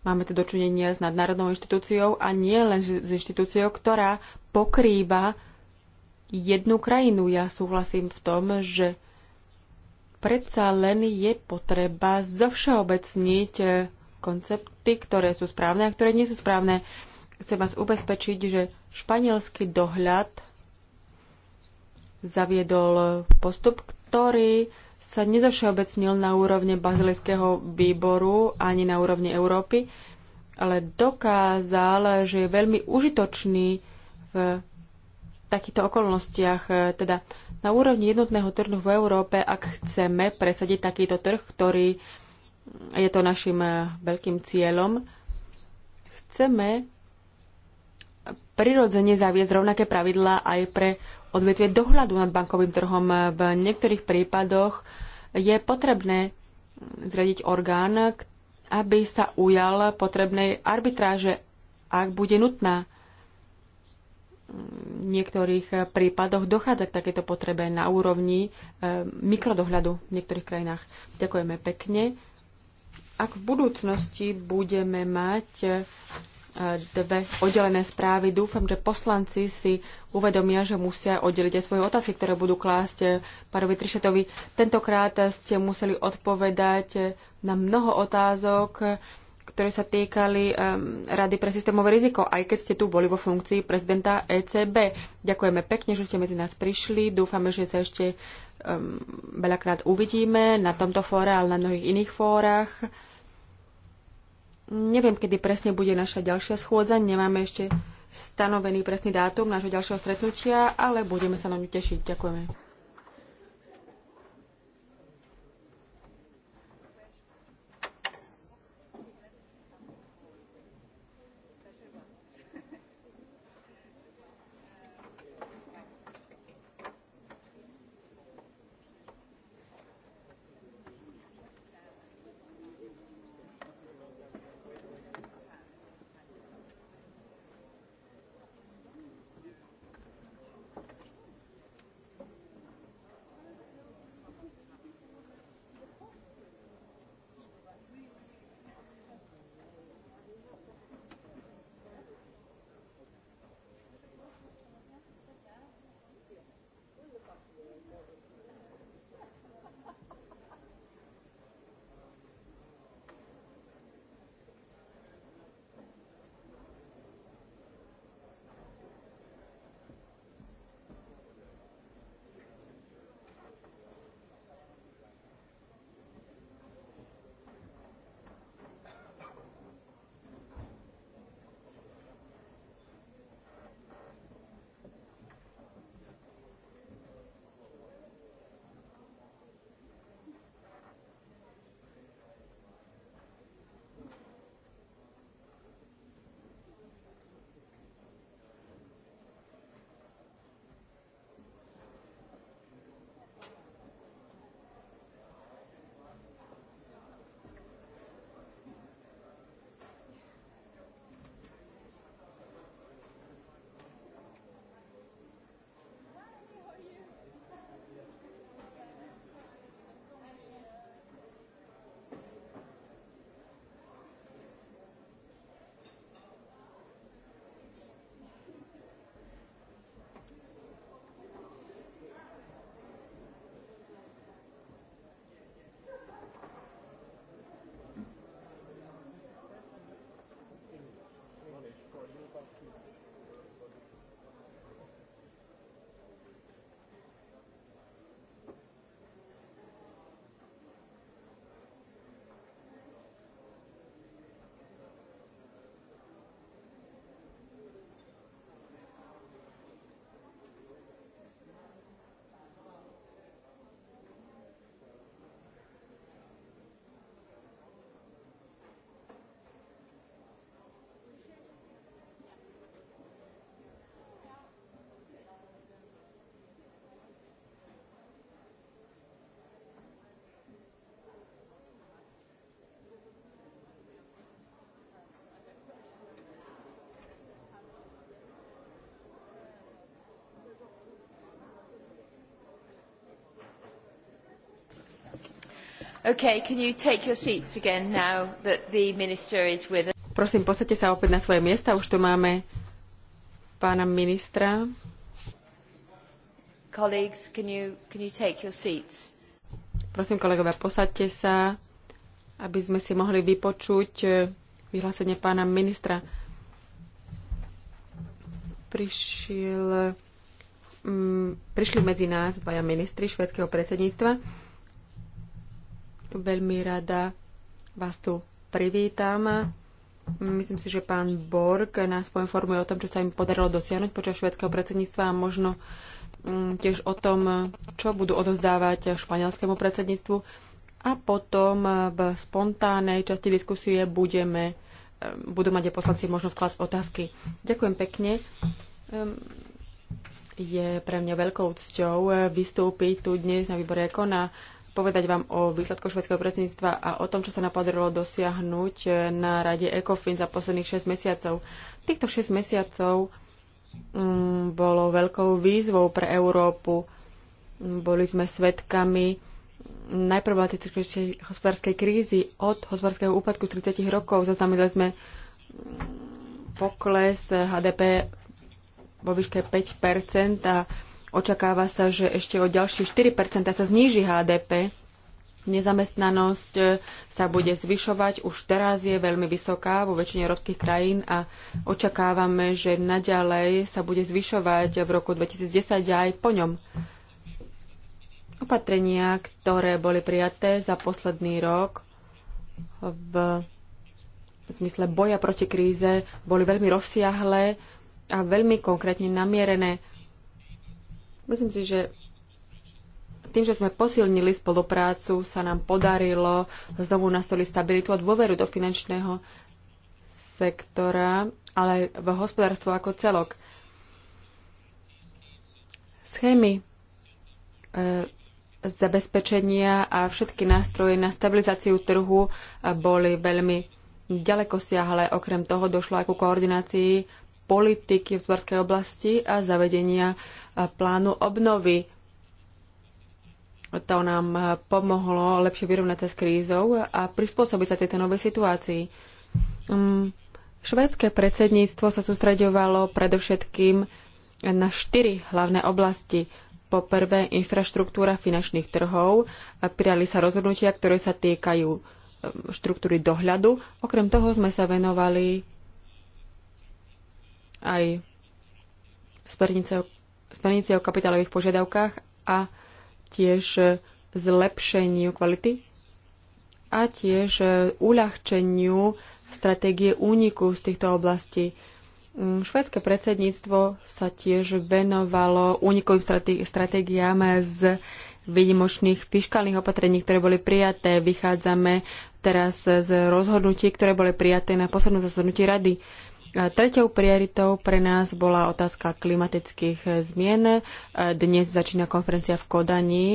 Máme tu dočinenia s nadnárodnou inštitúciou a nie len s inštitúciou, ktorá pokrýva jednu krajinu. Ja súhlasím v tom, že predsa len je potreba zovšeobecniť eh, koncepty, ktoré sú správne a ktoré nie sú správne. Chcem vás ubezpečiť, že španielský dohľad zaviedol postup, ktorý sa nezašeobecnil na úrovne bazilejského výboru ani na úrovni Európy, ale dokázal, že je veľmi užitočný v takýchto okolnostiach, teda na úrovni jednotného trhu v Európe, ak chceme presadiť takýto trh, ktorý je to našim eh, veľkým cieľom, chceme prirodzene zaviesť rovnaké pravidlá aj pre odvetvie dohľadu nad bankovým trhom. V niektorých prípadoch je potrebné zradiť orgán, aby sa ujal potrebnej arbitráže, ak bude nutná. V niektorých prípadoch dochádza k takéto potrebe na úrovni eh, mikrodohľadu v niektorých krajinách. Ďakujeme pekne. Ak v budúcnosti budeme mať dve oddelené správy. Dúfam, že poslanci si uvedomia, že musia oddeliť aj svoje otázky, ktoré budú klásť pánovi Trišetovi. Tentokrát ste museli odpovedať na mnoho otázok, ktoré sa týkali um, Rady pre systémové riziko, aj keď ste tu boli vo funkcii prezidenta ECB. Ďakujeme pekne, že ste medzi nás prišli. Dúfame, že sa ešte um, veľakrát uvidíme na tomto fóre, ale na mnohých iných fórach. Neviem, kedy presne bude naša ďalšia schôdza. Nemáme ešte stanovený presný dátum nášho ďalšieho stretnutia, ale budeme sa na ňu tešiť. Ďakujeme. Okay, can you take your seats again now that the minister is with us? Prosím, posadte sa opäť na svoje miesta. Už tu máme pána ministra. Colleagues, can you, can you take your seats? Prosím, kolegovia, posadte sa, aby sme si mohli vypočuť eh, vyhlásenie pána ministra. Prišiel, mm, prišli medzi nás dvaja ministri švedského predsedníctva Veľmi rada vás tu privítam. Myslím si, že pán Borg nás poinformuje o tom, čo sa im podarilo dosiahnuť počas švedského predsedníctva a možno mm, tiež o tom, čo budú odozdávať španielskému predsedníctvu. A potom v spontánej časti diskusie budeme, mm, budú mať aj poslanci možnosť klásť otázky. Ďakujem pekne. Je pre mňa veľkou cťou eh, vystúpiť tu dnes na výbore Ekona povedať vám o výsledkoch švedského predsedníctva a o tom, čo sa napadrilo dosiahnuť na rade ECOFIN za posledných 6 mesiacov. Týchto 6 mesiacov um, bolo veľkou výzvou pre Európu. Boli sme svetkami najprv hospodárskej krízy od hospodárskeho úpadku 30 rokov. Zaznamenali sme mm, pokles HDP vo výške 5 a Očakáva sa, že ešte o ďalšie 4 sa zníži HDP. Nezamestnanosť e, sa bude zvyšovať, už teraz je veľmi vysoká vo väčšine európskych krajín a očakávame, že naďalej sa bude zvyšovať v roku 2010 a aj po ňom. Opatrenia, ktoré boli prijaté za posledný rok v zmysle boja proti kríze, boli veľmi rozsiahle a veľmi konkrétne namierené Myslím si, že tým, že sme posilnili spoluprácu, sa nám podarilo znovu nastoliť stabilitu a dôveru do finančného sektora, ale v hospodárstvo ako celok. Schémy e, zabezpečenia a všetky nástroje na stabilizáciu trhu e, boli veľmi ďaleko siahle. Okrem toho došlo aj ku koordinácii politiky v zborskej oblasti a zavedenia plánu obnovy. To nám pomohlo lepšie vyrovnať sa s krízou a prispôsobiť sa tejto novej situácii. Mm, švédske predsedníctvo sa sústreďovalo predovšetkým na štyri hlavné oblasti. Po prvé, infraštruktúra finančných trhov. Prijali sa rozhodnutia, ktoré sa týkajú mm, štruktúry dohľadu. Okrem toho sme sa venovali aj smernice o smernici o kapitálových požiadavkách a tiež zlepšeniu kvality a tiež uľahčeniu stratégie úniku z týchto oblastí. Mm, Švedské predsedníctvo sa tiež venovalo únikovým stratégiám z výnimočných fiskálnych opatrení, ktoré boli prijaté. Vychádzame teraz z rozhodnutí, ktoré boli prijaté na poslednom zasadnutí rady. Tretou prioritou pre nás bola otázka klimatických zmien. Dnes začína konferencia v Kodani.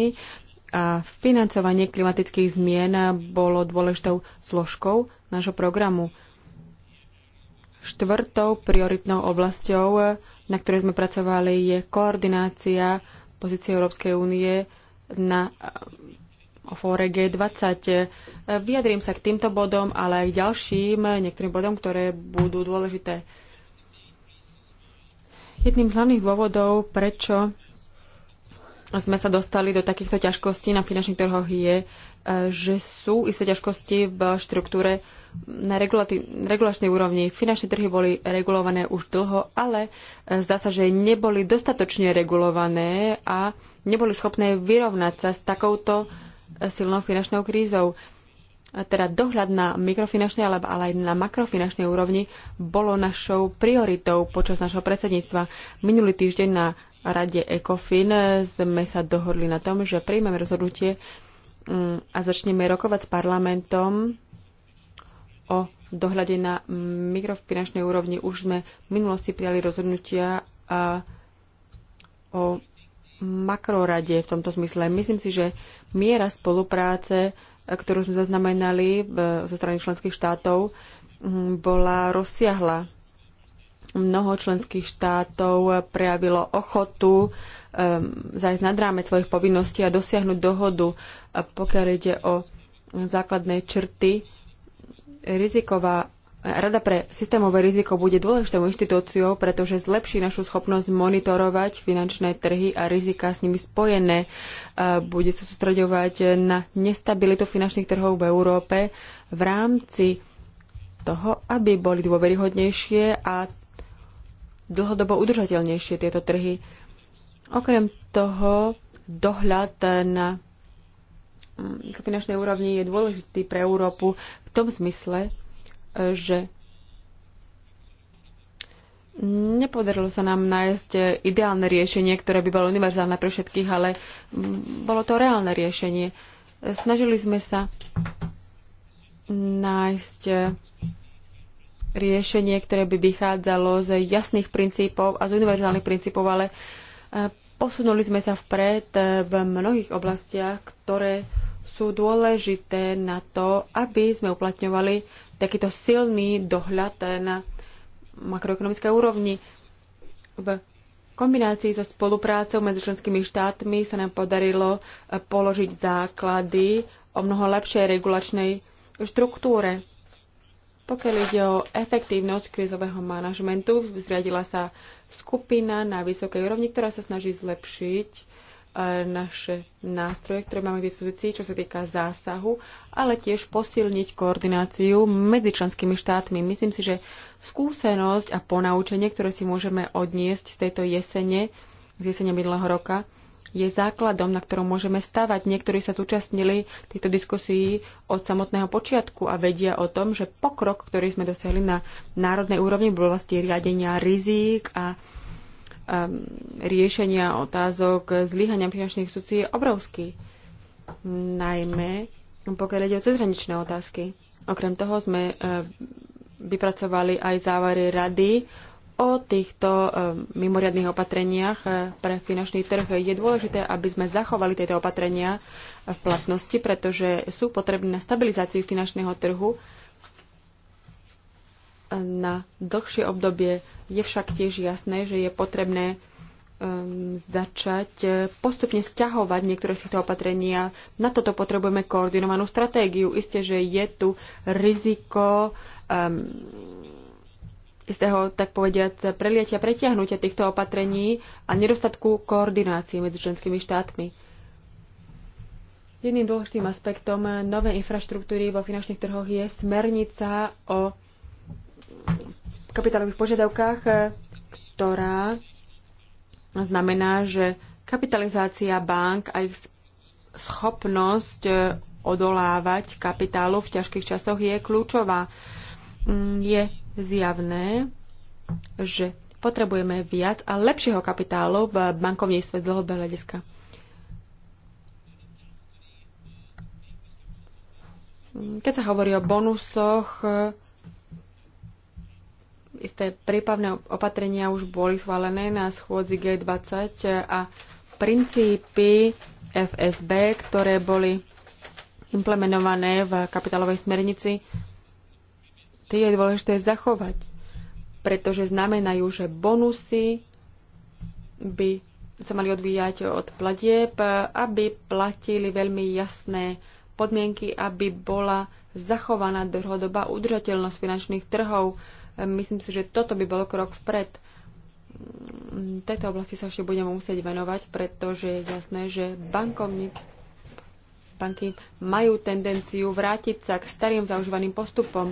A financovanie klimatických zmien bolo dôležitou zložkou nášho programu. Štvrtou prioritnou oblasťou, na ktorej sme pracovali, je koordinácia pozície Európskej únie na o fóre G20. Vyjadrím sa k týmto bodom, ale aj k ďalším niektorým bodom, ktoré budú dôležité. Jedným z hlavných dôvodov, prečo sme sa dostali do takýchto ťažkostí na finančných trhoch je, e, že sú isté ťažkosti v štruktúre na regulačnej úrovni. Finančné trhy boli regulované už dlho, ale e, zdá sa, že neboli dostatočne regulované a neboli schopné vyrovnať sa s takouto silnou finančnou krízou. Teda dohľad na mikrofinančnej, ale aj na makrofinančnej úrovni bolo našou prioritou počas našho predsedníctva. Minulý týždeň na rade ECOFIN sme sa dohodli na tom, že príjmeme rozhodnutie mm, a začneme rokovať s parlamentom o dohľade na mikrofinančnej úrovni. Už sme v minulosti prijali rozhodnutia a o makrorade v tomto zmysle. Myslím si, že miera spolupráce, ktorú sme zaznamenali e, zo strany členských štátov, bola rozsiahla. Mnoho členských štátov prejavilo ochotu um, zajsť nad rámec svojich povinností a dosiahnuť dohodu, pokiaľ ide o základné črty. Riziková Rada pre systémové riziko bude dôležitou inštitúciou, pretože zlepší našu schopnosť monitorovať finančné trhy a rizika s nimi spojené. E, bude sa sústredovať na nestabilitu finančných trhov v Európe v rámci toho, aby boli dôveryhodnejšie a dlhodobo udržateľnejšie tieto trhy. Okrem toho, dohľad na mm, finančnej úrovni je dôležitý pre Európu v tom zmysle, že nepodarilo sa nám nájsť ideálne riešenie, ktoré by bolo univerzálne pre všetkých, ale bolo to reálne riešenie. Snažili sme sa nájsť riešenie, ktoré by vychádzalo z jasných princípov a z univerzálnych princípov, ale e, posunuli sme sa vpred e, v mnohých oblastiach, ktoré sú dôležité na to, aby sme uplatňovali takýto silný dohľad na makroekonomické úrovni. V kombinácii so spoluprácou medzi členskými štátmi sa nám podarilo eh, položiť základy o mnoho lepšej regulačnej štruktúre. Pokiaľ ide o efektívnosť krizového manažmentu, zriadila sa skupina na vysokej úrovni, ktorá sa snaží zlepšiť naše nástroje, ktoré máme k dispozícii, čo sa týka zásahu, ale tiež posilniť koordináciu medzi členskými štátmi. Myslím si, že skúsenosť a ponaučenie, ktoré si môžeme odniesť z tejto jesene, z jesene minulého roka, je základom, na ktorom môžeme stavať. Niektorí sa zúčastnili týchto diskusí od samotného počiatku a vedia o tom, že pokrok, ktorý sme dosiahli na národnej úrovni v oblasti riadenia rizík a Ehm, riešenia otázok zlyhania finančných inštitúcií je obrovský. Najmä pokiaľ ide o cezhraničné otázky. Okrem toho sme ehm, vypracovali aj závery rady o týchto ehm, mimoriadných opatreniach eh, pre finančný trh. Je dôležité, aby sme zachovali tieto opatrenia v platnosti, pretože sú potrebné na stabilizáciu finančného trhu na dlhšie obdobie je však tiež jasné, že je potrebné um, začať e, postupne stiahovať niektoré z týchto opatrení a na toto potrebujeme koordinovanú stratégiu. Isté, že je tu riziko um, toho, tak povediať, preliatia, pretiahnutia týchto opatrení a nedostatku koordinácie medzi členskými štátmi. Jedným dôležitým aspektom novej infraštruktúry vo finančných trhoch je smernica o kapitálových požiadavkách, e, ktorá znamená, že kapitalizácia bank a ich schopnosť e, odolávať kapitálu v ťažkých časoch je kľúčová. Mm, je zjavné, že potrebujeme viac a lepšieho kapitálu v bankovníctve z dlhodobého hľadiska. Mm, keď sa hovorí o bonusoch, e, Isté prípravné opatrenia už boli schválené na schôdzi G20 a princípy FSB, ktoré boli implementované v kapitálovej smernici, tie je dôležité zachovať, pretože znamenajú, že bonusy by sa mali odvíjať od platieb, aby platili veľmi jasné podmienky, aby bola zachovaná dlhodobá udržateľnosť finančných trhov, Myslím si, že toto by bol krok vpred. Mm, tejto oblasti sa ešte budeme musieť venovať, pretože je jasné, že bankovník, banky majú tendenciu vrátiť sa k starým zaužívaným postupom.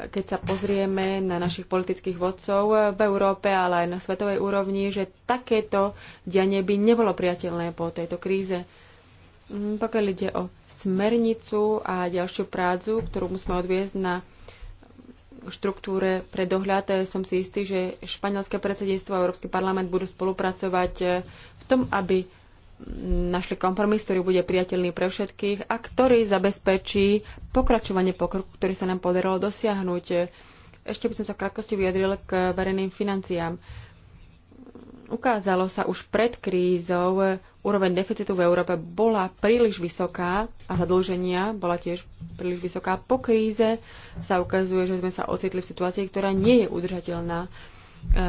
Keď sa pozrieme na našich politických vodcov v Európe, ale aj na svetovej úrovni, že takéto dianie by nebolo priateľné po tejto kríze. Mm, pokiaľ ide o smernicu a ďalšiu prácu, ktorú musíme odviezť na štruktúre pre dohľad. E, som si istý, že španielské predsedníctvo a Európsky parlament budú spolupracovať e, v tom, aby našli kompromis, ktorý bude priateľný pre všetkých a ktorý zabezpečí pokračovanie pokroku, ktorý sa nám podarilo dosiahnuť. E, ešte by som sa v krátkosti vyjadril k verejným financiám. Ukázalo sa už pred krízou, e, úroveň deficitu v Európe bola príliš vysoká a zadlženia bola tiež príliš vysoká. Po kríze sa ukazuje, že sme sa ocitli v situácii, ktorá nie je udržateľná. E,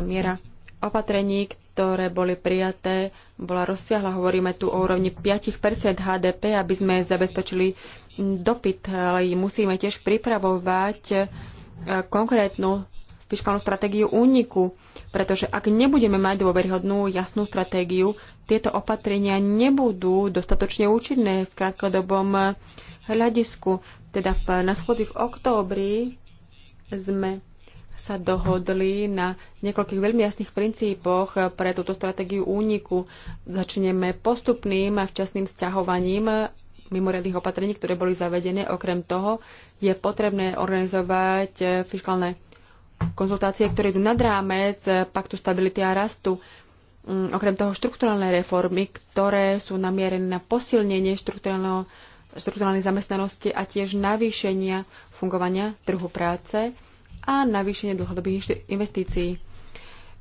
miera opatrení, ktoré boli prijaté, bola rozsiahla. Hovoríme tu o úrovni 5 HDP, aby sme zabezpečili dopyt, ale musíme tiež pripravovať e, konkrétnu fiskálnu stratégiu úniku, pretože ak nebudeme mať dôveryhodnú jasnú stratégiu, tieto opatrenia nebudú dostatočne účinné v krátkodobom eh, hľadisku. Teda v, na schodzi v októbri sme sa dohodli na niekoľkých veľmi jasných princípoch eh, pre túto stratégiu úniku. Začneme postupným a včasným sťahovaním eh, mimoriadných opatrení, ktoré boli zavedené. Okrem toho je potrebné organizovať fiskálne konzultácie, ktoré idú nad rámec eh, paktu stability a rastu. Mm, okrem toho štrukturálne reformy, ktoré sú namierené na posilnenie štrukturálnej zamestnanosti a tiež navýšenia fungovania trhu práce a navýšenie dlhodobých investícií.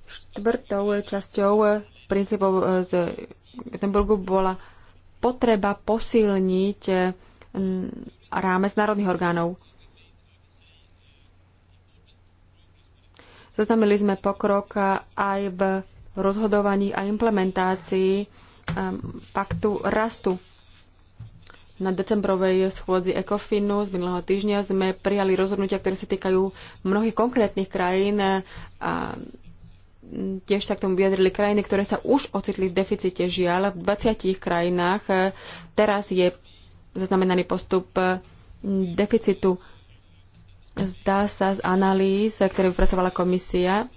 Štvrtou eh, časťou eh, princípov z Göteborgu bola potreba posilniť rámec národných orgánov Zaznamenali sme pokrok aj v rozhodovaní a implementácii ehm, paktu rastu. Na decembrovej schôdzi ECOFINu z minulého týždňa sme prijali rozhodnutia, ktoré sa týkajú mnohých konkrétnych krajín a tiež sa k tomu vyjadrili krajiny, ktoré sa už ocitli v deficite žiaľ. V 20 krajinách eh, teraz je zaznamenaný postup eh, deficitu Zdá sa z analýz, ktoré vypracovala komisia,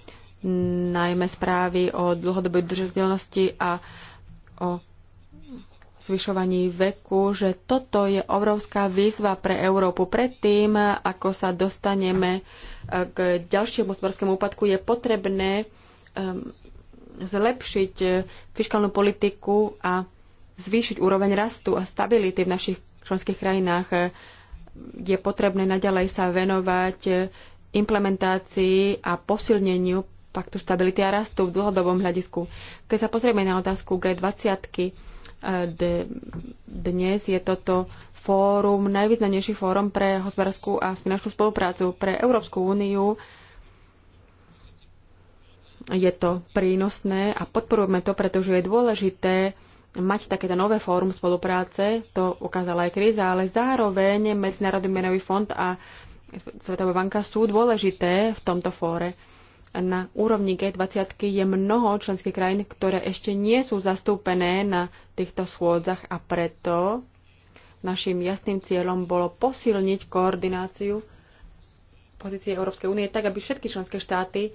najmä správy o dlhodobej udržateľnosti a o zvyšovaní veku, že toto je obrovská výzva pre Európu. Predtým, ako sa dostaneme e, k ďalšiemu hospodárskému úpadku, je potrebné um, zlepšiť e, fiskálnu politiku a zvýšiť úroveň rastu a stability v našich členských krajinách je potrebné naďalej sa venovať implementácii a posilneniu paktu stability a rastu v dlhodobom hľadisku. Keď sa pozrieme na otázku G20, eh, dnes je toto fórum, najvýznamnejší fórum pre hospodárskú a finančnú spoluprácu pre Európsku úniu. Je to prínosné a podporujeme to, pretože je dôležité mať takéto nové fórum spolupráce, to ukázala aj kríza, ale zároveň Medzinárodný menový fond a Svetová banka sú dôležité v tomto fóre. Na úrovni G20 je mnoho členských krajín, ktoré ešte nie sú zastúpené na týchto schôdzach a preto našim jasným cieľom bolo posilniť koordináciu pozície Európskej únie tak, aby všetky členské štáty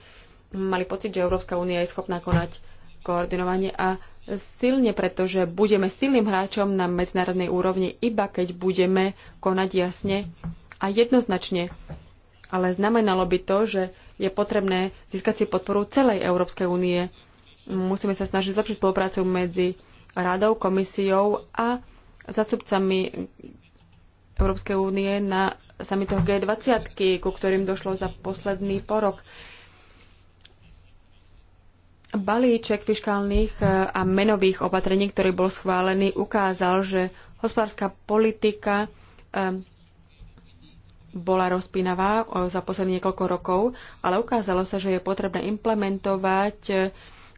mali pocit, že Európska únia je schopná konať koordinovanie a silne, pretože budeme silným hráčom na medzinárodnej úrovni, iba keď budeme konať jasne a jednoznačne. Ale znamenalo by to, že je potrebné získať si podporu celej Európskej únie. Musíme sa snažiť zlepšiť spoluprácu medzi radou, komisiou a zastupcami Európskej únie na samitoch G20, ku ktorým došlo za posledný porok. Balíček fiškálnych e, a menových opatrení, ktorý bol schválený, ukázal, že hospodárska politika e, bola rozpínavá za posledných niekoľko rokov, ale ukázalo sa, že je potrebné implementovať e,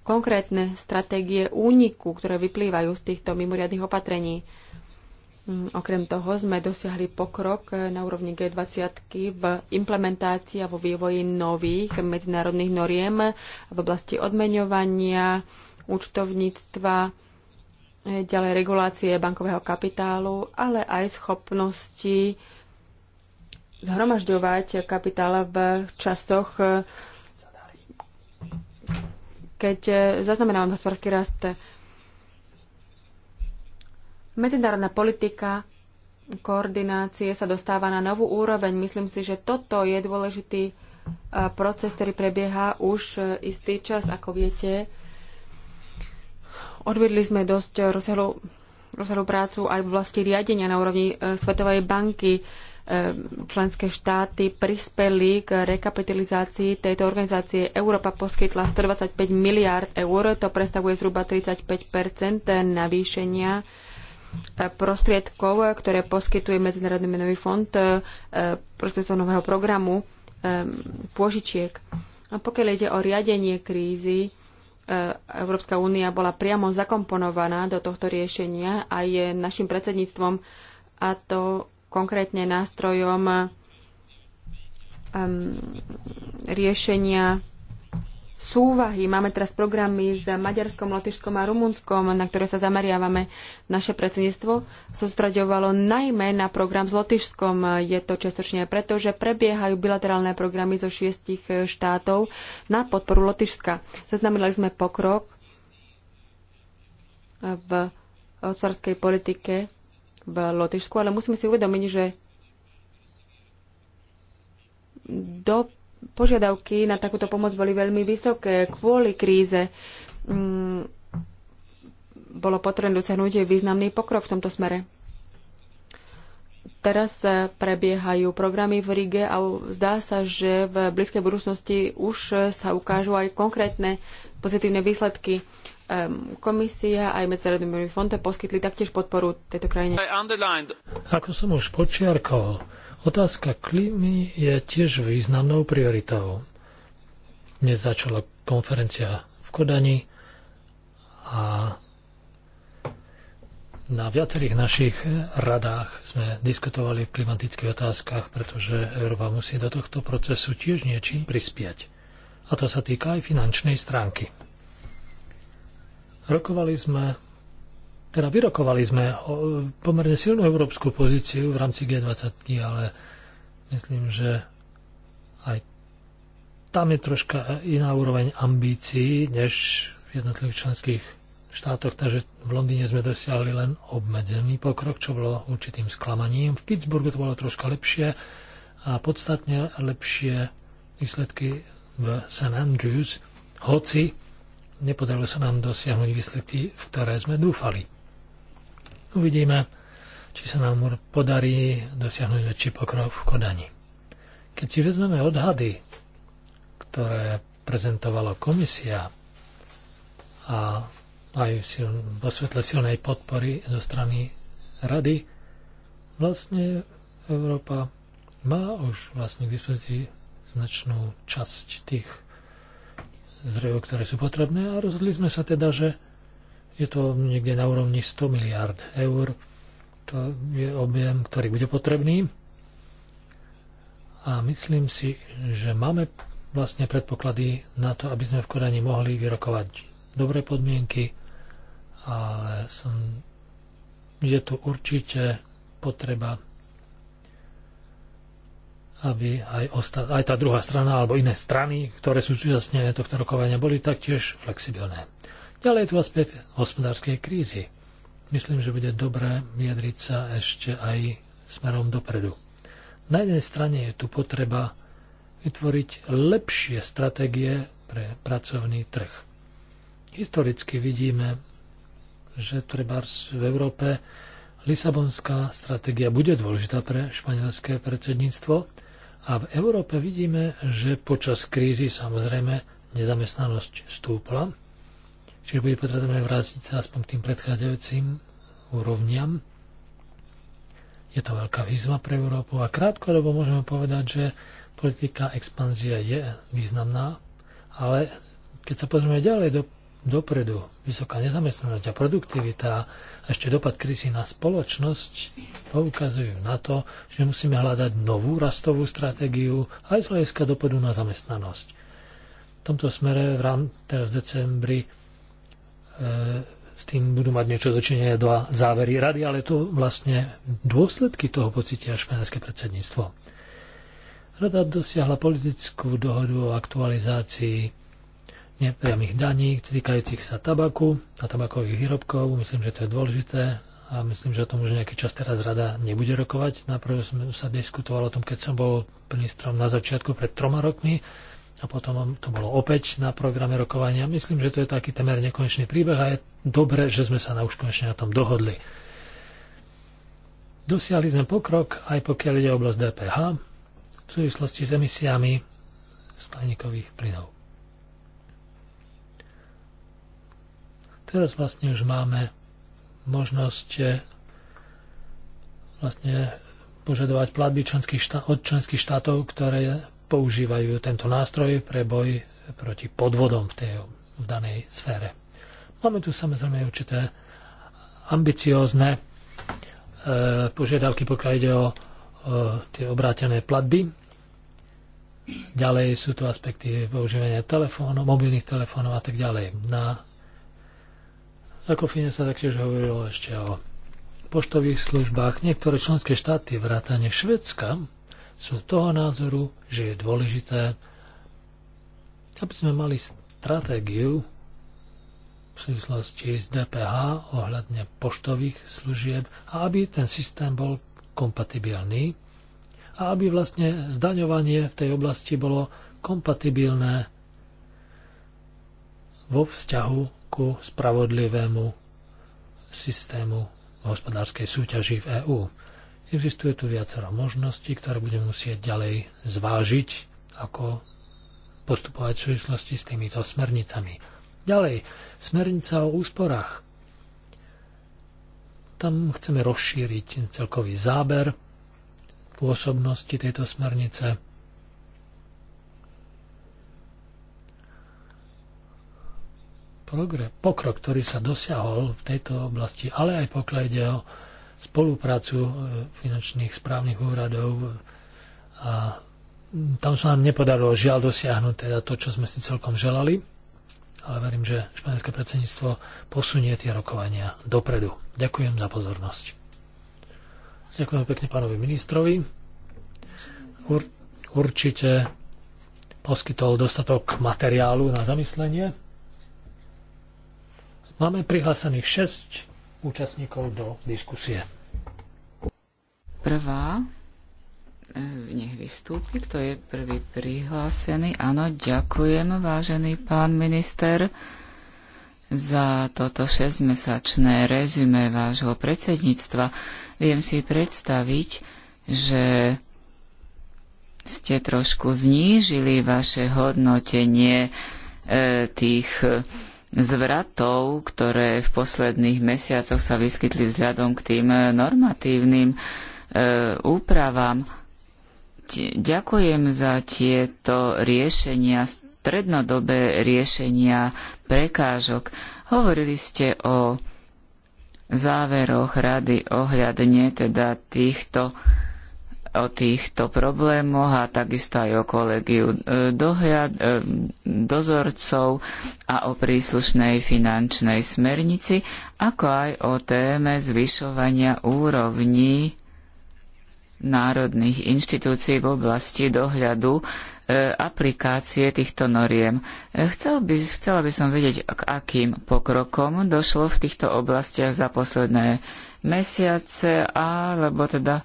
konkrétne stratégie úniku, ktoré vyplývajú z týchto mimoriadných opatrení. Mm, okrem toho sme dosiahli pokrok e, na úrovni G20 v implementácii a vo vývoji nových medzinárodných noriem v oblasti odmeňovania, účtovníctva, e, ďalej regulácie bankového kapitálu, ale aj schopnosti zhromažďovať kapitál v časoch, e, keď zaznamenávam hospodársky rast Medzinárodná politika koordinácie sa dostáva na novú úroveň. Myslím si, že toto je dôležitý e, proces, ktorý prebieha už e, istý čas, ako viete. Odvedli sme dosť rozsiahlu, rozsiahlu prácu aj v vlasti riadenia na úrovni e, Svetovej banky. Členské štáty prispeli k rekapitalizácii tejto organizácie. Európa poskytla 125 miliárd eur, to predstavuje zhruba 35 navýšenia prostriedkov, ktoré poskytuje Medzinárodný menový fond e, prostredstvom nového programu e, pôžičiek. A pokiaľ ide o riadenie krízy, e, Európska únia bola priamo zakomponovaná do tohto riešenia a je našim predsedníctvom a to konkrétne nástrojom um, riešenia súvahy. Máme teraz programy s Maďarskom, Lotyšskom a Rumunskom, na ktoré sa zameriavame. Naše predsedníctvo sústraďovalo najmä na program s Lotyšskom. Je to čiastočne preto, že prebiehajú bilaterálne programy zo šiestich štátov na podporu Lotyšska. Zaznamenali sme pokrok v hospodárskej politike v Lotyšsku, ale musíme si uvedomiť, že do požiadavky na takúto pomoc boli veľmi vysoké kvôli kríze. Mm, bolo potrebné dosiahnuť významný pokrok v tomto smere. Teraz prebiehajú programy v Rige a zdá sa, že v blízkej budúcnosti už sa ukážu aj konkrétne pozitívne výsledky. Ehm, komisia aj Medzinárodný fond poskytli taktiež podporu tejto krajine. Ako som už počiarkol, Otázka klímy je tiež významnou prioritou. Dnes začala konferencia v Kodani a na viacerých našich radách sme diskutovali v klimatických otázkach, pretože Európa musí do tohto procesu tiež niečím prispieť. A to sa týka aj finančnej stránky. Rokovali sme teda vyrokovali sme eh, pomerne silnú európsku pozíciu v rámci G20, ale myslím, že aj tam je troška iná úroveň ambícií než v jednotlivých členských štátoch, takže v Londýne sme dosiahli len obmedzený pokrok, čo bolo určitým sklamaním. V Pittsburghu to bolo troška lepšie a podstatne lepšie výsledky v St. Andrews, hoci nepodarilo sa nám dosiahnuť výsledky, v ktoré sme dúfali. Uvidíme, či sa nám podarí dosiahnuť väčší pokrok v Kodani. Keď si vezmeme odhady, ktoré prezentovala komisia a aj vo svetle silnej podpory zo strany rady, vlastne Európa má už vlastne k dispozícii značnú časť tých zdrojov, ktoré sú potrebné a rozhodli sme sa teda, že je to niekde na úrovni 100 miliard eur. To je objem, ktorý bude potrebný. A myslím si, že máme vlastne predpoklady na to, aby sme v Kodani mohli vyrokovať dobré podmienky, ale som, je tu určite potreba, aby aj, osta, aj tá druhá strana alebo iné strany, ktoré sú súčasne tohto rokovania, boli taktiež flexibilné. Ďalej je tu aspekt hospodárskej krízy. Myslím, že bude dobré vyjadriť sa ešte aj smerom dopredu. Na jednej strane je tu potreba vytvoriť lepšie stratégie pre pracovný trh. Historicky vidíme, že treba v Európe Lisabonská stratégia bude dôležitá pre španielské predsedníctvo a v Európe vidíme, že počas krízy samozrejme nezamestnanosť stúpla Čiže bude potrebné vrátiť sa aspoň k tým predchádzajúcim úrovniam. Je to veľká výzva pre Európu a krátko lebo môžeme povedať, že politika expanzie je významná, ale keď sa pozrieme ďalej do, dopredu, vysoká nezamestnanosť a produktivita a ešte dopad krízy na spoločnosť poukazujú na to, že musíme hľadať novú rastovú stratégiu aj z hľadiska dopadu na zamestnanosť. V tomto smere v rámci teraz v decembri E, s tým budú mať niečo dočinenia do závery rady, ale to vlastne dôsledky toho pocitia španielské predsedníctvo. Rada dosiahla politickú dohodu o aktualizácii nepriamých daní týkajúcich sa tabaku a tabakových výrobkov. Myslím, že to je dôležité a myslím, že o tom už nejaký čas teraz rada nebude rokovať. Naprvé sme sa diskutovali o tom, keď som bol ministrom na začiatku pred troma rokmi a potom to bolo opäť na programe rokovania. Myslím, že to je taký temer nekonečný príbeh a je dobre, že sme sa na už konečne na tom dohodli. Dosiahli sme pokrok, aj pokiaľ ide oblasť DPH, v súvislosti s emisiami skleníkových plynov. Teraz vlastne už máme možnosť eh, vlastne požadovať platby členských štát, od členských štátov, ktoré používajú tento nástroj pre boj proti podvodom v, tej, v danej sfére. Máme tu samozrejme určité ambiciózne e, požiadavky, pokiaľ ide o e, tie obrátené platby. Ďalej sú tu aspekty používania telefónov, mobilných telefónov a tak ďalej. Na ako Fine sa taktiež hovorilo ešte o poštových službách. Niektoré členské štáty, vrátane Švedska, sú toho názoru, že je dôležité, aby sme mali stratégiu v súvislosti s DPH ohľadne poštových služieb a aby ten systém bol kompatibilný a aby vlastne zdaňovanie v tej oblasti bolo kompatibilné vo vzťahu ku spravodlivému systému hospodárskej súťaži v EÚ. Existuje tu viacero možností, ktoré budeme musieť ďalej zvážiť, ako postupovať v súvislosti s týmito smernicami. Ďalej, smernica o úsporách. Tam chceme rozšíriť celkový záber pôsobnosti tejto smernice. Progre, pokrok, ktorý sa dosiahol v tejto oblasti, ale aj pokiaľ ide o spoluprácu e, finančných správnych úradov a tam sa nám nepodarilo žiaľ dosiahnuť teda to, čo sme si celkom želali, ale verím, že španielské predsedníctvo posunie tie rokovania dopredu. Ďakujem za pozornosť. Ďakujem pekne pánovi ministrovi. Ur, určite poskytol dostatok materiálu na zamyslenie. Máme prihlásených 6 účastníkov do diskusie. Prvá, e, nech vystúpi, kto je prvý prihlásený. Áno, ďakujem, vážený pán minister, za toto 6-mesačné rezume vášho predsedníctva. Viem si predstaviť, že ste trošku znížili vaše hodnotenie e, tých e, zvratov, ktoré v posledných mesiacoch sa vyskytli vzhľadom k tým eh, normatívnym e, úpravám. Ďakujem za tieto riešenia, strednodobé riešenia prekážok. Hovorili ste o záveroch rady ohľadne teda týchto o týchto problémoch a takisto aj o kolegiu e, dohľad, e, dozorcov a o príslušnej finančnej smernici, ako aj o téme zvyšovania úrovní národných inštitúcií v oblasti dohľadu e, aplikácie týchto noriem. Chcel by, chcela by som vedieť, k akým pokrokom došlo v týchto oblastiach za posledné mesiace, alebo teda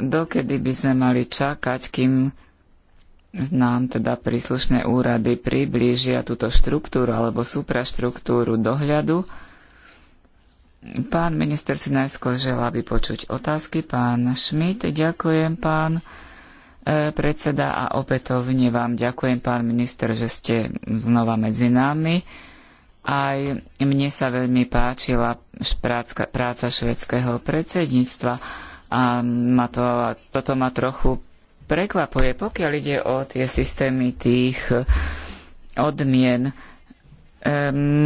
dokedy by sme mali čakať, kým nám teda príslušné úrady priblížia túto štruktúru alebo supraštruktúru dohľadu. Pán minister si najskôr želá vypočuť otázky. Pán Šmit, ďakujem pán e, predseda a opätovne vám ďakujem pán minister, že ste znova medzi nami. Aj mne sa veľmi páčila práca švedského predsedníctva a ma to, toto ma trochu prekvapuje, pokiaľ ide o tie systémy tých odmien. E,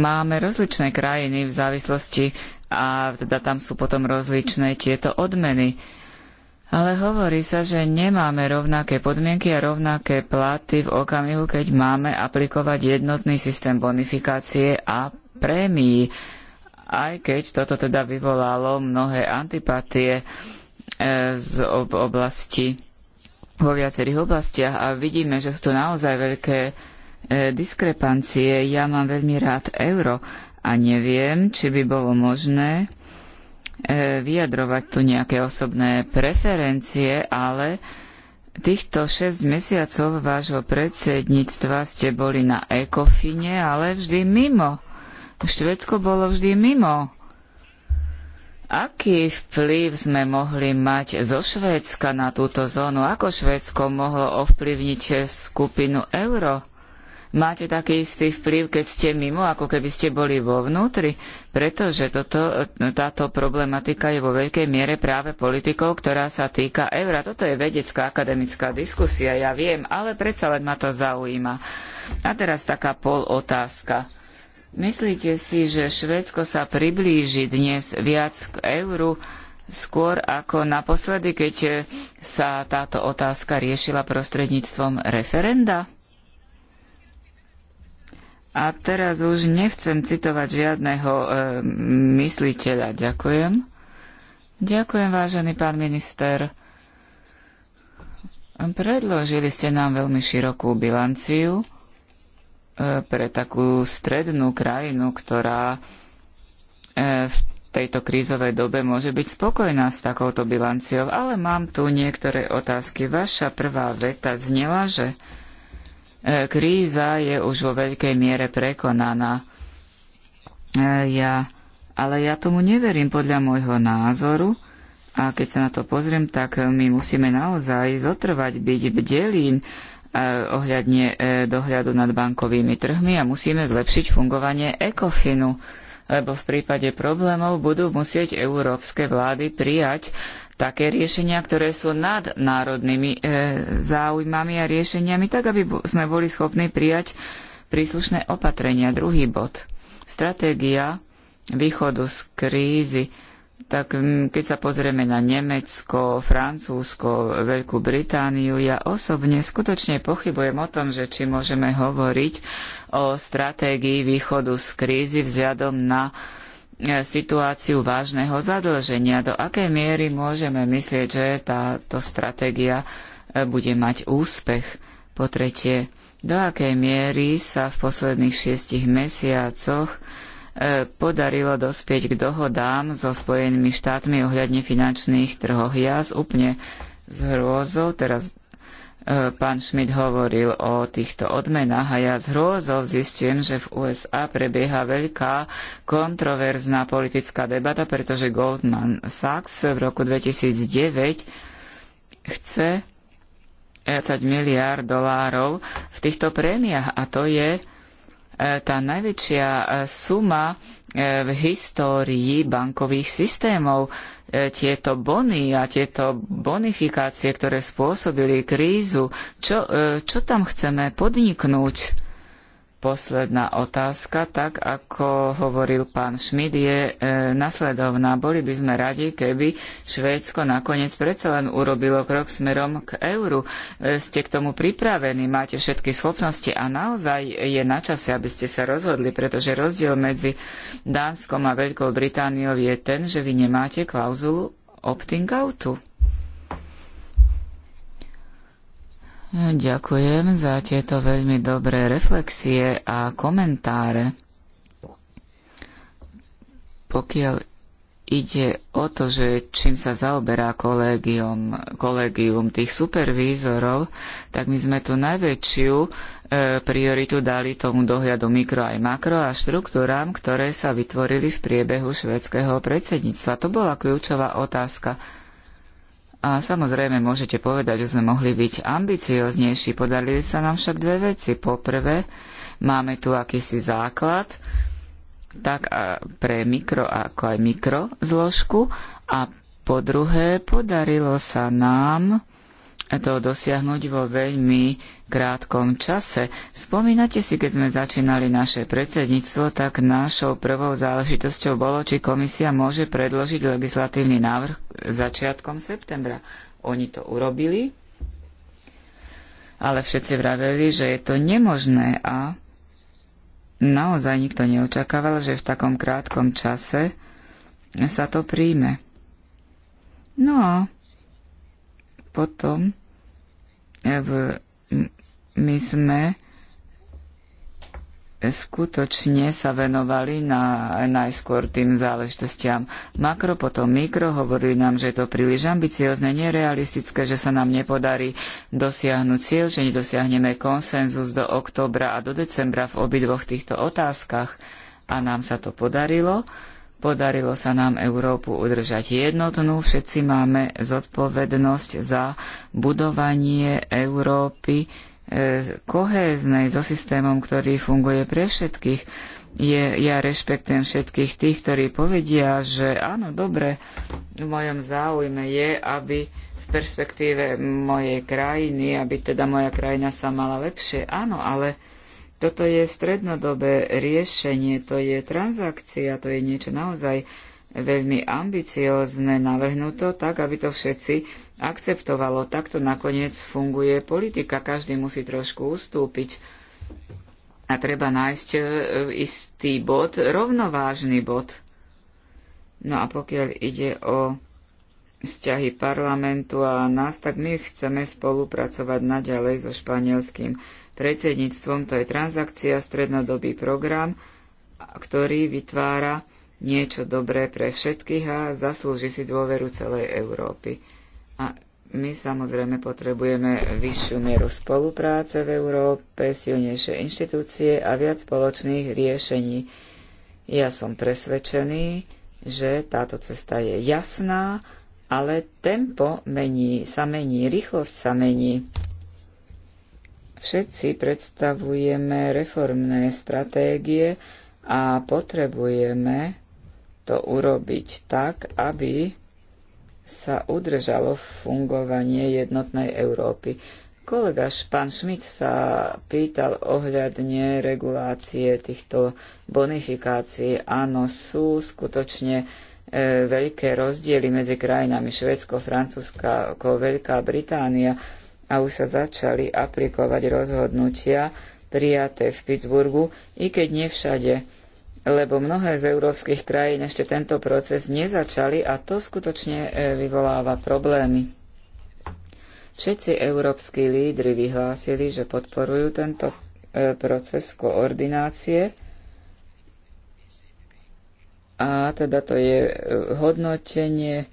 máme rozličné krajiny v závislosti a teda tam sú potom rozličné tieto odmeny. Ale hovorí sa, že nemáme rovnaké podmienky a rovnaké platy v okamihu, keď máme aplikovať jednotný systém bonifikácie a prémií. Aj keď toto teda vyvolalo mnohé antipatie E, z oblasti vo viacerých oblastiach a vidíme, že sú to naozaj veľké e, diskrepancie. Ja mám veľmi rád euro a neviem, či by bolo možné e, vyjadrovať tu nejaké osobné preferencie, ale týchto 6 mesiacov vášho predsedníctva ste boli na ekofine, ale vždy mimo. Švedsko bolo vždy mimo Aký vplyv sme mohli mať zo Švédska na túto zónu? Ako Švédsko mohlo ovplyvniť skupinu euro? Máte taký istý vplyv, keď ste mimo, ako keby ste boli vo vnútri? Pretože toto, táto problematika je vo veľkej miere práve politikou, ktorá sa týka eura. Toto je vedecká akademická diskusia, ja viem, ale predsa len ma to zaujíma. A teraz taká polotázka. otázka Myslíte si, že Švédsko sa priblíži dnes viac k euru skôr ako naposledy, keď sa táto otázka riešila prostredníctvom referenda? A teraz už nechcem citovať žiadneho e, mysliteľa. Ďakujem. Ďakujem, vážený pán minister. Predložili ste nám veľmi širokú bilanciu pre takú strednú krajinu, ktorá e, v tejto krízovej dobe môže byť spokojná s takouto bilanciou, ale mám tu niektoré otázky. Vaša prvá veta znela, že e, kríza je už vo veľkej miere prekonaná. E, ja, ale ja tomu neverím podľa môjho názoru a keď sa na to pozriem, tak my musíme naozaj zotrvať, byť bdelín, E, ohľadne e, dohľadu nad bankovými trhmi a musíme zlepšiť fungovanie ECOFINu, lebo v prípade problémov budú musieť európske vlády prijať také riešenia, ktoré sú nad národnými e, záujmami a riešeniami, tak aby sme boli schopní prijať príslušné opatrenia. Druhý bod. Stratégia východu z krízy tak mm, keď sa pozrieme na Nemecko, Francúzsko, Veľkú Britániu, ja osobne skutočne pochybujem o tom, že či môžeme hovoriť o stratégii východu z krízy vzhľadom na e, situáciu vážneho zadlženia. Do akej miery môžeme myslieť, že táto stratégia e, bude mať úspech? Po tretie, do akej miery sa v posledných šiestich mesiacoch E, podarilo dospieť k dohodám so Spojenými štátmi ohľadne finančných trhoch. Ja úplne s hrôzou, teraz e, pán Schmidt hovoril o týchto odmenách a ja z hrôzou zistujem, že v USA prebieha veľká kontroverzná politická debata, pretože Goldman Sachs v roku 2009 chce 20 miliard dolárov v týchto prémiách a to je E, tá najväčšia e, suma e, v histórii bankových systémov. Tieto bony a tieto bonifikácie, ktoré spôsobili krízu, čo, čo tam chceme podniknúť? posledná otázka, tak ako hovoril pán Šmid, je e, nasledovná. Boli by sme radi, keby Švédsko nakoniec predsa len urobilo krok smerom k euru. E, ste k tomu pripravení, máte všetky schopnosti a naozaj je na čase, aby ste sa rozhodli, pretože rozdiel medzi Dánskom a Veľkou Britániou je ten, že vy nemáte klauzulu opting-outu. Ďakujem za tieto veľmi dobré reflexie a komentáre. Pokiaľ ide o to, že čím sa zaoberá kolegium, kolegium tých supervízorov, tak my sme tu najväčšiu e, prioritu dali tomu dohľadu mikro aj makro a štruktúram, ktoré sa vytvorili v priebehu švedského predsedníctva. To bola kľúčová otázka a samozrejme môžete povedať, že sme mohli byť ambicioznejší. Podarili sa nám však dve veci. Poprvé, máme tu akýsi základ, tak a pre mikro ako aj mikro zložku. A po druhé, podarilo sa nám to dosiahnuť vo veľmi krátkom čase. Spomínate si, keď sme začínali naše predsedníctvo, tak našou prvou záležitosťou bolo, či komisia môže predložiť legislatívny návrh začiatkom septembra. Oni to urobili, ale všetci vraveli, že je to nemožné a naozaj nikto neočakával, že v takom krátkom čase sa to príjme. No a potom e, v, my sme skutočne sa venovali na, najskôr tým záležitostiam makro, potom mikro. Hovorili nám, že je to príliš ambiciozne, nerealistické, že sa nám nepodarí dosiahnuť cieľ, že nedosiahneme konsenzus do októbra a do decembra v obidvoch týchto otázkach. A nám sa to podarilo. Podarilo sa nám Európu udržať jednotnú, všetci máme zodpovednosť za budovanie Európy e, kohéznej so systémom, ktorý funguje pre všetkých. Je, ja rešpektujem všetkých tých, ktorí povedia, že áno, dobre, v mojom záujme je, aby v perspektíve mojej krajiny, aby teda moja krajina sa mala lepšie. Áno, ale toto je strednodobé riešenie, to je transakcia, to je niečo naozaj veľmi ambiciozne navrhnuto, tak aby to všetci akceptovalo. Takto nakoniec funguje politika, každý musí trošku ustúpiť a treba nájsť e, istý bod, rovnovážny bod. No a pokiaľ ide o vzťahy parlamentu a nás, tak my chceme spolupracovať naďalej so španielským predsedníctvom. To je transakcia, strednodobý program, ktorý vytvára niečo dobré pre všetkých a zaslúži si dôveru celej Európy. A my samozrejme potrebujeme vyššiu mieru spolupráce v Európe, silnejšie inštitúcie a viac spoločných riešení. Ja som presvedčený, že táto cesta je jasná, ale tempo mení, sa mení, rýchlosť sa mení. Všetci predstavujeme reformné stratégie a potrebujeme to urobiť tak, aby sa udržalo fungovanie jednotnej Európy. Kolega pán Šmit sa pýtal ohľadne regulácie týchto bonifikácií. Áno, sú skutočne e, veľké rozdiely medzi krajinami Švedsko, Francúzsko, Veľká Británia a už sa začali aplikovať rozhodnutia prijaté v Pittsburghu, i keď nie všade, lebo mnohé z európskych krajín ešte tento proces nezačali a to skutočne e, vyvoláva problémy. Všetci európski lídry vyhlásili, že podporujú tento e, proces koordinácie a teda to je e, hodnotenie,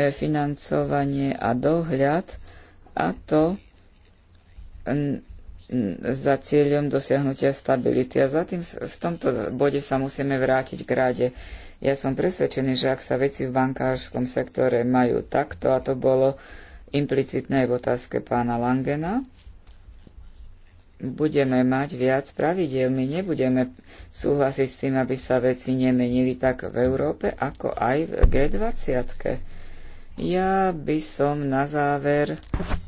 financovanie a dohľad a to za cieľom dosiahnutia stability. A za tým, v tomto bode sa musíme vrátiť k rade. Ja som presvedčený, že ak sa veci v bankárskom sektore majú takto, a to bolo implicitné aj v otázke pána Langena, budeme mať viac pravidiel. My nebudeme súhlasiť s tým, aby sa veci nemenili tak v Európe, ako aj v G20. -ke. Ja by som na záver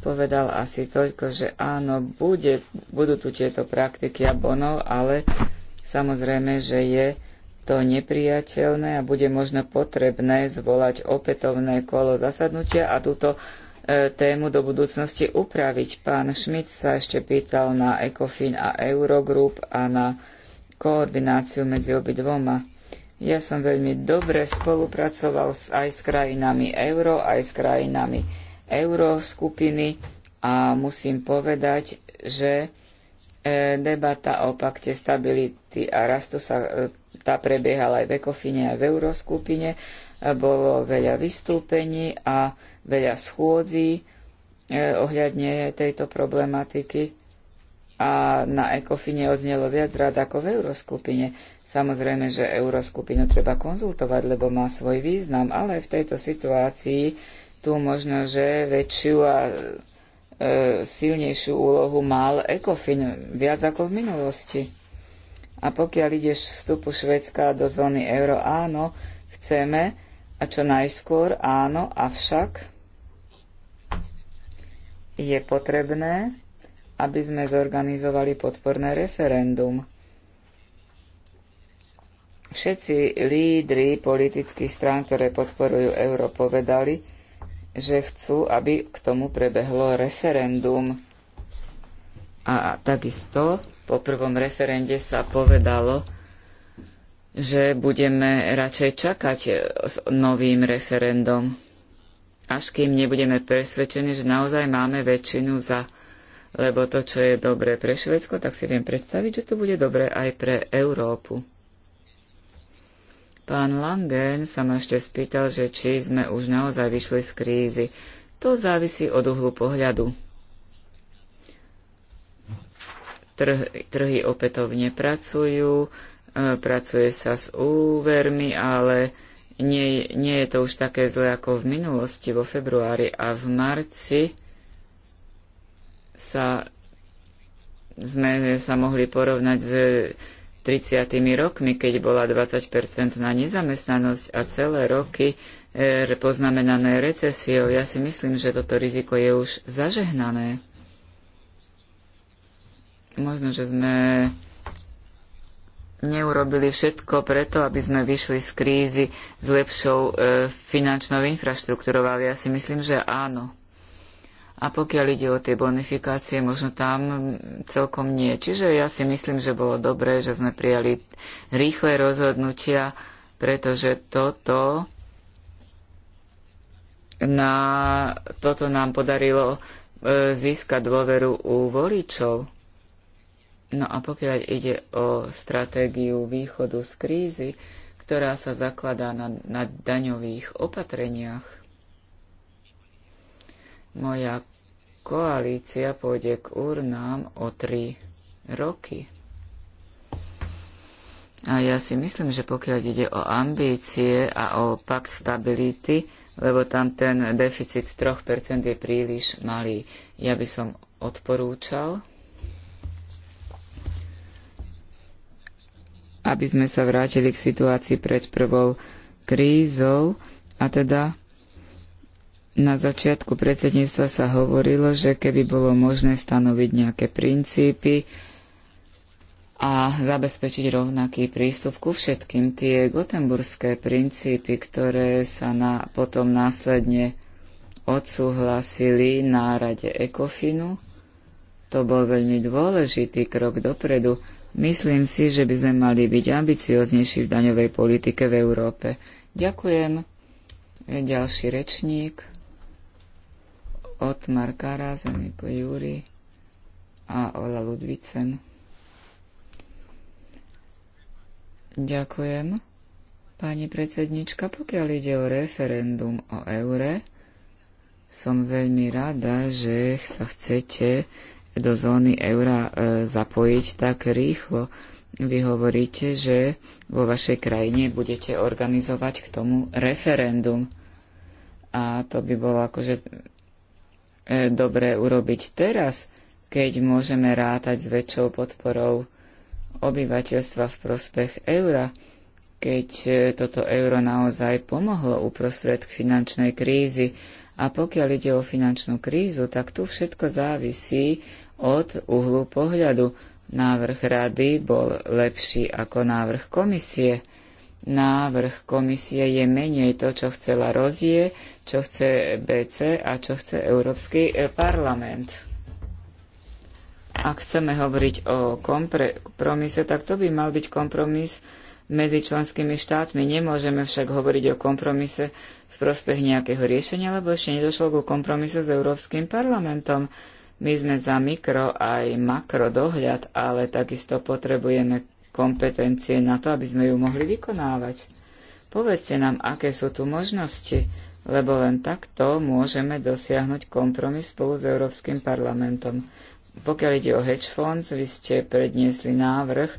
povedal asi toľko, že áno, bude, budú tu tieto praktiky a bonov, ale samozrejme, že je to nepriateľné a bude možno potrebné zvolať opätovné kolo zasadnutia a túto e, tému do budúcnosti upraviť. Pán Šmit sa ešte pýtal na ECOFIN a Eurogroup a na koordináciu medzi obidvoma. Ja som veľmi dobre spolupracoval aj s krajinami euro, aj s krajinami euroskupiny a musím povedať, že e, debata o pakte stability a rastu sa, e, tá prebiehala aj v Ekofine, aj v Euroskupine. E, bolo veľa vystúpení a veľa schôdzí ohľadne tejto problematiky a na ECOFINE odznelo viac rád ako v Euroskupine. Samozrejme, že Euroskupinu treba konzultovať, lebo má svoj význam, ale v tejto situácii tu možno, že väčšiu a e, silnejšiu úlohu mal ECOFIN, viac ako v minulosti. A pokiaľ ideš vstupu Švedska do zóny euro, áno, chceme, a čo najskôr, áno, avšak je potrebné, aby sme zorganizovali podporné referendum. Všetci lídri politických strán, ktoré podporujú euro, povedali, že chcú, aby k tomu prebehlo referendum. A takisto po prvom referende sa povedalo, že budeme radšej čakať s novým referendum, až kým nebudeme presvedčení, že naozaj máme väčšinu za lebo to, čo je dobré pre Švedsko, tak si viem predstaviť, že to bude dobré aj pre Európu. Pán Langen sa ma ešte spýtal, že či sme už naozaj vyšli z krízy. To závisí od uhlu pohľadu. Trh, trhy opätovne pracujú, e, pracuje sa s úvermi, ale nie, nie je to už také zle ako v minulosti, vo februári a v marci sa sme sa mohli porovnať s 30. rokmi, keď bola 20 na nezamestnanosť a celé roky e, poznamenané recesiou. Ja si myslím, že toto riziko je už zažehnané. Možno, že sme neurobili všetko preto, aby sme vyšli z krízy s lepšou e, finančnou infraštruktúrou, ale ja si myslím, že áno. A pokiaľ ide o tie bonifikácie, možno tam celkom nie. Čiže ja si myslím, že bolo dobré, že sme prijali rýchle rozhodnutia, pretože toto na, toto nám podarilo e, získať dôveru u voličov. No a pokiaľ ide o stratégiu východu z krízy, ktorá sa zakladá na, na daňových opatreniach, moja koalícia pôjde k urnám o tri roky. A ja si myslím, že pokiaľ ide o ambície a o pakt stability, lebo tam ten deficit 3% je príliš malý, ja by som odporúčal, aby sme sa vrátili k situácii pred prvou krízou a teda na začiatku predsedníctva sa hovorilo, že keby bolo možné stanoviť nejaké princípy a zabezpečiť rovnaký prístup ku všetkým tie gotemburské princípy, ktoré sa na, potom následne odsúhlasili na rade Ekofinu. To bol veľmi dôležitý krok dopredu. Myslím si, že by sme mali byť ambicioznejší v daňovej politike v Európe. Ďakujem. Ďalší rečník. Otmar Karas, Eniko Júri a Ola Ludvicen. Ďakujem. Pani predsednička, pokiaľ ide o referendum o eure, som veľmi rada, že sa chcete do zóny eura e, zapojiť tak rýchlo. Vy hovoríte, že vo vašej krajine budete organizovať k tomu referendum. A to by bolo akože E, dobré urobiť teraz, keď môžeme rátať s väčšou podporou obyvateľstva v prospech eura, keď e, toto euro naozaj pomohlo uprostred finančnej krízy. A pokiaľ ide o finančnú krízu, tak tu všetko závisí od uhlu pohľadu. Návrh rady bol lepší ako návrh komisie. Návrh komisie je menej to, čo chcela Rozie, čo chce BC a čo chce Európsky e, parlament. Ak chceme hovoriť o kompromise, tak to by mal byť kompromis medzi členskými štátmi. Nemôžeme však hovoriť o kompromise v prospech nejakého riešenia, lebo ešte nedošlo ku kompromisu s Európskym parlamentom. My sme za mikro aj makro dohľad, ale takisto potrebujeme kompetencie na to, aby sme ju mohli vykonávať. Povedzte nám, aké sú tu možnosti lebo len takto môžeme dosiahnuť kompromis spolu s Európskym parlamentom. Pokiaľ ide o hedge funds, vy ste predniesli návrh,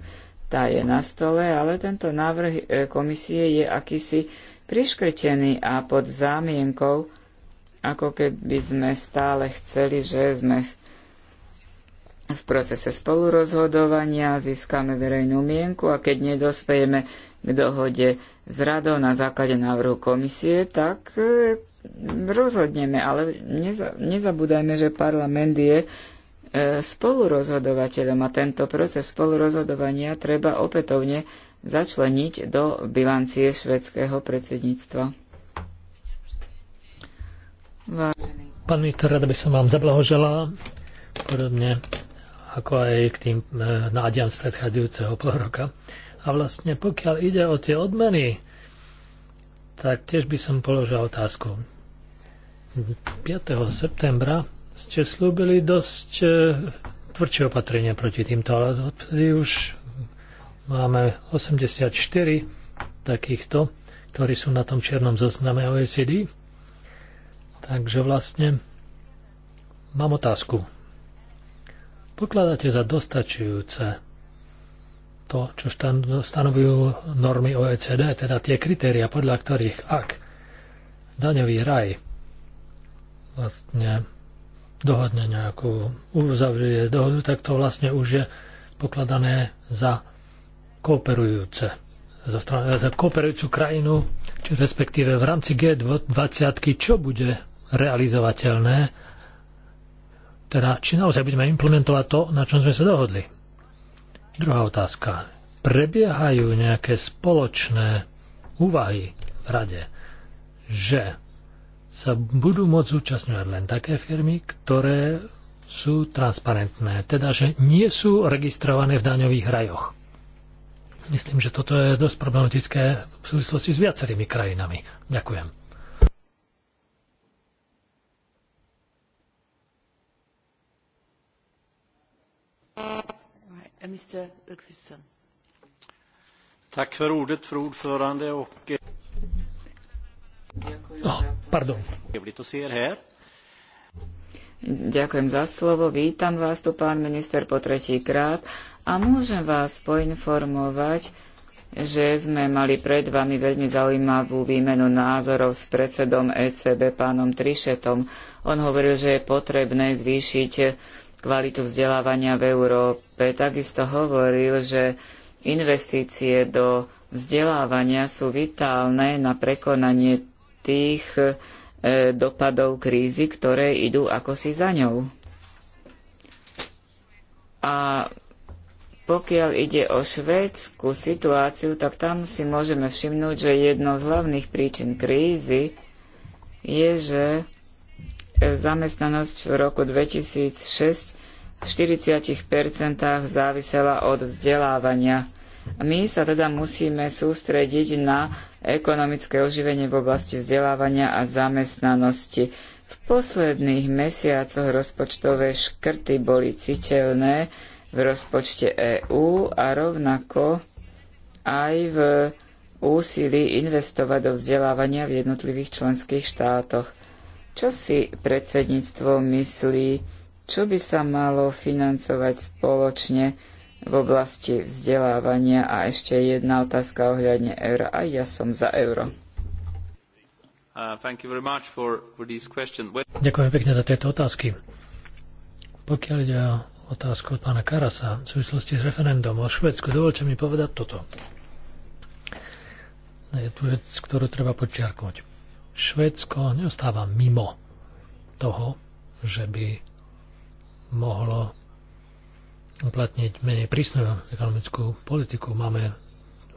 tá je na stole, ale tento návrh e, komisie je akýsi priškrtený a pod zámienkou, ako keby sme stále chceli, že sme v procese spolurozhodovania získame verejnú mienku a keď nedospejeme k dohode s radou na základe návrhu komisie, tak e, rozhodneme. Ale nezabúdajme, že parlament je e, spolurozhodovateľom a tento proces spolurozhodovania treba opätovne začleniť do bilancie švedského predsedníctva. Pán minister, rada by som vám zablahoželala, podobne ako aj k tým e, nádiam z predchádzajúceho pol roka. A vlastne pokiaľ ide o tie odmeny, tak tiež by som položil otázku. 5. septembra ste slúbili dosť e, tvrdšie opatrenie proti týmto, ale odtedy už máme 84 takýchto, ktorí sú na tom čiernom zozname OECD. Takže vlastne mám otázku. Pokladáte za dostačujúce to, čo stanovujú normy OECD, teda tie kritéria, podľa ktorých ak daňový raj vlastne dohodne nejakú, uzavrie dohodu, tak to vlastne už je pokladané za kooperujúce za, stran- za kooperujúcu krajinu, či respektíve v rámci G20, čo bude realizovateľné, teda či naozaj budeme implementovať to, na čom sme sa dohodli. Druhá otázka. Prebiehajú nejaké spoločné úvahy v rade, že sa budú môcť zúčastňovať len také firmy, ktoré sú transparentné, teda že nie sú registrované v daňových rajoch. Myslím, že toto je dosť problematické v súvislosti s viacerými krajinami. Ďakujem. Thank you. Eh, er Ďakujem za slovo. Vítam vás tu, pán minister, po tretíkrát. a môžem vás poinformovať, že sme mali pred vami veľmi zaujímavú výmenu názorov s predsedom ECB, pánom Trišetom. On hovoril, že je potrebné zvýšiť kvalitu vzdelávania v Európe. Takisto hovoril, že investície do vzdelávania sú vitálne na prekonanie tých e, dopadov krízy, ktoré idú ako si za ňou. A pokiaľ ide o švédsku situáciu, tak tam si môžeme všimnúť, že jednou z hlavných príčin krízy je, že zamestnanosť v roku 2006 v 40 závisela od vzdelávania. My sa teda musíme sústrediť na ekonomické oživenie v oblasti vzdelávania a zamestnanosti. V posledných mesiacoch rozpočtové škrty boli citeľné v rozpočte EÚ a rovnako aj v úsilí investovať do vzdelávania v jednotlivých členských štátoch. Čo si predsedníctvo myslí, čo by sa malo financovať spoločne v oblasti vzdelávania? A ešte jedna otázka ohľadne eura. Aj ja som za euro. Uh, Ďakujem pekne za tieto otázky. Pokiaľ ide o otázku od pána Karasa v súvislosti s referendum o Švedsku, dovolte mi povedať toto. Je tu vec, ktorú treba počiarknúť. Švedsko neostáva mimo toho, že by mohlo uplatniť menej prísnu ekonomickú politiku. Máme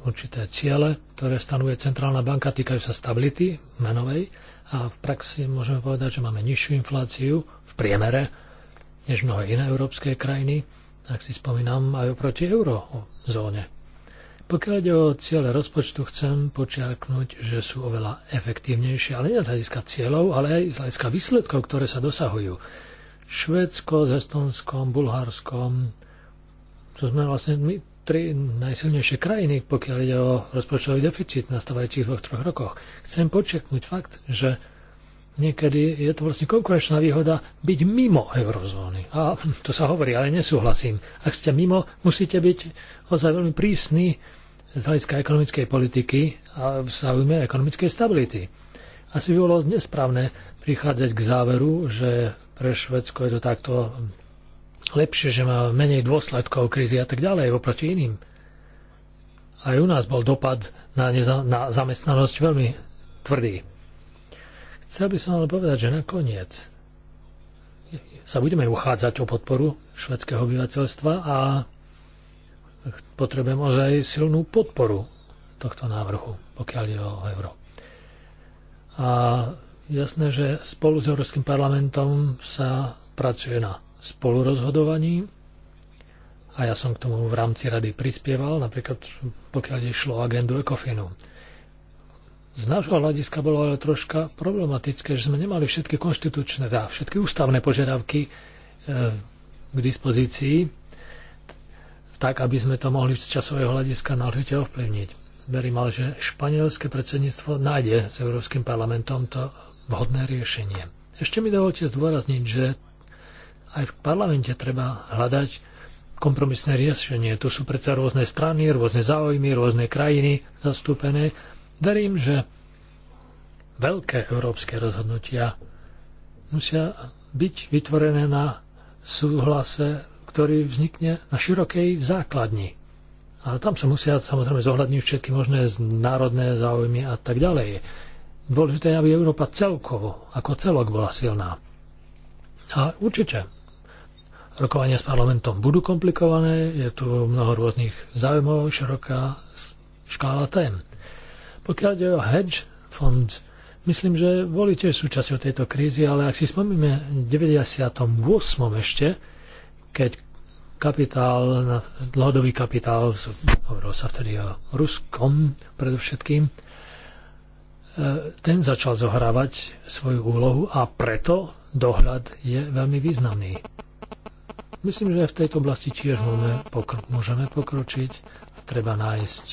určité ciele, ktoré stanuje Centrálna banka, týkajú sa stability menovej a v praxi môžeme povedať, že máme nižšiu infláciu v priemere než mnohé iné európske krajiny, ak si spomínam aj oproti eurozóne. Pokiaľ ide o ciele rozpočtu, chcem počiarknúť, že sú oveľa efektívnejšie, ale nie z hľadiska cieľov, ale aj z hľadiska výsledkov, ktoré sa dosahujú. Švedsko s Estonskom, Bulharskom, to sme vlastne my tri najsilnejšie krajiny, pokiaľ ide o rozpočtový deficit na stavajúcich dvoch, troch rokoch. Chcem počiarknúť fakt, že niekedy je to vlastne konkurenčná výhoda byť mimo eurozóny. A to sa hovorí, ale nesúhlasím. Ak ste mimo, musíte byť ozaj veľmi prísni z hľadiska ekonomickej politiky a v záujme ekonomickej stability. Asi by bolo nesprávne prichádzať k záveru, že pre Švedsko je to takto lepšie, že má menej dôsledkov krízy a tak ďalej oproti iným. Aj u nás bol dopad na, neza- na zamestnanosť veľmi tvrdý. Chcel by som ale povedať, že nakoniec sa budeme uchádzať o podporu švedského obyvateľstva a potrebujem ozaj silnú podporu tohto návrhu, pokiaľ je o euro. A jasné, že spolu s Európskym parlamentom sa pracuje na spolurozhodovaní a ja som k tomu v rámci rady prispieval, napríklad pokiaľ išlo o agendu ecofinu. Z nášho hľadiska bolo ale troška problematické, že sme nemali všetky konštitučné, dá, teda všetky ústavné požiadavky e, k dispozícii tak aby sme to mohli z časového hľadiska náležite ovplyvniť. Verím ale, že španielské predsedníctvo nájde s Európskym parlamentom to vhodné riešenie. Ešte mi dovolte zdôrazniť, že aj v parlamente treba hľadať kompromisné riešenie. Tu sú predsa rôzne strany, rôzne záujmy, rôzne krajiny zastúpené. Verím, že veľké európske rozhodnutia musia byť vytvorené na súhlase ktorý vznikne na širokej základni. A tam sa musia samozrejme zohľadniť všetky možné národné záujmy a tak ďalej. Dôležité je, aby Európa celkovo, ako celok bola silná. A určite, rokovania s parlamentom budú komplikované, je tu mnoho rôznych záujmov, široká škála tém. Pokiaľ ide o hedge fond, myslím, že boli tiež súčasťou tejto krízy, ale ak si spomíme v 98. ešte, keď kapitál, dlhodobý kapitál, hovoril sa vtedy o Ruskom predovšetkým, e, ten začal zohrávať svoju úlohu a preto dohľad je veľmi významný. Myslím, že v tejto oblasti tiež môžeme pokročiť. Treba nájsť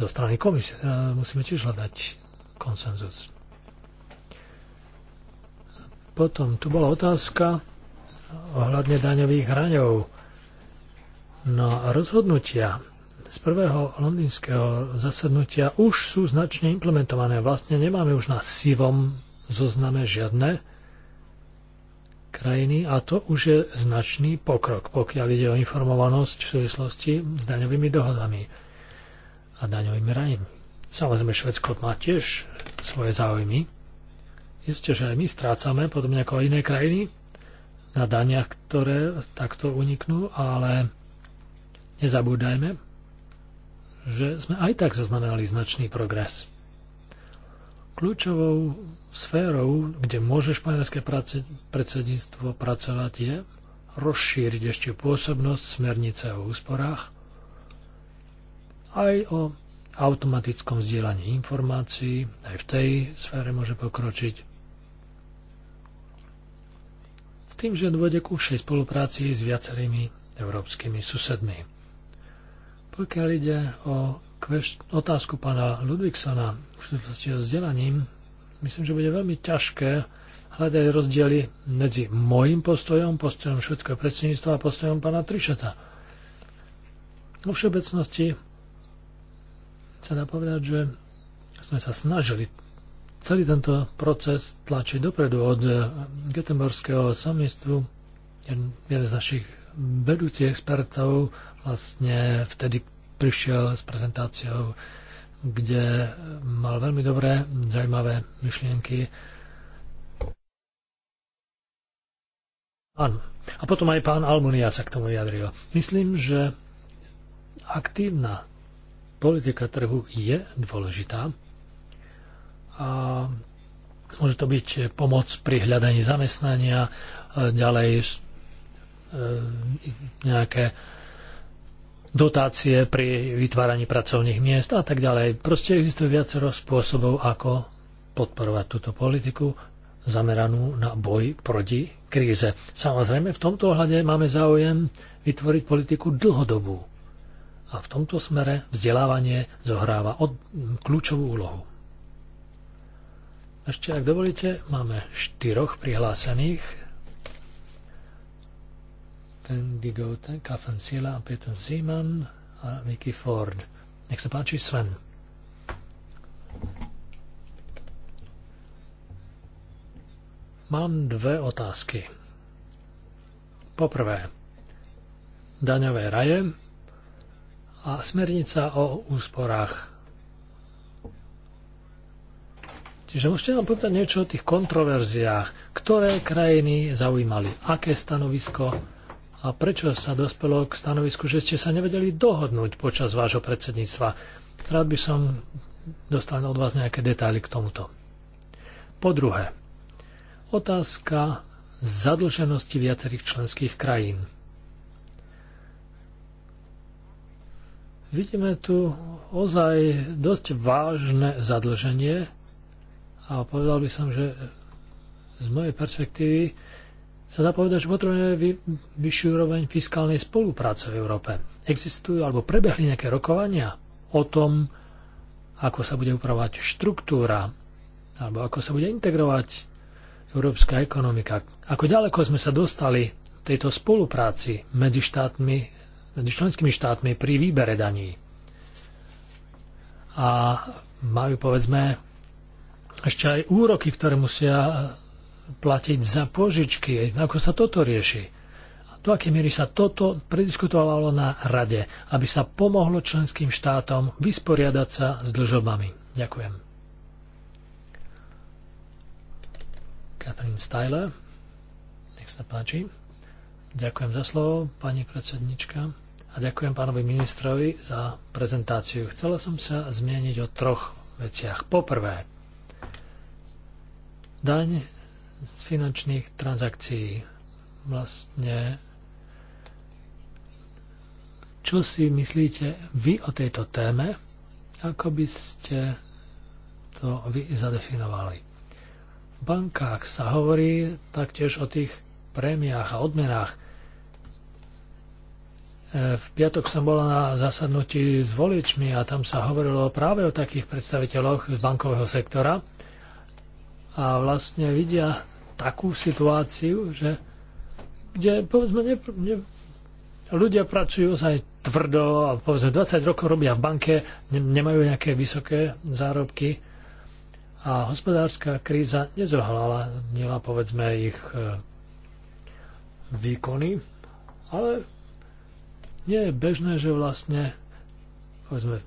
zo strany komisie. E, musíme tiež hľadať konsenzus. Potom tu bola otázka, ohľadne daňových raňov. No a rozhodnutia z prvého londýnskeho zasadnutia už sú značne implementované. Vlastne nemáme už na sivom zozname žiadne krajiny a to už je značný pokrok, pokiaľ ide o informovanosť v súvislosti s daňovými dohodami a daňovými rajmi. Samozrejme, Švedsko má tiež svoje záujmy. Isté, že aj my strácame, podobne ako iné krajiny, na daniach, ktoré takto uniknú, ale nezabúdajme, že sme aj tak zaznamenali značný progres. Kľúčovou sférou, kde môže španielské predsedníctvo pracovať, je rozšíriť ešte pôsobnosť smernice o úsporách aj o automatickom vzdielaní informácií, aj v tej sfére môže pokročiť s tým, že dôjde k užšej spolupráci s viacerými európskymi susedmi. Pokiaľ ide o otázku pána Ludvíksona v súvislosti so vzdelaním, myslím, že bude veľmi ťažké hľadať rozdiely medzi môjim postojom, postojom švedského predsedníctva a postojom pána Trišeta. Vo všeobecnosti sa dá povedať, že sme sa snažili celý tento proces tlačí dopredu od eh, Göteborského samistu. Jeden z našich vedúcich expertov vlastne vtedy prišiel s prezentáciou, kde mal veľmi dobré, zaujímavé myšlienky. Áno. A potom aj pán Almunia sa k tomu vyjadril. Myslím, že aktívna politika trhu je dôležitá a môže to byť pomoc pri hľadaní zamestnania, ďalej e, nejaké dotácie pri vytváraní pracovných miest a tak ďalej. Proste existuje viacero spôsobov, ako podporovať túto politiku zameranú na boj proti kríze. Samozrejme, v tomto ohľade máme záujem vytvoriť politiku dlhodobú. A v tomto smere vzdelávanie zohráva od, kľúčovú úlohu. Ešte, ak dovolíte, máme štyroch prihlásených. Ten Digote, Kafan Sila, Peter Zeman a Vicky Ford. Nech sa páči, Sven. Mám dve otázky. Poprvé, daňové raje a smernica o úsporách Čiže môžete nám povedať niečo o tých kontroverziách. Ktoré krajiny zaujímali? Aké stanovisko? A prečo sa dospelo k stanovisku, že ste sa nevedeli dohodnúť počas vášho predsedníctva? Rád by som dostal od vás nejaké detaily k tomuto. Po druhé, otázka zadlženosti viacerých členských krajín. Vidíme tu ozaj dosť vážne zadlženie a povedal by som, že z mojej perspektívy sa dá povedať, že potrebujeme vy, vyššiu úroveň fiskálnej spolupráce v Európe. Existujú alebo prebehli nejaké rokovania o tom, ako sa bude upravovať štruktúra alebo ako sa bude integrovať európska ekonomika. Ako ďaleko sme sa dostali tejto spolupráci medzi štátmi, medzi členskými štátmi pri výbere daní. A majú povedzme ešte aj úroky, ktoré musia platiť za požičky. Ako sa toto rieši? Do akej miery sa toto prediskutovalo na rade, aby sa pomohlo členským štátom vysporiadať sa s dlžobami? Ďakujem. Katrin Styler, nech sa páči. Ďakujem za slovo, pani predsednička. A ďakujem pánovi ministrovi za prezentáciu. Chcela som sa zmieniť o troch veciach. Poprvé, daň z finančných transakcií. Vlastne, čo si myslíte vy o tejto téme? Ako by ste to vy zadefinovali? V bankách sa hovorí taktiež o tých prémiách a odmenách. E, v piatok som bola na zasadnutí s voličmi a tam sa hovorilo práve o takých predstaviteľoch z bankového sektora, a vlastne vidia takú situáciu, že kde povedzme ne, ne, ľudia pracujú sa aj tvrdo a povedzme 20 rokov robia v banke, ne, nemajú nejaké vysoké zárobky a hospodárska kríza nela povedzme ich e, výkony, ale nie je bežné, že vlastne povedzme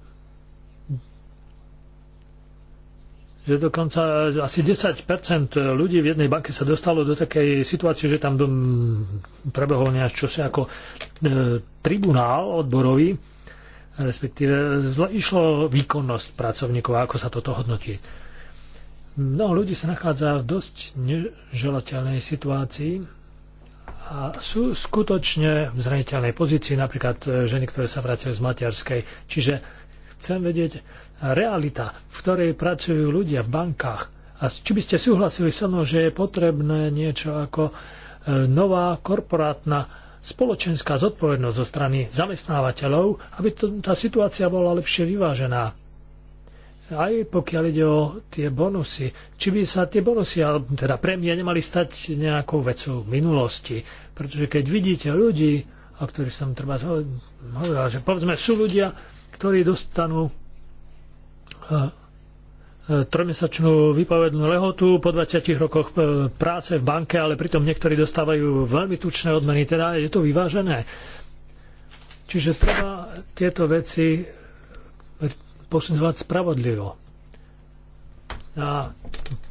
že dokonca asi 10% ľudí v jednej banke sa dostalo do takej situácie, že tam dom, prebehol nejaký čosi ako e, tribunál odborový, respektíve zlo, išlo výkonnosť pracovníkov, ako sa toto hodnotí. Mnoho ľudí sa nachádza v dosť neželateľnej situácii a sú skutočne v zraniteľnej pozícii, napríklad e, ženy, ktoré sa vrátili z materskej. Čiže chcem vedieť, realita, v ktorej pracujú ľudia v bankách. A či by ste súhlasili so mnou, že je potrebné niečo ako e, nová korporátna spoločenská zodpovednosť zo strany zamestnávateľov, aby to, tá situácia bola lepšie vyvážená. Aj pokiaľ ide o tie bonusy, či by sa tie bonusy, teda prémie, nemali stať nejakou vecou minulosti. Pretože keď vidíte ľudí, o ktorých som treba hovoril, že povedzme sú ľudia, ktorí dostanú E, trojmesačnú vypovednú lehotu po 20 rokoch e, práce v banke, ale pritom niektorí dostávajú veľmi tučné odmeny, teda je to vyvážené. Čiže treba tieto veci e, posudzovať spravodlivo. A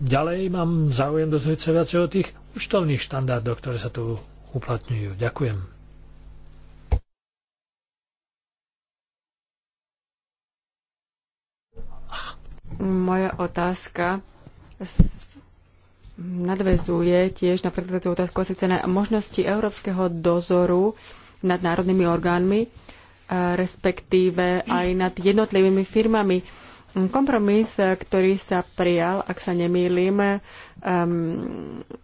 ďalej mám záujem dozvedieť sa viac o tých účtovných štandardoch, ktoré sa tu uplatňujú. Ďakujem. Moja otázka nadvezuje tiež na predchádzajúcu otázku, a síce na možnosti európskeho dozoru nad národnými orgánmi, respektíve aj nad jednotlivými firmami. Kompromis, ktorý sa prijal, ak sa nemýlim, um,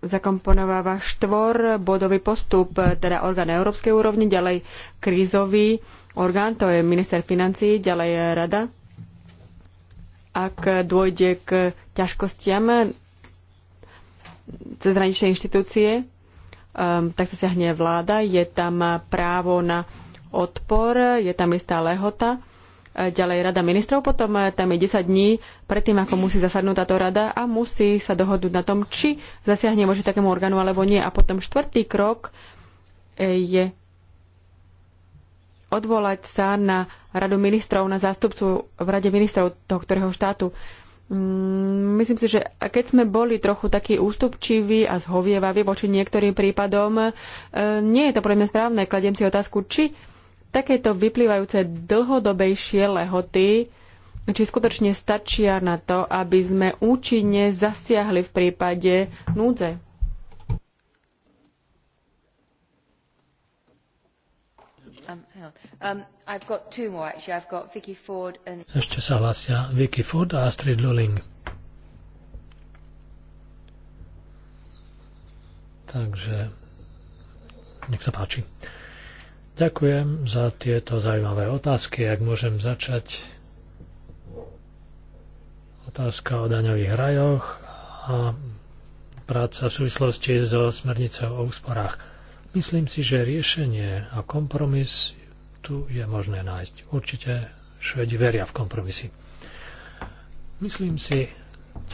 zakomponováva štvorbodový postup, teda orgán na európskej úrovni, ďalej krízový orgán, to je minister financí, ďalej rada ak dôjde k ťažkostiam cez hraničné inštitúcie, um, tak sa siahne vláda, je tam právo na odpor, je tam istá lehota, ďalej rada ministrov, potom tam je 10 dní predtým, ako musí zasadnúť táto rada a musí sa dohodnúť na tom, či zasiahne voči takému orgánu alebo nie. A potom štvrtý krok eh, je odvolať sa na radu ministrov, na zástupcu v rade ministrov toho ktorého štátu. Mm, myslím si, že keď sme boli trochu takí ústupčiví a zhovievaví voči niektorým prípadom, e, nie je to pre mňa správne. Kladiem si otázku, či takéto vyplývajúce dlhodobejšie lehoty či skutočne stačia na to, aby sme účinne zasiahli v prípade núdze. Um, I've got two more actually. I've got Vicky Ford and... Ešte sa hlasia Vicky Ford a Astrid Luling. Takže nech sa páči. Ďakujem za tieto zaujímavé otázky. Ak môžem začať otázka o daňových rajoch a práca v súvislosti so smernicou o úsporách. Myslím si, že riešenie a kompromis tu je možné nájsť. Určite Švedi veria v kompromisy. Myslím si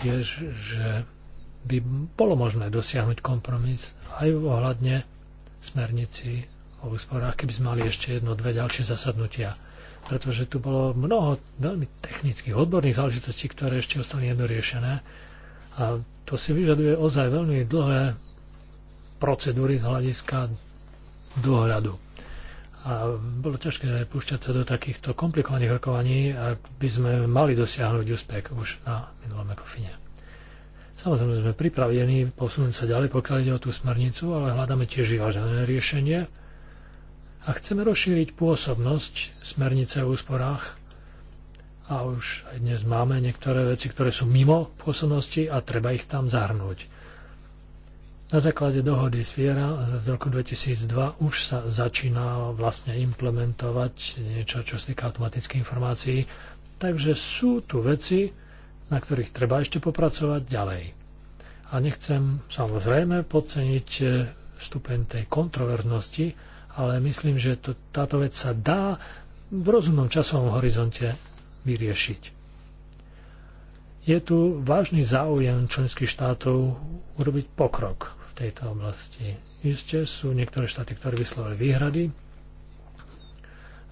tiež, že by bolo možné dosiahnuť kompromis aj ohľadne smernici o úsporách, keby sme mali ešte jedno, dve ďalšie zasadnutia. Pretože tu bolo mnoho veľmi technických, odborných záležitostí, ktoré ešte ostali nedoriešené. A to si vyžaduje ozaj veľmi dlhé procedúry z hľadiska dohľadu a bolo ťažké púšťať sa do takýchto komplikovaných rokovaní, ak by sme mali dosiahnuť úspech už na minulom ekofine. Samozrejme sme pripravení posunúť sa ďalej, pokiaľ ide o tú smernicu, ale hľadáme tiež vyvážené riešenie a chceme rozšíriť pôsobnosť smernice v úsporách a už aj dnes máme niektoré veci, ktoré sú mimo pôsobnosti a treba ich tam zahrnúť. Na základe dohody z Viera z roku 2002 už sa začína vlastne implementovať niečo, čo sa týka automatických informácií. Takže sú tu veci, na ktorých treba ešte popracovať ďalej. A nechcem samozrejme podceniť e, stupeň tej kontroverznosti, ale myslím, že to, táto vec sa dá v rozumnom časovom horizonte vyriešiť. Je tu vážny záujem členských štátov urobiť pokrok tejto oblasti. Isté sú niektoré štáty, ktoré vyslovali výhrady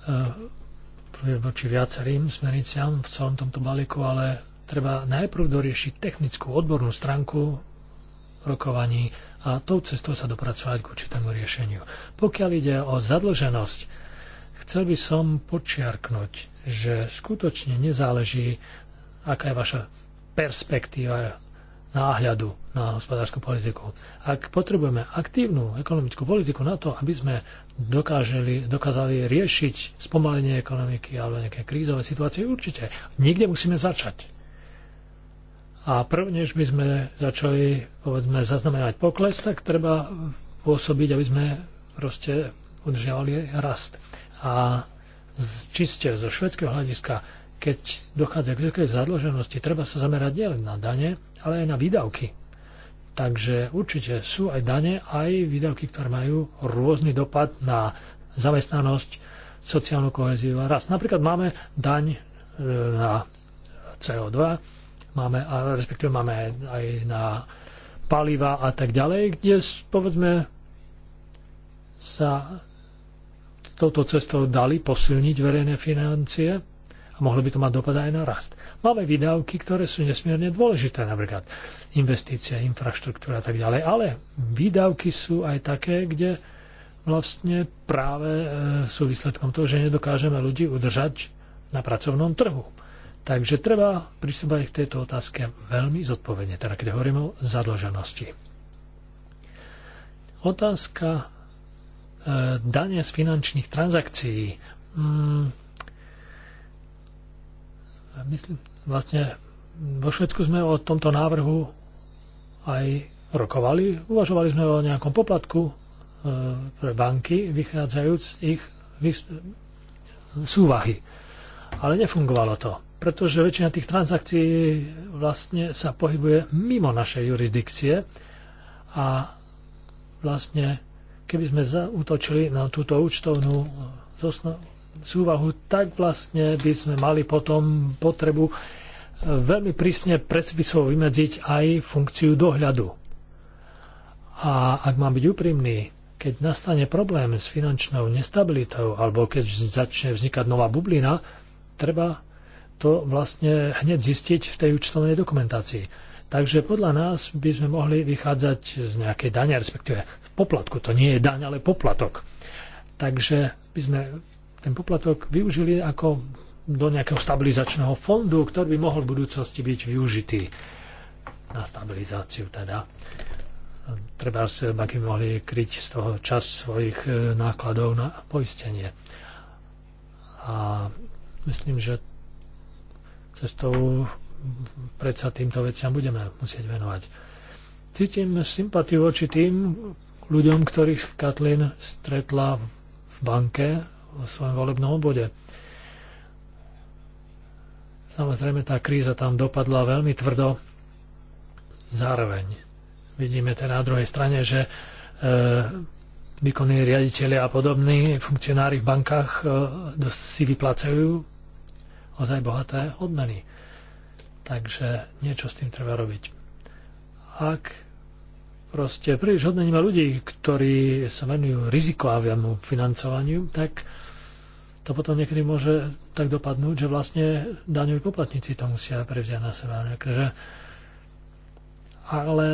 e, voči viacerým smerniciam v celom tomto balíku, ale treba najprv doriešiť technickú odbornú stránku rokovaní a tou cestou sa dopracovať k určitému riešeniu. Pokiaľ ide o zadlženosť, chcel by som počiarknúť, že skutočne nezáleží, aká je vaša perspektíva náhľadu na hospodárskú politiku. Ak potrebujeme aktívnu ekonomickú politiku na to, aby sme dokáželi, dokázali riešiť spomalenie ekonomiky alebo nejaké krízové situácie, určite. Niekde musíme začať. A prvnež by sme začali povedzme, zaznamenať pokles, tak treba pôsobiť, aby sme proste udržiavali rast. A čiste zo švedského hľadiska keď dochádza k takej zadlženosti, treba sa zamerať nielen na dane, ale aj na výdavky. Takže určite sú aj dane, aj výdavky, ktoré majú rôzny dopad na zamestnanosť, sociálnu koheziu a rast. Napríklad máme daň e, na CO2, máme, respektíve máme aj na paliva a tak ďalej, kde povedzme sa touto cestou dali posilniť verejné financie, a mohlo by to mať dopad aj na rast. Máme výdavky, ktoré sú nesmierne dôležité, napríklad investície, infraštruktúra a tak ďalej, ale výdavky sú aj také, kde vlastne práve e, sú výsledkom toho, že nedokážeme ľudí udržať na pracovnom trhu. Takže treba pristúpať k tejto otázke veľmi zodpovedne, teda keď hovoríme o zadlženosti. Otázka e, dane z finančných transakcií. Mm, Myslím, vlastne vo Švedsku sme o tomto návrhu aj rokovali. Uvažovali sme o nejakom poplatku e, pre banky, vychádzajúc z ich súvahy. Ale nefungovalo to, pretože väčšina tých transakcií vlastne sa pohybuje mimo našej jurisdikcie a vlastne keby sme zautočili na túto účtovnú súvahu, tak vlastne by sme mali potom potrebu eh, veľmi prísne predpisov vymedziť aj funkciu dohľadu. A ak mám byť úprimný, keď nastane problém s finančnou nestabilitou alebo keď začne vznikať nová bublina, treba to vlastne hneď zistiť v tej účtovnej dokumentácii. Takže podľa nás by sme mohli vychádzať z nejakej dane, respektíve poplatku. To nie je daň, ale poplatok. Takže by sme ten poplatok využili ako do nejakého stabilizačného fondu, ktorý by mohol v budúcnosti byť využitý na stabilizáciu teda. Treba si banky mohli kryť z toho čas svojich e, nákladov na poistenie. A myslím, že cestou predsa týmto veciam budeme musieť venovať. Cítim sympatiu voči tým ľuďom, ktorých Katlin stretla v banke svojom volebnom obvode. Samozrejme, tá kríza tam dopadla veľmi tvrdo. Zároveň vidíme teda na druhej strane, že e, výkonní riaditeľi a podobní funkcionári v bankách e, si vyplácajú ozaj bohaté odmeny. Takže niečo s tým treba robiť. Ak proste príliš hodné nima ľudí, ktorí sa venujú rizikovému financovaniu, tak to potom niekedy môže tak dopadnúť, že vlastne daňoví poplatníci to musia prevziať na seba. Takže, ale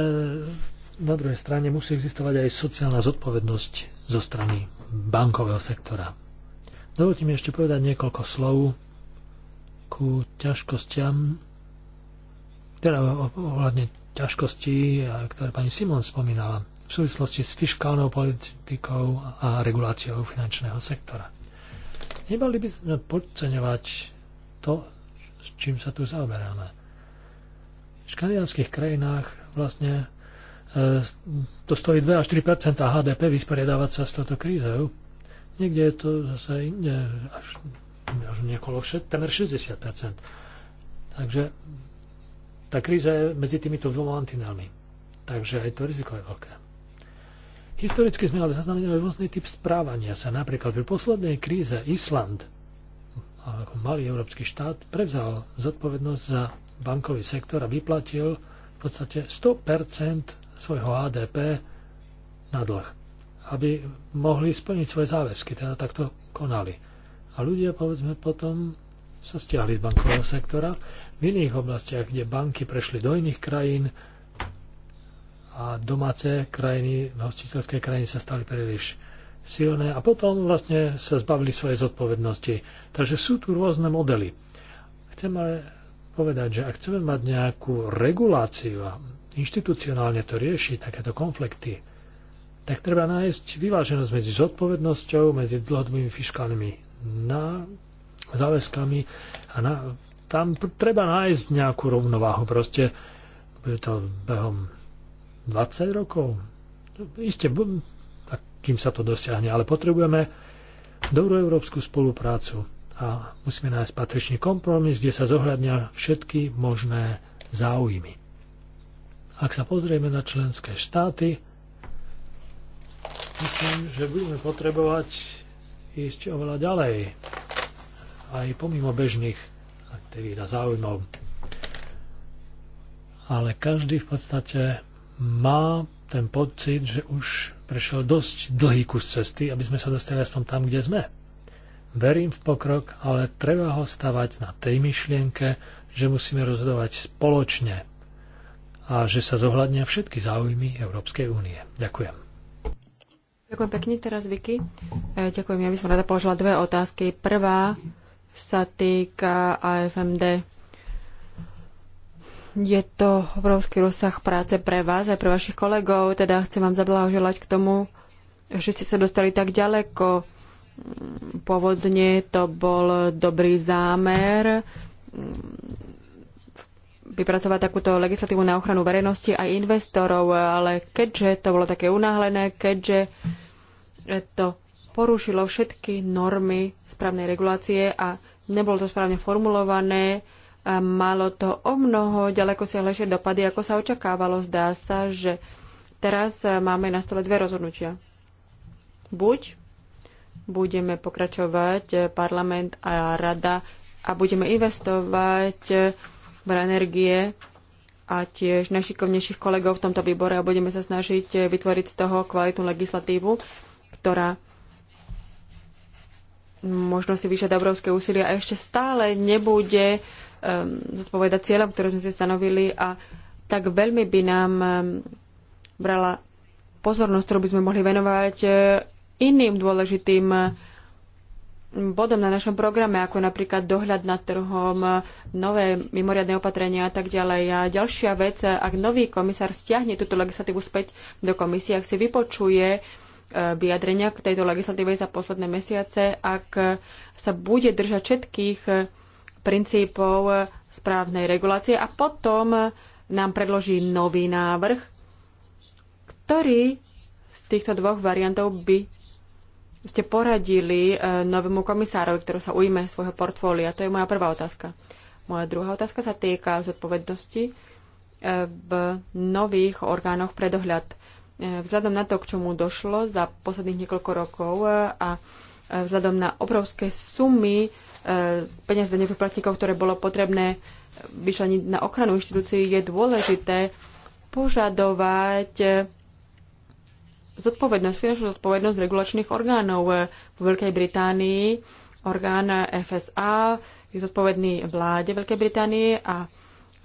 na druhej strane musí existovať aj sociálna zodpovednosť zo strany bankového sektora. Dovolte mi ešte povedať niekoľko slov ku ťažkostiam, teda ohľadne ťažkosti, ktoré pani Simon spomínala v súvislosti s fiskálnou politikou a reguláciou finančného sektora. Nemali by sme podceňovať to, s čím sa tu zaoberáme. V škandinávských krajinách vlastne e, to stojí 2 až 3 HDP vysporiadávať sa s touto krízou. Niekde je to zase inde, až, až niekoľko, temer 60 Takže tá kríza je medzi týmito dvoma antinami. Takže aj to riziko je veľké. Historicky sme ale zaznamenali rôzny typ správania sa. Napríklad pri poslednej kríze Island, ako malý európsky štát, prevzal zodpovednosť za bankový sektor a vyplatil v podstate 100% svojho HDP na dlh, aby mohli splniť svoje záväzky, teda takto konali. A ľudia, povedzme, potom sa stiahli z bankového sektora v iných oblastiach, kde banky prešli do iných krajín a domáce krajiny, hostiteľské krajiny sa stali príliš silné a potom vlastne sa zbavili svojej zodpovednosti. Takže sú tu rôzne modely. Chcem ale povedať, že ak chceme mať nejakú reguláciu a inštitucionálne to riešiť takéto konflikty, tak treba nájsť vyváženosť medzi zodpovednosťou, medzi dlhodobými fiskálnymi záväzkami a na tam treba nájsť nejakú rovnováhu. Proste bude to behom 20 rokov. Isté, kým sa to dosiahne, ale potrebujeme dobrú európsku spoluprácu a musíme nájsť patričný kompromis, kde sa zohľadňa všetky možné záujmy. Ak sa pozrieme na členské štáty, myslím, že budeme potrebovať ísť oveľa ďalej aj pomimo bežných aktivít a záujmov. Ale každý v podstate má ten pocit, že už prešiel dosť dlhý kus cesty, aby sme sa dostali aspoň tam, kde sme. Verím v pokrok, ale treba ho stavať na tej myšlienke, že musíme rozhodovať spoločne a že sa zohľadnia všetky záujmy Európskej únie. Ďakujem. Ďakujem pekne teraz, Vicky. E, ďakujem, ja by som rada položila dve otázky. Prvá sa týka AFMD. Je to obrovský rozsah práce pre vás aj pre vašich kolegov, teda chcem vám zablahoželať k tomu, že ste sa dostali tak ďaleko. Pôvodne to bol dobrý zámer mm, vypracovať takúto legislatívu na ochranu verejnosti aj investorov, ale keďže to bolo také unáhlené, keďže to porušilo všetky normy správnej regulácie a nebolo to správne formulované. A malo to o mnoho ďaleko siahlejšie dopady, ako sa očakávalo. Zdá sa, že teraz máme na stole dve rozhodnutia. Buď budeme pokračovať eh, parlament a rada a budeme investovať eh, v energie a tiež najšikovnejších kolegov v tomto výbore a budeme sa snažiť eh, vytvoriť z toho kvalitnú legislatívu, ktorá možno si vyžiada obrovské úsilie a ešte stále nebude um, zodpovedať cieľom, ktoré sme si stanovili a tak veľmi by nám um, brala pozornosť, ktorú by sme mohli venovať uh, iným dôležitým um, bodom na našom programe, ako napríklad dohľad nad trhom, nové mimoriadne opatrenia a tak ďalej. A ďalšia vec, ak nový komisár stiahne túto legislatívu späť do komisie, ak si vypočuje uh, Eh, vyjadrenia k tejto legislatíve za posledné mesiace. Ak sa bude držať všetkých eh, princípov eh, správnej regulácie a potom nám predloží nový návrh, ktorý z týchto dvoch variantov by ste poradili novému komisárovi, ktorý sa ujme svojho portfólia? To je moja prvá otázka. Moja druhá otázka sa týka zodpovednosti v nových orgánoch predohľad. dohľad. Vzhľadom na to, k čomu došlo za posledných niekoľko rokov e, a e, vzhľadom na obrovské sumy e, z peniaz za nevyplatníkov, ktoré bolo potrebné vyšleniť na ochranu inštitúcií, je dôležité požadovať zodpovednosť, finančnú zodpovednosť regulačných orgánov. V Veľkej Británii orgán FSA je zodpovedný vláde Veľkej Británie a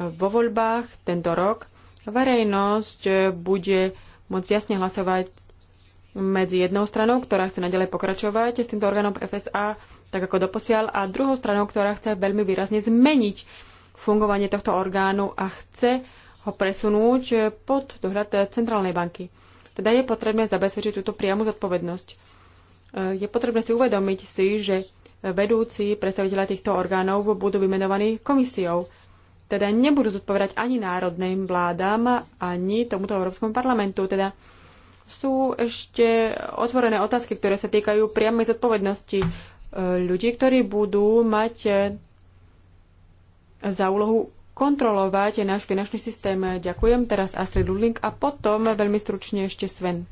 vo voľbách tento rok verejnosť bude môcť jasne hlasovať medzi jednou stranou, ktorá chce nadalej pokračovať s týmto orgánom FSA, tak ako doposiaľ, a druhou stranou, ktorá chce veľmi výrazne zmeniť fungovanie tohto orgánu a chce ho presunúť pod dohľad Centrálnej banky. Teda je potrebné zabezpečiť túto priamu zodpovednosť. Je potrebné si uvedomiť si, že vedúci predstaviteľa týchto orgánov budú vymenovaní komisiou teda nebudú zodpovedať ani národným vládam, ani tomuto Európskom parlamentu. Teda sú ešte otvorené otázky, ktoré sa týkajú priamej zodpovednosti e, ľudí, ktorí budú mať e, za úlohu kontrolovať náš finančný systém. Ďakujem teraz Astrid Ludling a potom veľmi stručne ešte Sven.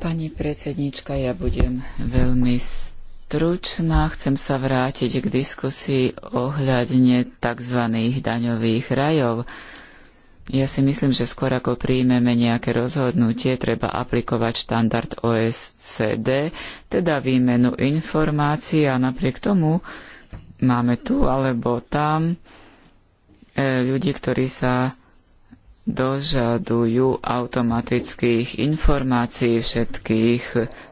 Pani predsednička, ja budem veľmi stručná. Chcem sa vrátiť k diskusii ohľadne tzv. daňových rajov. Ja si myslím, že skôr ako príjmeme nejaké rozhodnutie, treba aplikovať štandard OSCD, teda výmenu informácií a napriek tomu máme tu alebo tam e, ľudí, ktorí sa dožadujú automatických informácií všetkých,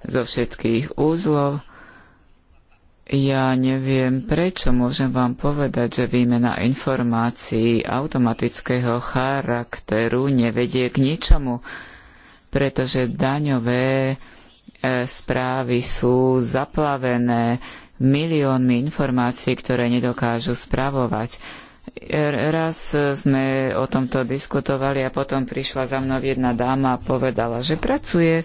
zo všetkých úzlov ja neviem, prečo môžem vám povedať, že výmena informácií automatického charakteru nevedie k ničomu, pretože daňové e, správy sú zaplavené miliónmi informácií, ktoré nedokážu spravovať. E, raz sme o tomto diskutovali a potom prišla za mnou jedna dáma a povedala, že pracuje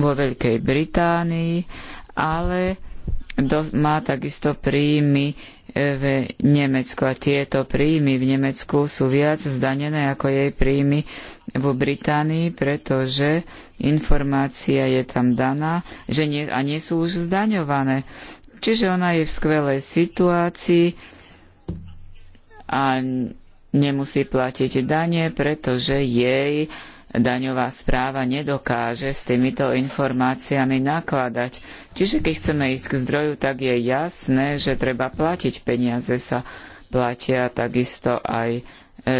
vo Veľkej Británii, ale má takisto príjmy e, v Nemecku a tieto príjmy v Nemecku sú viac zdanené ako jej príjmy v Británii, pretože informácia je tam daná že nie, a nie sú už zdaňované. Čiže ona je v skvelej situácii a nemusí platiť dane, pretože jej daňová správa nedokáže s týmito informáciami nakladať. Čiže keď chceme ísť k zdroju, tak je jasné, že treba platiť. Peniaze sa platia takisto aj e,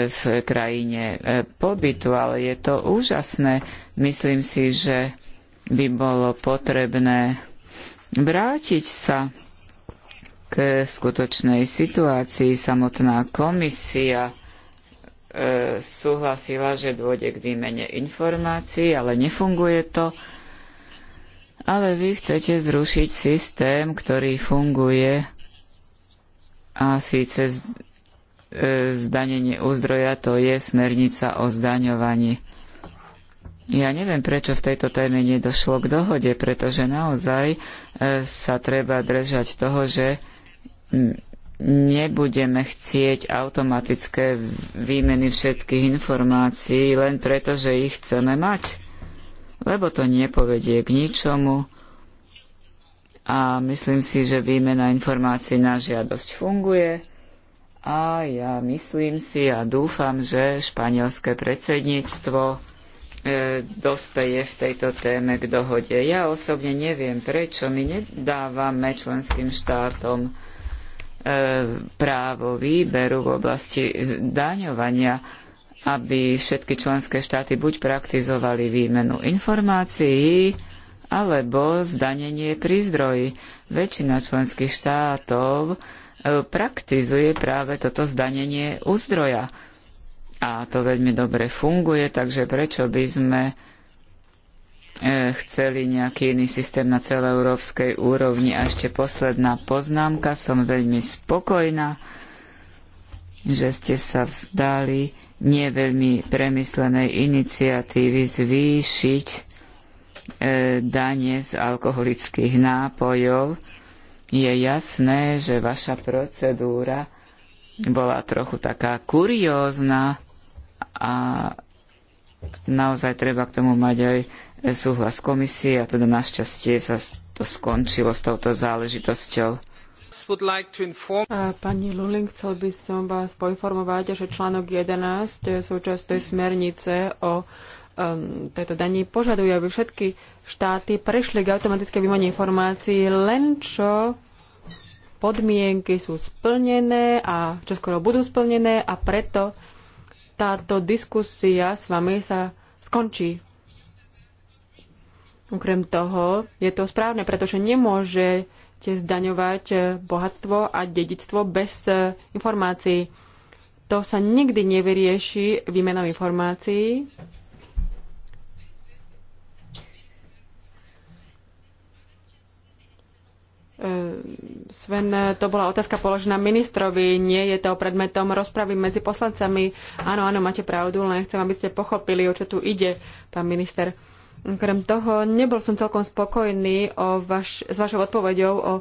v krajine e, pobytu, ale je to úžasné. Myslím si, že by bolo potrebné vrátiť sa k skutočnej situácii. Samotná komisia E, súhlasila, že dôjde k výmene informácií, ale nefunguje to. Ale vy chcete zrušiť systém, ktorý funguje a síce e, zdanenie úzdroja, to je smernica o zdaňovaní. Ja neviem, prečo v tejto téme nedošlo k dohode, pretože naozaj e, sa treba držať toho, že nebudeme chcieť automatické výmeny všetkých informácií len preto, že ich chceme mať, lebo to nepovedie k ničomu a myslím si, že výmena informácií na žiadosť funguje a ja myslím si a dúfam, že španielské predsedníctvo e, dospeje v tejto téme k dohode. Ja osobne neviem, prečo my nedávame členským štátom E, právo výberu v oblasti daňovania, aby všetky členské štáty buď praktizovali výmenu informácií, alebo zdanenie pri zdroji. Väčšina členských štátov e, praktizuje práve toto zdanenie u zdroja. A to veľmi dobre funguje, takže prečo by sme E, chceli nejaký iný systém na celoeurópskej úrovni. A ešte posledná poznámka. Som veľmi spokojná, že ste sa vzdali nie veľmi premyslenej iniciatívy zvýšiť e, danie z alkoholických nápojov. Je jasné, že vaša procedúra bola trochu taká kuriózna a naozaj treba k tomu mať aj E, súhlas komisie a teda našťastie sa to skončilo s touto záležitosťou. Pani Luling, chcel by som vás poinformovať, že článok 11 e, súčasnej smernice o um, tejto daní požaduje, aby všetky štáty prešli k automatické výmene informácií, len čo podmienky sú splnené a čo skoro budú splnené a preto táto diskusia s vami sa skončí Okrem toho je to správne, pretože nemôžete zdaňovať eh, bohatstvo a dedictvo bez eh, informácií. To sa nikdy nevyrieši výmenou informácií. Eh, Sven, to bola otázka položená ministrovi, nie je to predmetom rozpravy medzi poslancami. Áno, áno, máte pravdu, len chcem, aby ste pochopili, o čo tu ide, pán minister. Krem toho, nebol som celkom spokojný o vaš, s vašou odpovedou o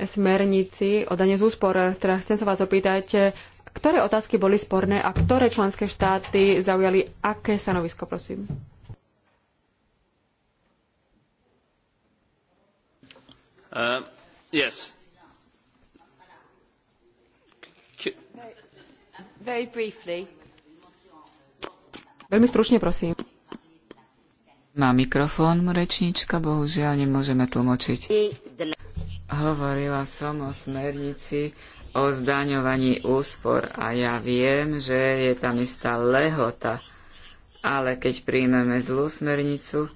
smernici o dane z úspor. Teda chcem sa vás opýtať, ktoré otázky boli sporné a ktoré členské štáty zaujali aké stanovisko, prosím? Uh, yes. Very briefly. Veľmi stručne, prosím. Má mikrofón rečnička, bohužiaľ nemôžeme tlmočiť. Hovorila som o smernici o zdaňovaní úspor a ja viem, že je tam istá lehota, ale keď príjmeme zlú smernicu,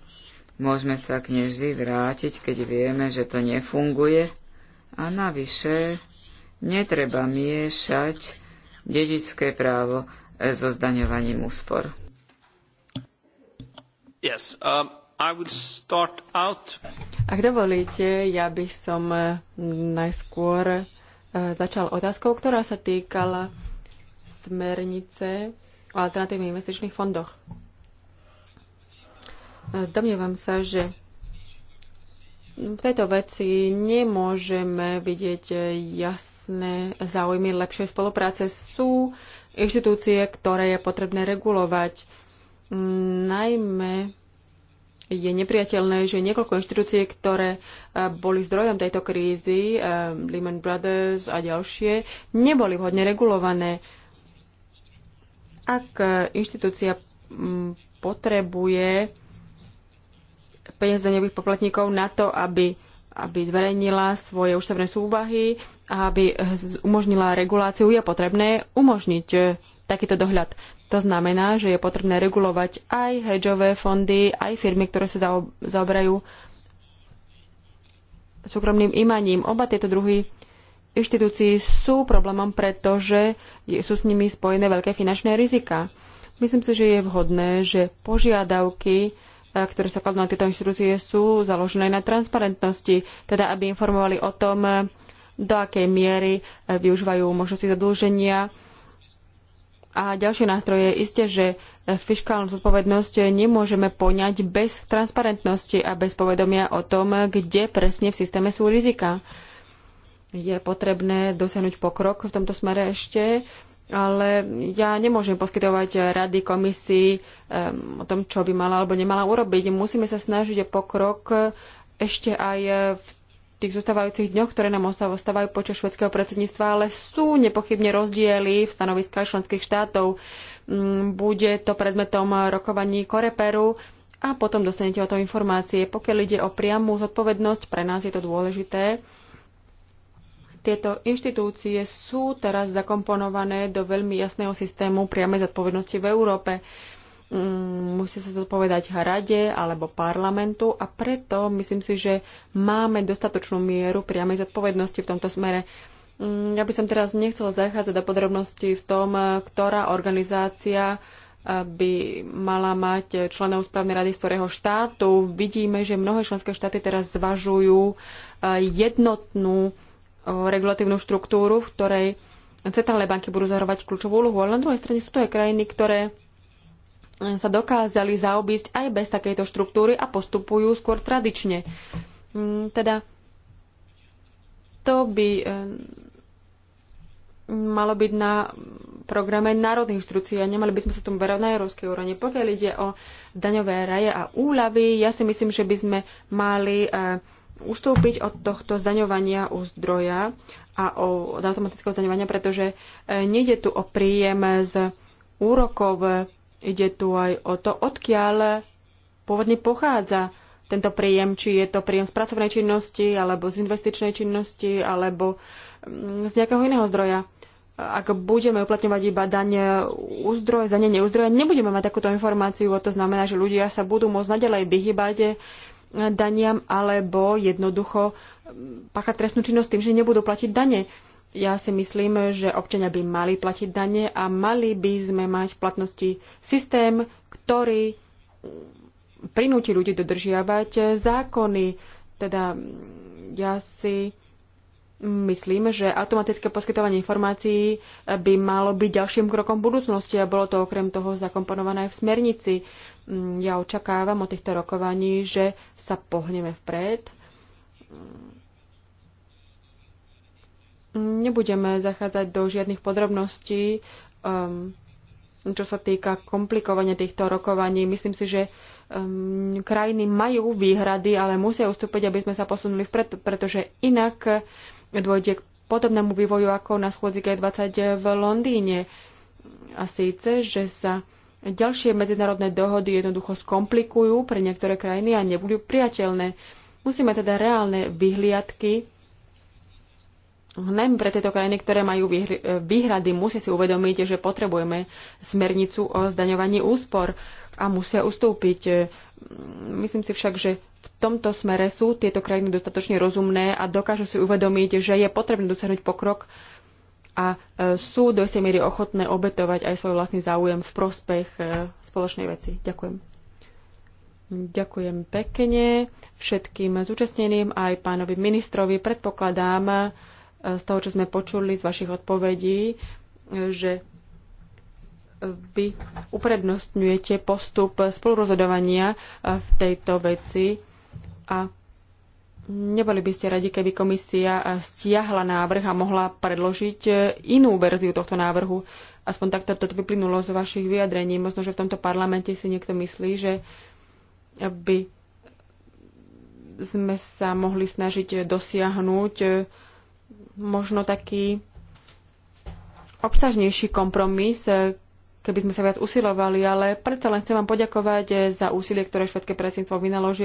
môžeme sa k nej vždy vrátiť, keď vieme, že to nefunguje a navyše netreba miešať dedické právo so zdaňovaním úspor. Um, Ak dovolíte, ja by som eh, najskôr eh, začal otázkou, ktorá sa týkala smernice o alternatívnych investičných fondoch. Eh, domnievam sa, že v tejto veci nemôžeme vidieť jasné záujmy lepšej spolupráce. Sú inštitúcie, ktoré je potrebné regulovať Najmä je nepriateľné, že niekoľko inštitúcií, ktoré e, boli zdrojom tejto krízy, e, Lehman Brothers a ďalšie, neboli vhodne regulované. Ak inštitúcia potrebuje peniaze daňových poplatníkov na to, aby aby zverejnila svoje ústavné súvahy a aby umožnila reguláciu, je potrebné umožniť e, takýto dohľad. To znamená, že je potrebné regulovať aj hedžové fondy, aj firmy, ktoré sa zaoberajú súkromným imaním. Oba tieto druhy inštitúcií sú problémom, pretože sú s nimi spojené veľké finančné rizika. Myslím si, že je vhodné, že požiadavky, e, ktoré sa kladú na tieto inštitúcie, sú založené na transparentnosti, teda aby informovali o tom, do akej miery e, využívajú možnosti zadlženia, a ďalšie nástroje. Isté, že fiškálnu zodpovednosť nemôžeme poňať bez transparentnosti a bez povedomia o tom, kde presne v systéme sú rizika. Je potrebné dosiahnuť pokrok v tomto smere ešte, ale ja nemôžem poskytovať rady komisii um, o tom, čo by mala alebo nemala urobiť. Musíme sa snažiť o pokrok ešte aj v tých zostávajúcich dňoch, ktoré nám ostávajú počas švedského predsedníctva, ale sú nepochybne rozdiely v stanoviskách členských štátov. Mm, bude to predmetom rokovaní Koreperu a potom dostanete o to informácie. Pokiaľ ide o priamú zodpovednosť, pre nás je to dôležité. Tieto inštitúcie sú teraz zakomponované do veľmi jasného systému priamej zodpovednosti v Európe. Mm, musí sa zodpovedať rade alebo parlamentu a preto myslím si, že máme dostatočnú mieru priamej zodpovednosti v tomto smere. Mm, ja by som teraz nechcela zachádzať do podrobností v tom, ktorá organizácia eh, by mala mať členov správnej rady z ktorého štátu. Vidíme, že mnohé členské štáty teraz zvažujú eh, jednotnú eh, regulatívnu štruktúru, v ktorej centrálne banky budú zahrávať kľúčovú úlohu, ale na druhej strane sú to aj krajiny, ktoré sa dokázali zaobísť aj bez takejto štruktúry a postupujú skôr tradične. Mm, teda to by eh, malo byť na programe národných inštitúcií a nemali by sme sa tomu verať na európskej úrovni. Pokiaľ ide o daňové raje a úľavy, ja si myslím, že by sme mali eh, ustúpiť od tohto zdaňovania u zdroja a od automatického zdaňovania, pretože eh, nejde tu o príjem z úrokov Ide tu aj o to, odkiaľ pôvodne pochádza tento príjem, či je to príjem z pracovnej činnosti, alebo z investičnej činnosti, alebo mm, z nejakého iného zdroja. Ak budeme uplatňovať iba daň u za ne neuzdroje, nebudeme mať takúto informáciu. To znamená, že ľudia sa budú môcť naďalej vyhybať eh, daniam, alebo jednoducho mm, páchať trestnú činnosť tým, že nebudú platiť dane. Ja si myslím, že občania by mali platiť dane a mali by sme mať v platnosti systém, ktorý prinúti ľudí dodržiavať zákony. Teda ja si myslím, že automatické poskytovanie informácií by malo byť ďalším krokom budúcnosti a bolo to okrem toho zakomponované v smernici. Mm, ja očakávam od týchto rokovaní, že sa pohneme vpred mm, Nebudeme zachádzať do žiadnych podrobností, um, čo sa týka komplikovania týchto rokovaní. Myslím si, že um, krajiny majú výhrady, ale musia ustúpiť, aby sme sa posunuli vpred, pretože inak dôjde k podobnému vývoju ako na schôdzi G20 v Londýne. A síce, že sa ďalšie medzinárodné dohody jednoducho skomplikujú pre niektoré krajiny a nebudú priateľné. Musíme teda reálne vyhliadky najmä pre tieto krajiny, ktoré majú e, výhrady, musia si uvedomiť, že potrebujeme smernicu o zdaňovaní úspor a musia ustúpiť. E, myslím si však, že v tomto smere sú tieto krajiny dostatočne rozumné a dokážu si uvedomiť, že je potrebné dosiahnuť pokrok a e, sú do istej miery ochotné obetovať aj svoj vlastný záujem v prospech spoločnej veci. Ďakujem. Ďakujem pekne všetkým zúčastneným aj pánovi ministrovi. Predpokladám, z toho, čo sme počuli z vašich odpovedí, že vy uprednostňujete postup spolurozhodovania eh, v tejto veci a neboli by ste radi, keby komisia eh, stiahla návrh a mohla predložiť eh, inú verziu tohto návrhu. Aspoň takto toto vyplynulo z vašich vyjadrení. Možno, že v tomto parlamente si niekto myslí, že by sme sa mohli snažiť dosiahnuť možno taký obsažnejší kompromis, e, keby sme sa viac usilovali, ale predsa len chcem vám poďakovať e, za úsilie, ktoré švedské predsedníctvo vynaloží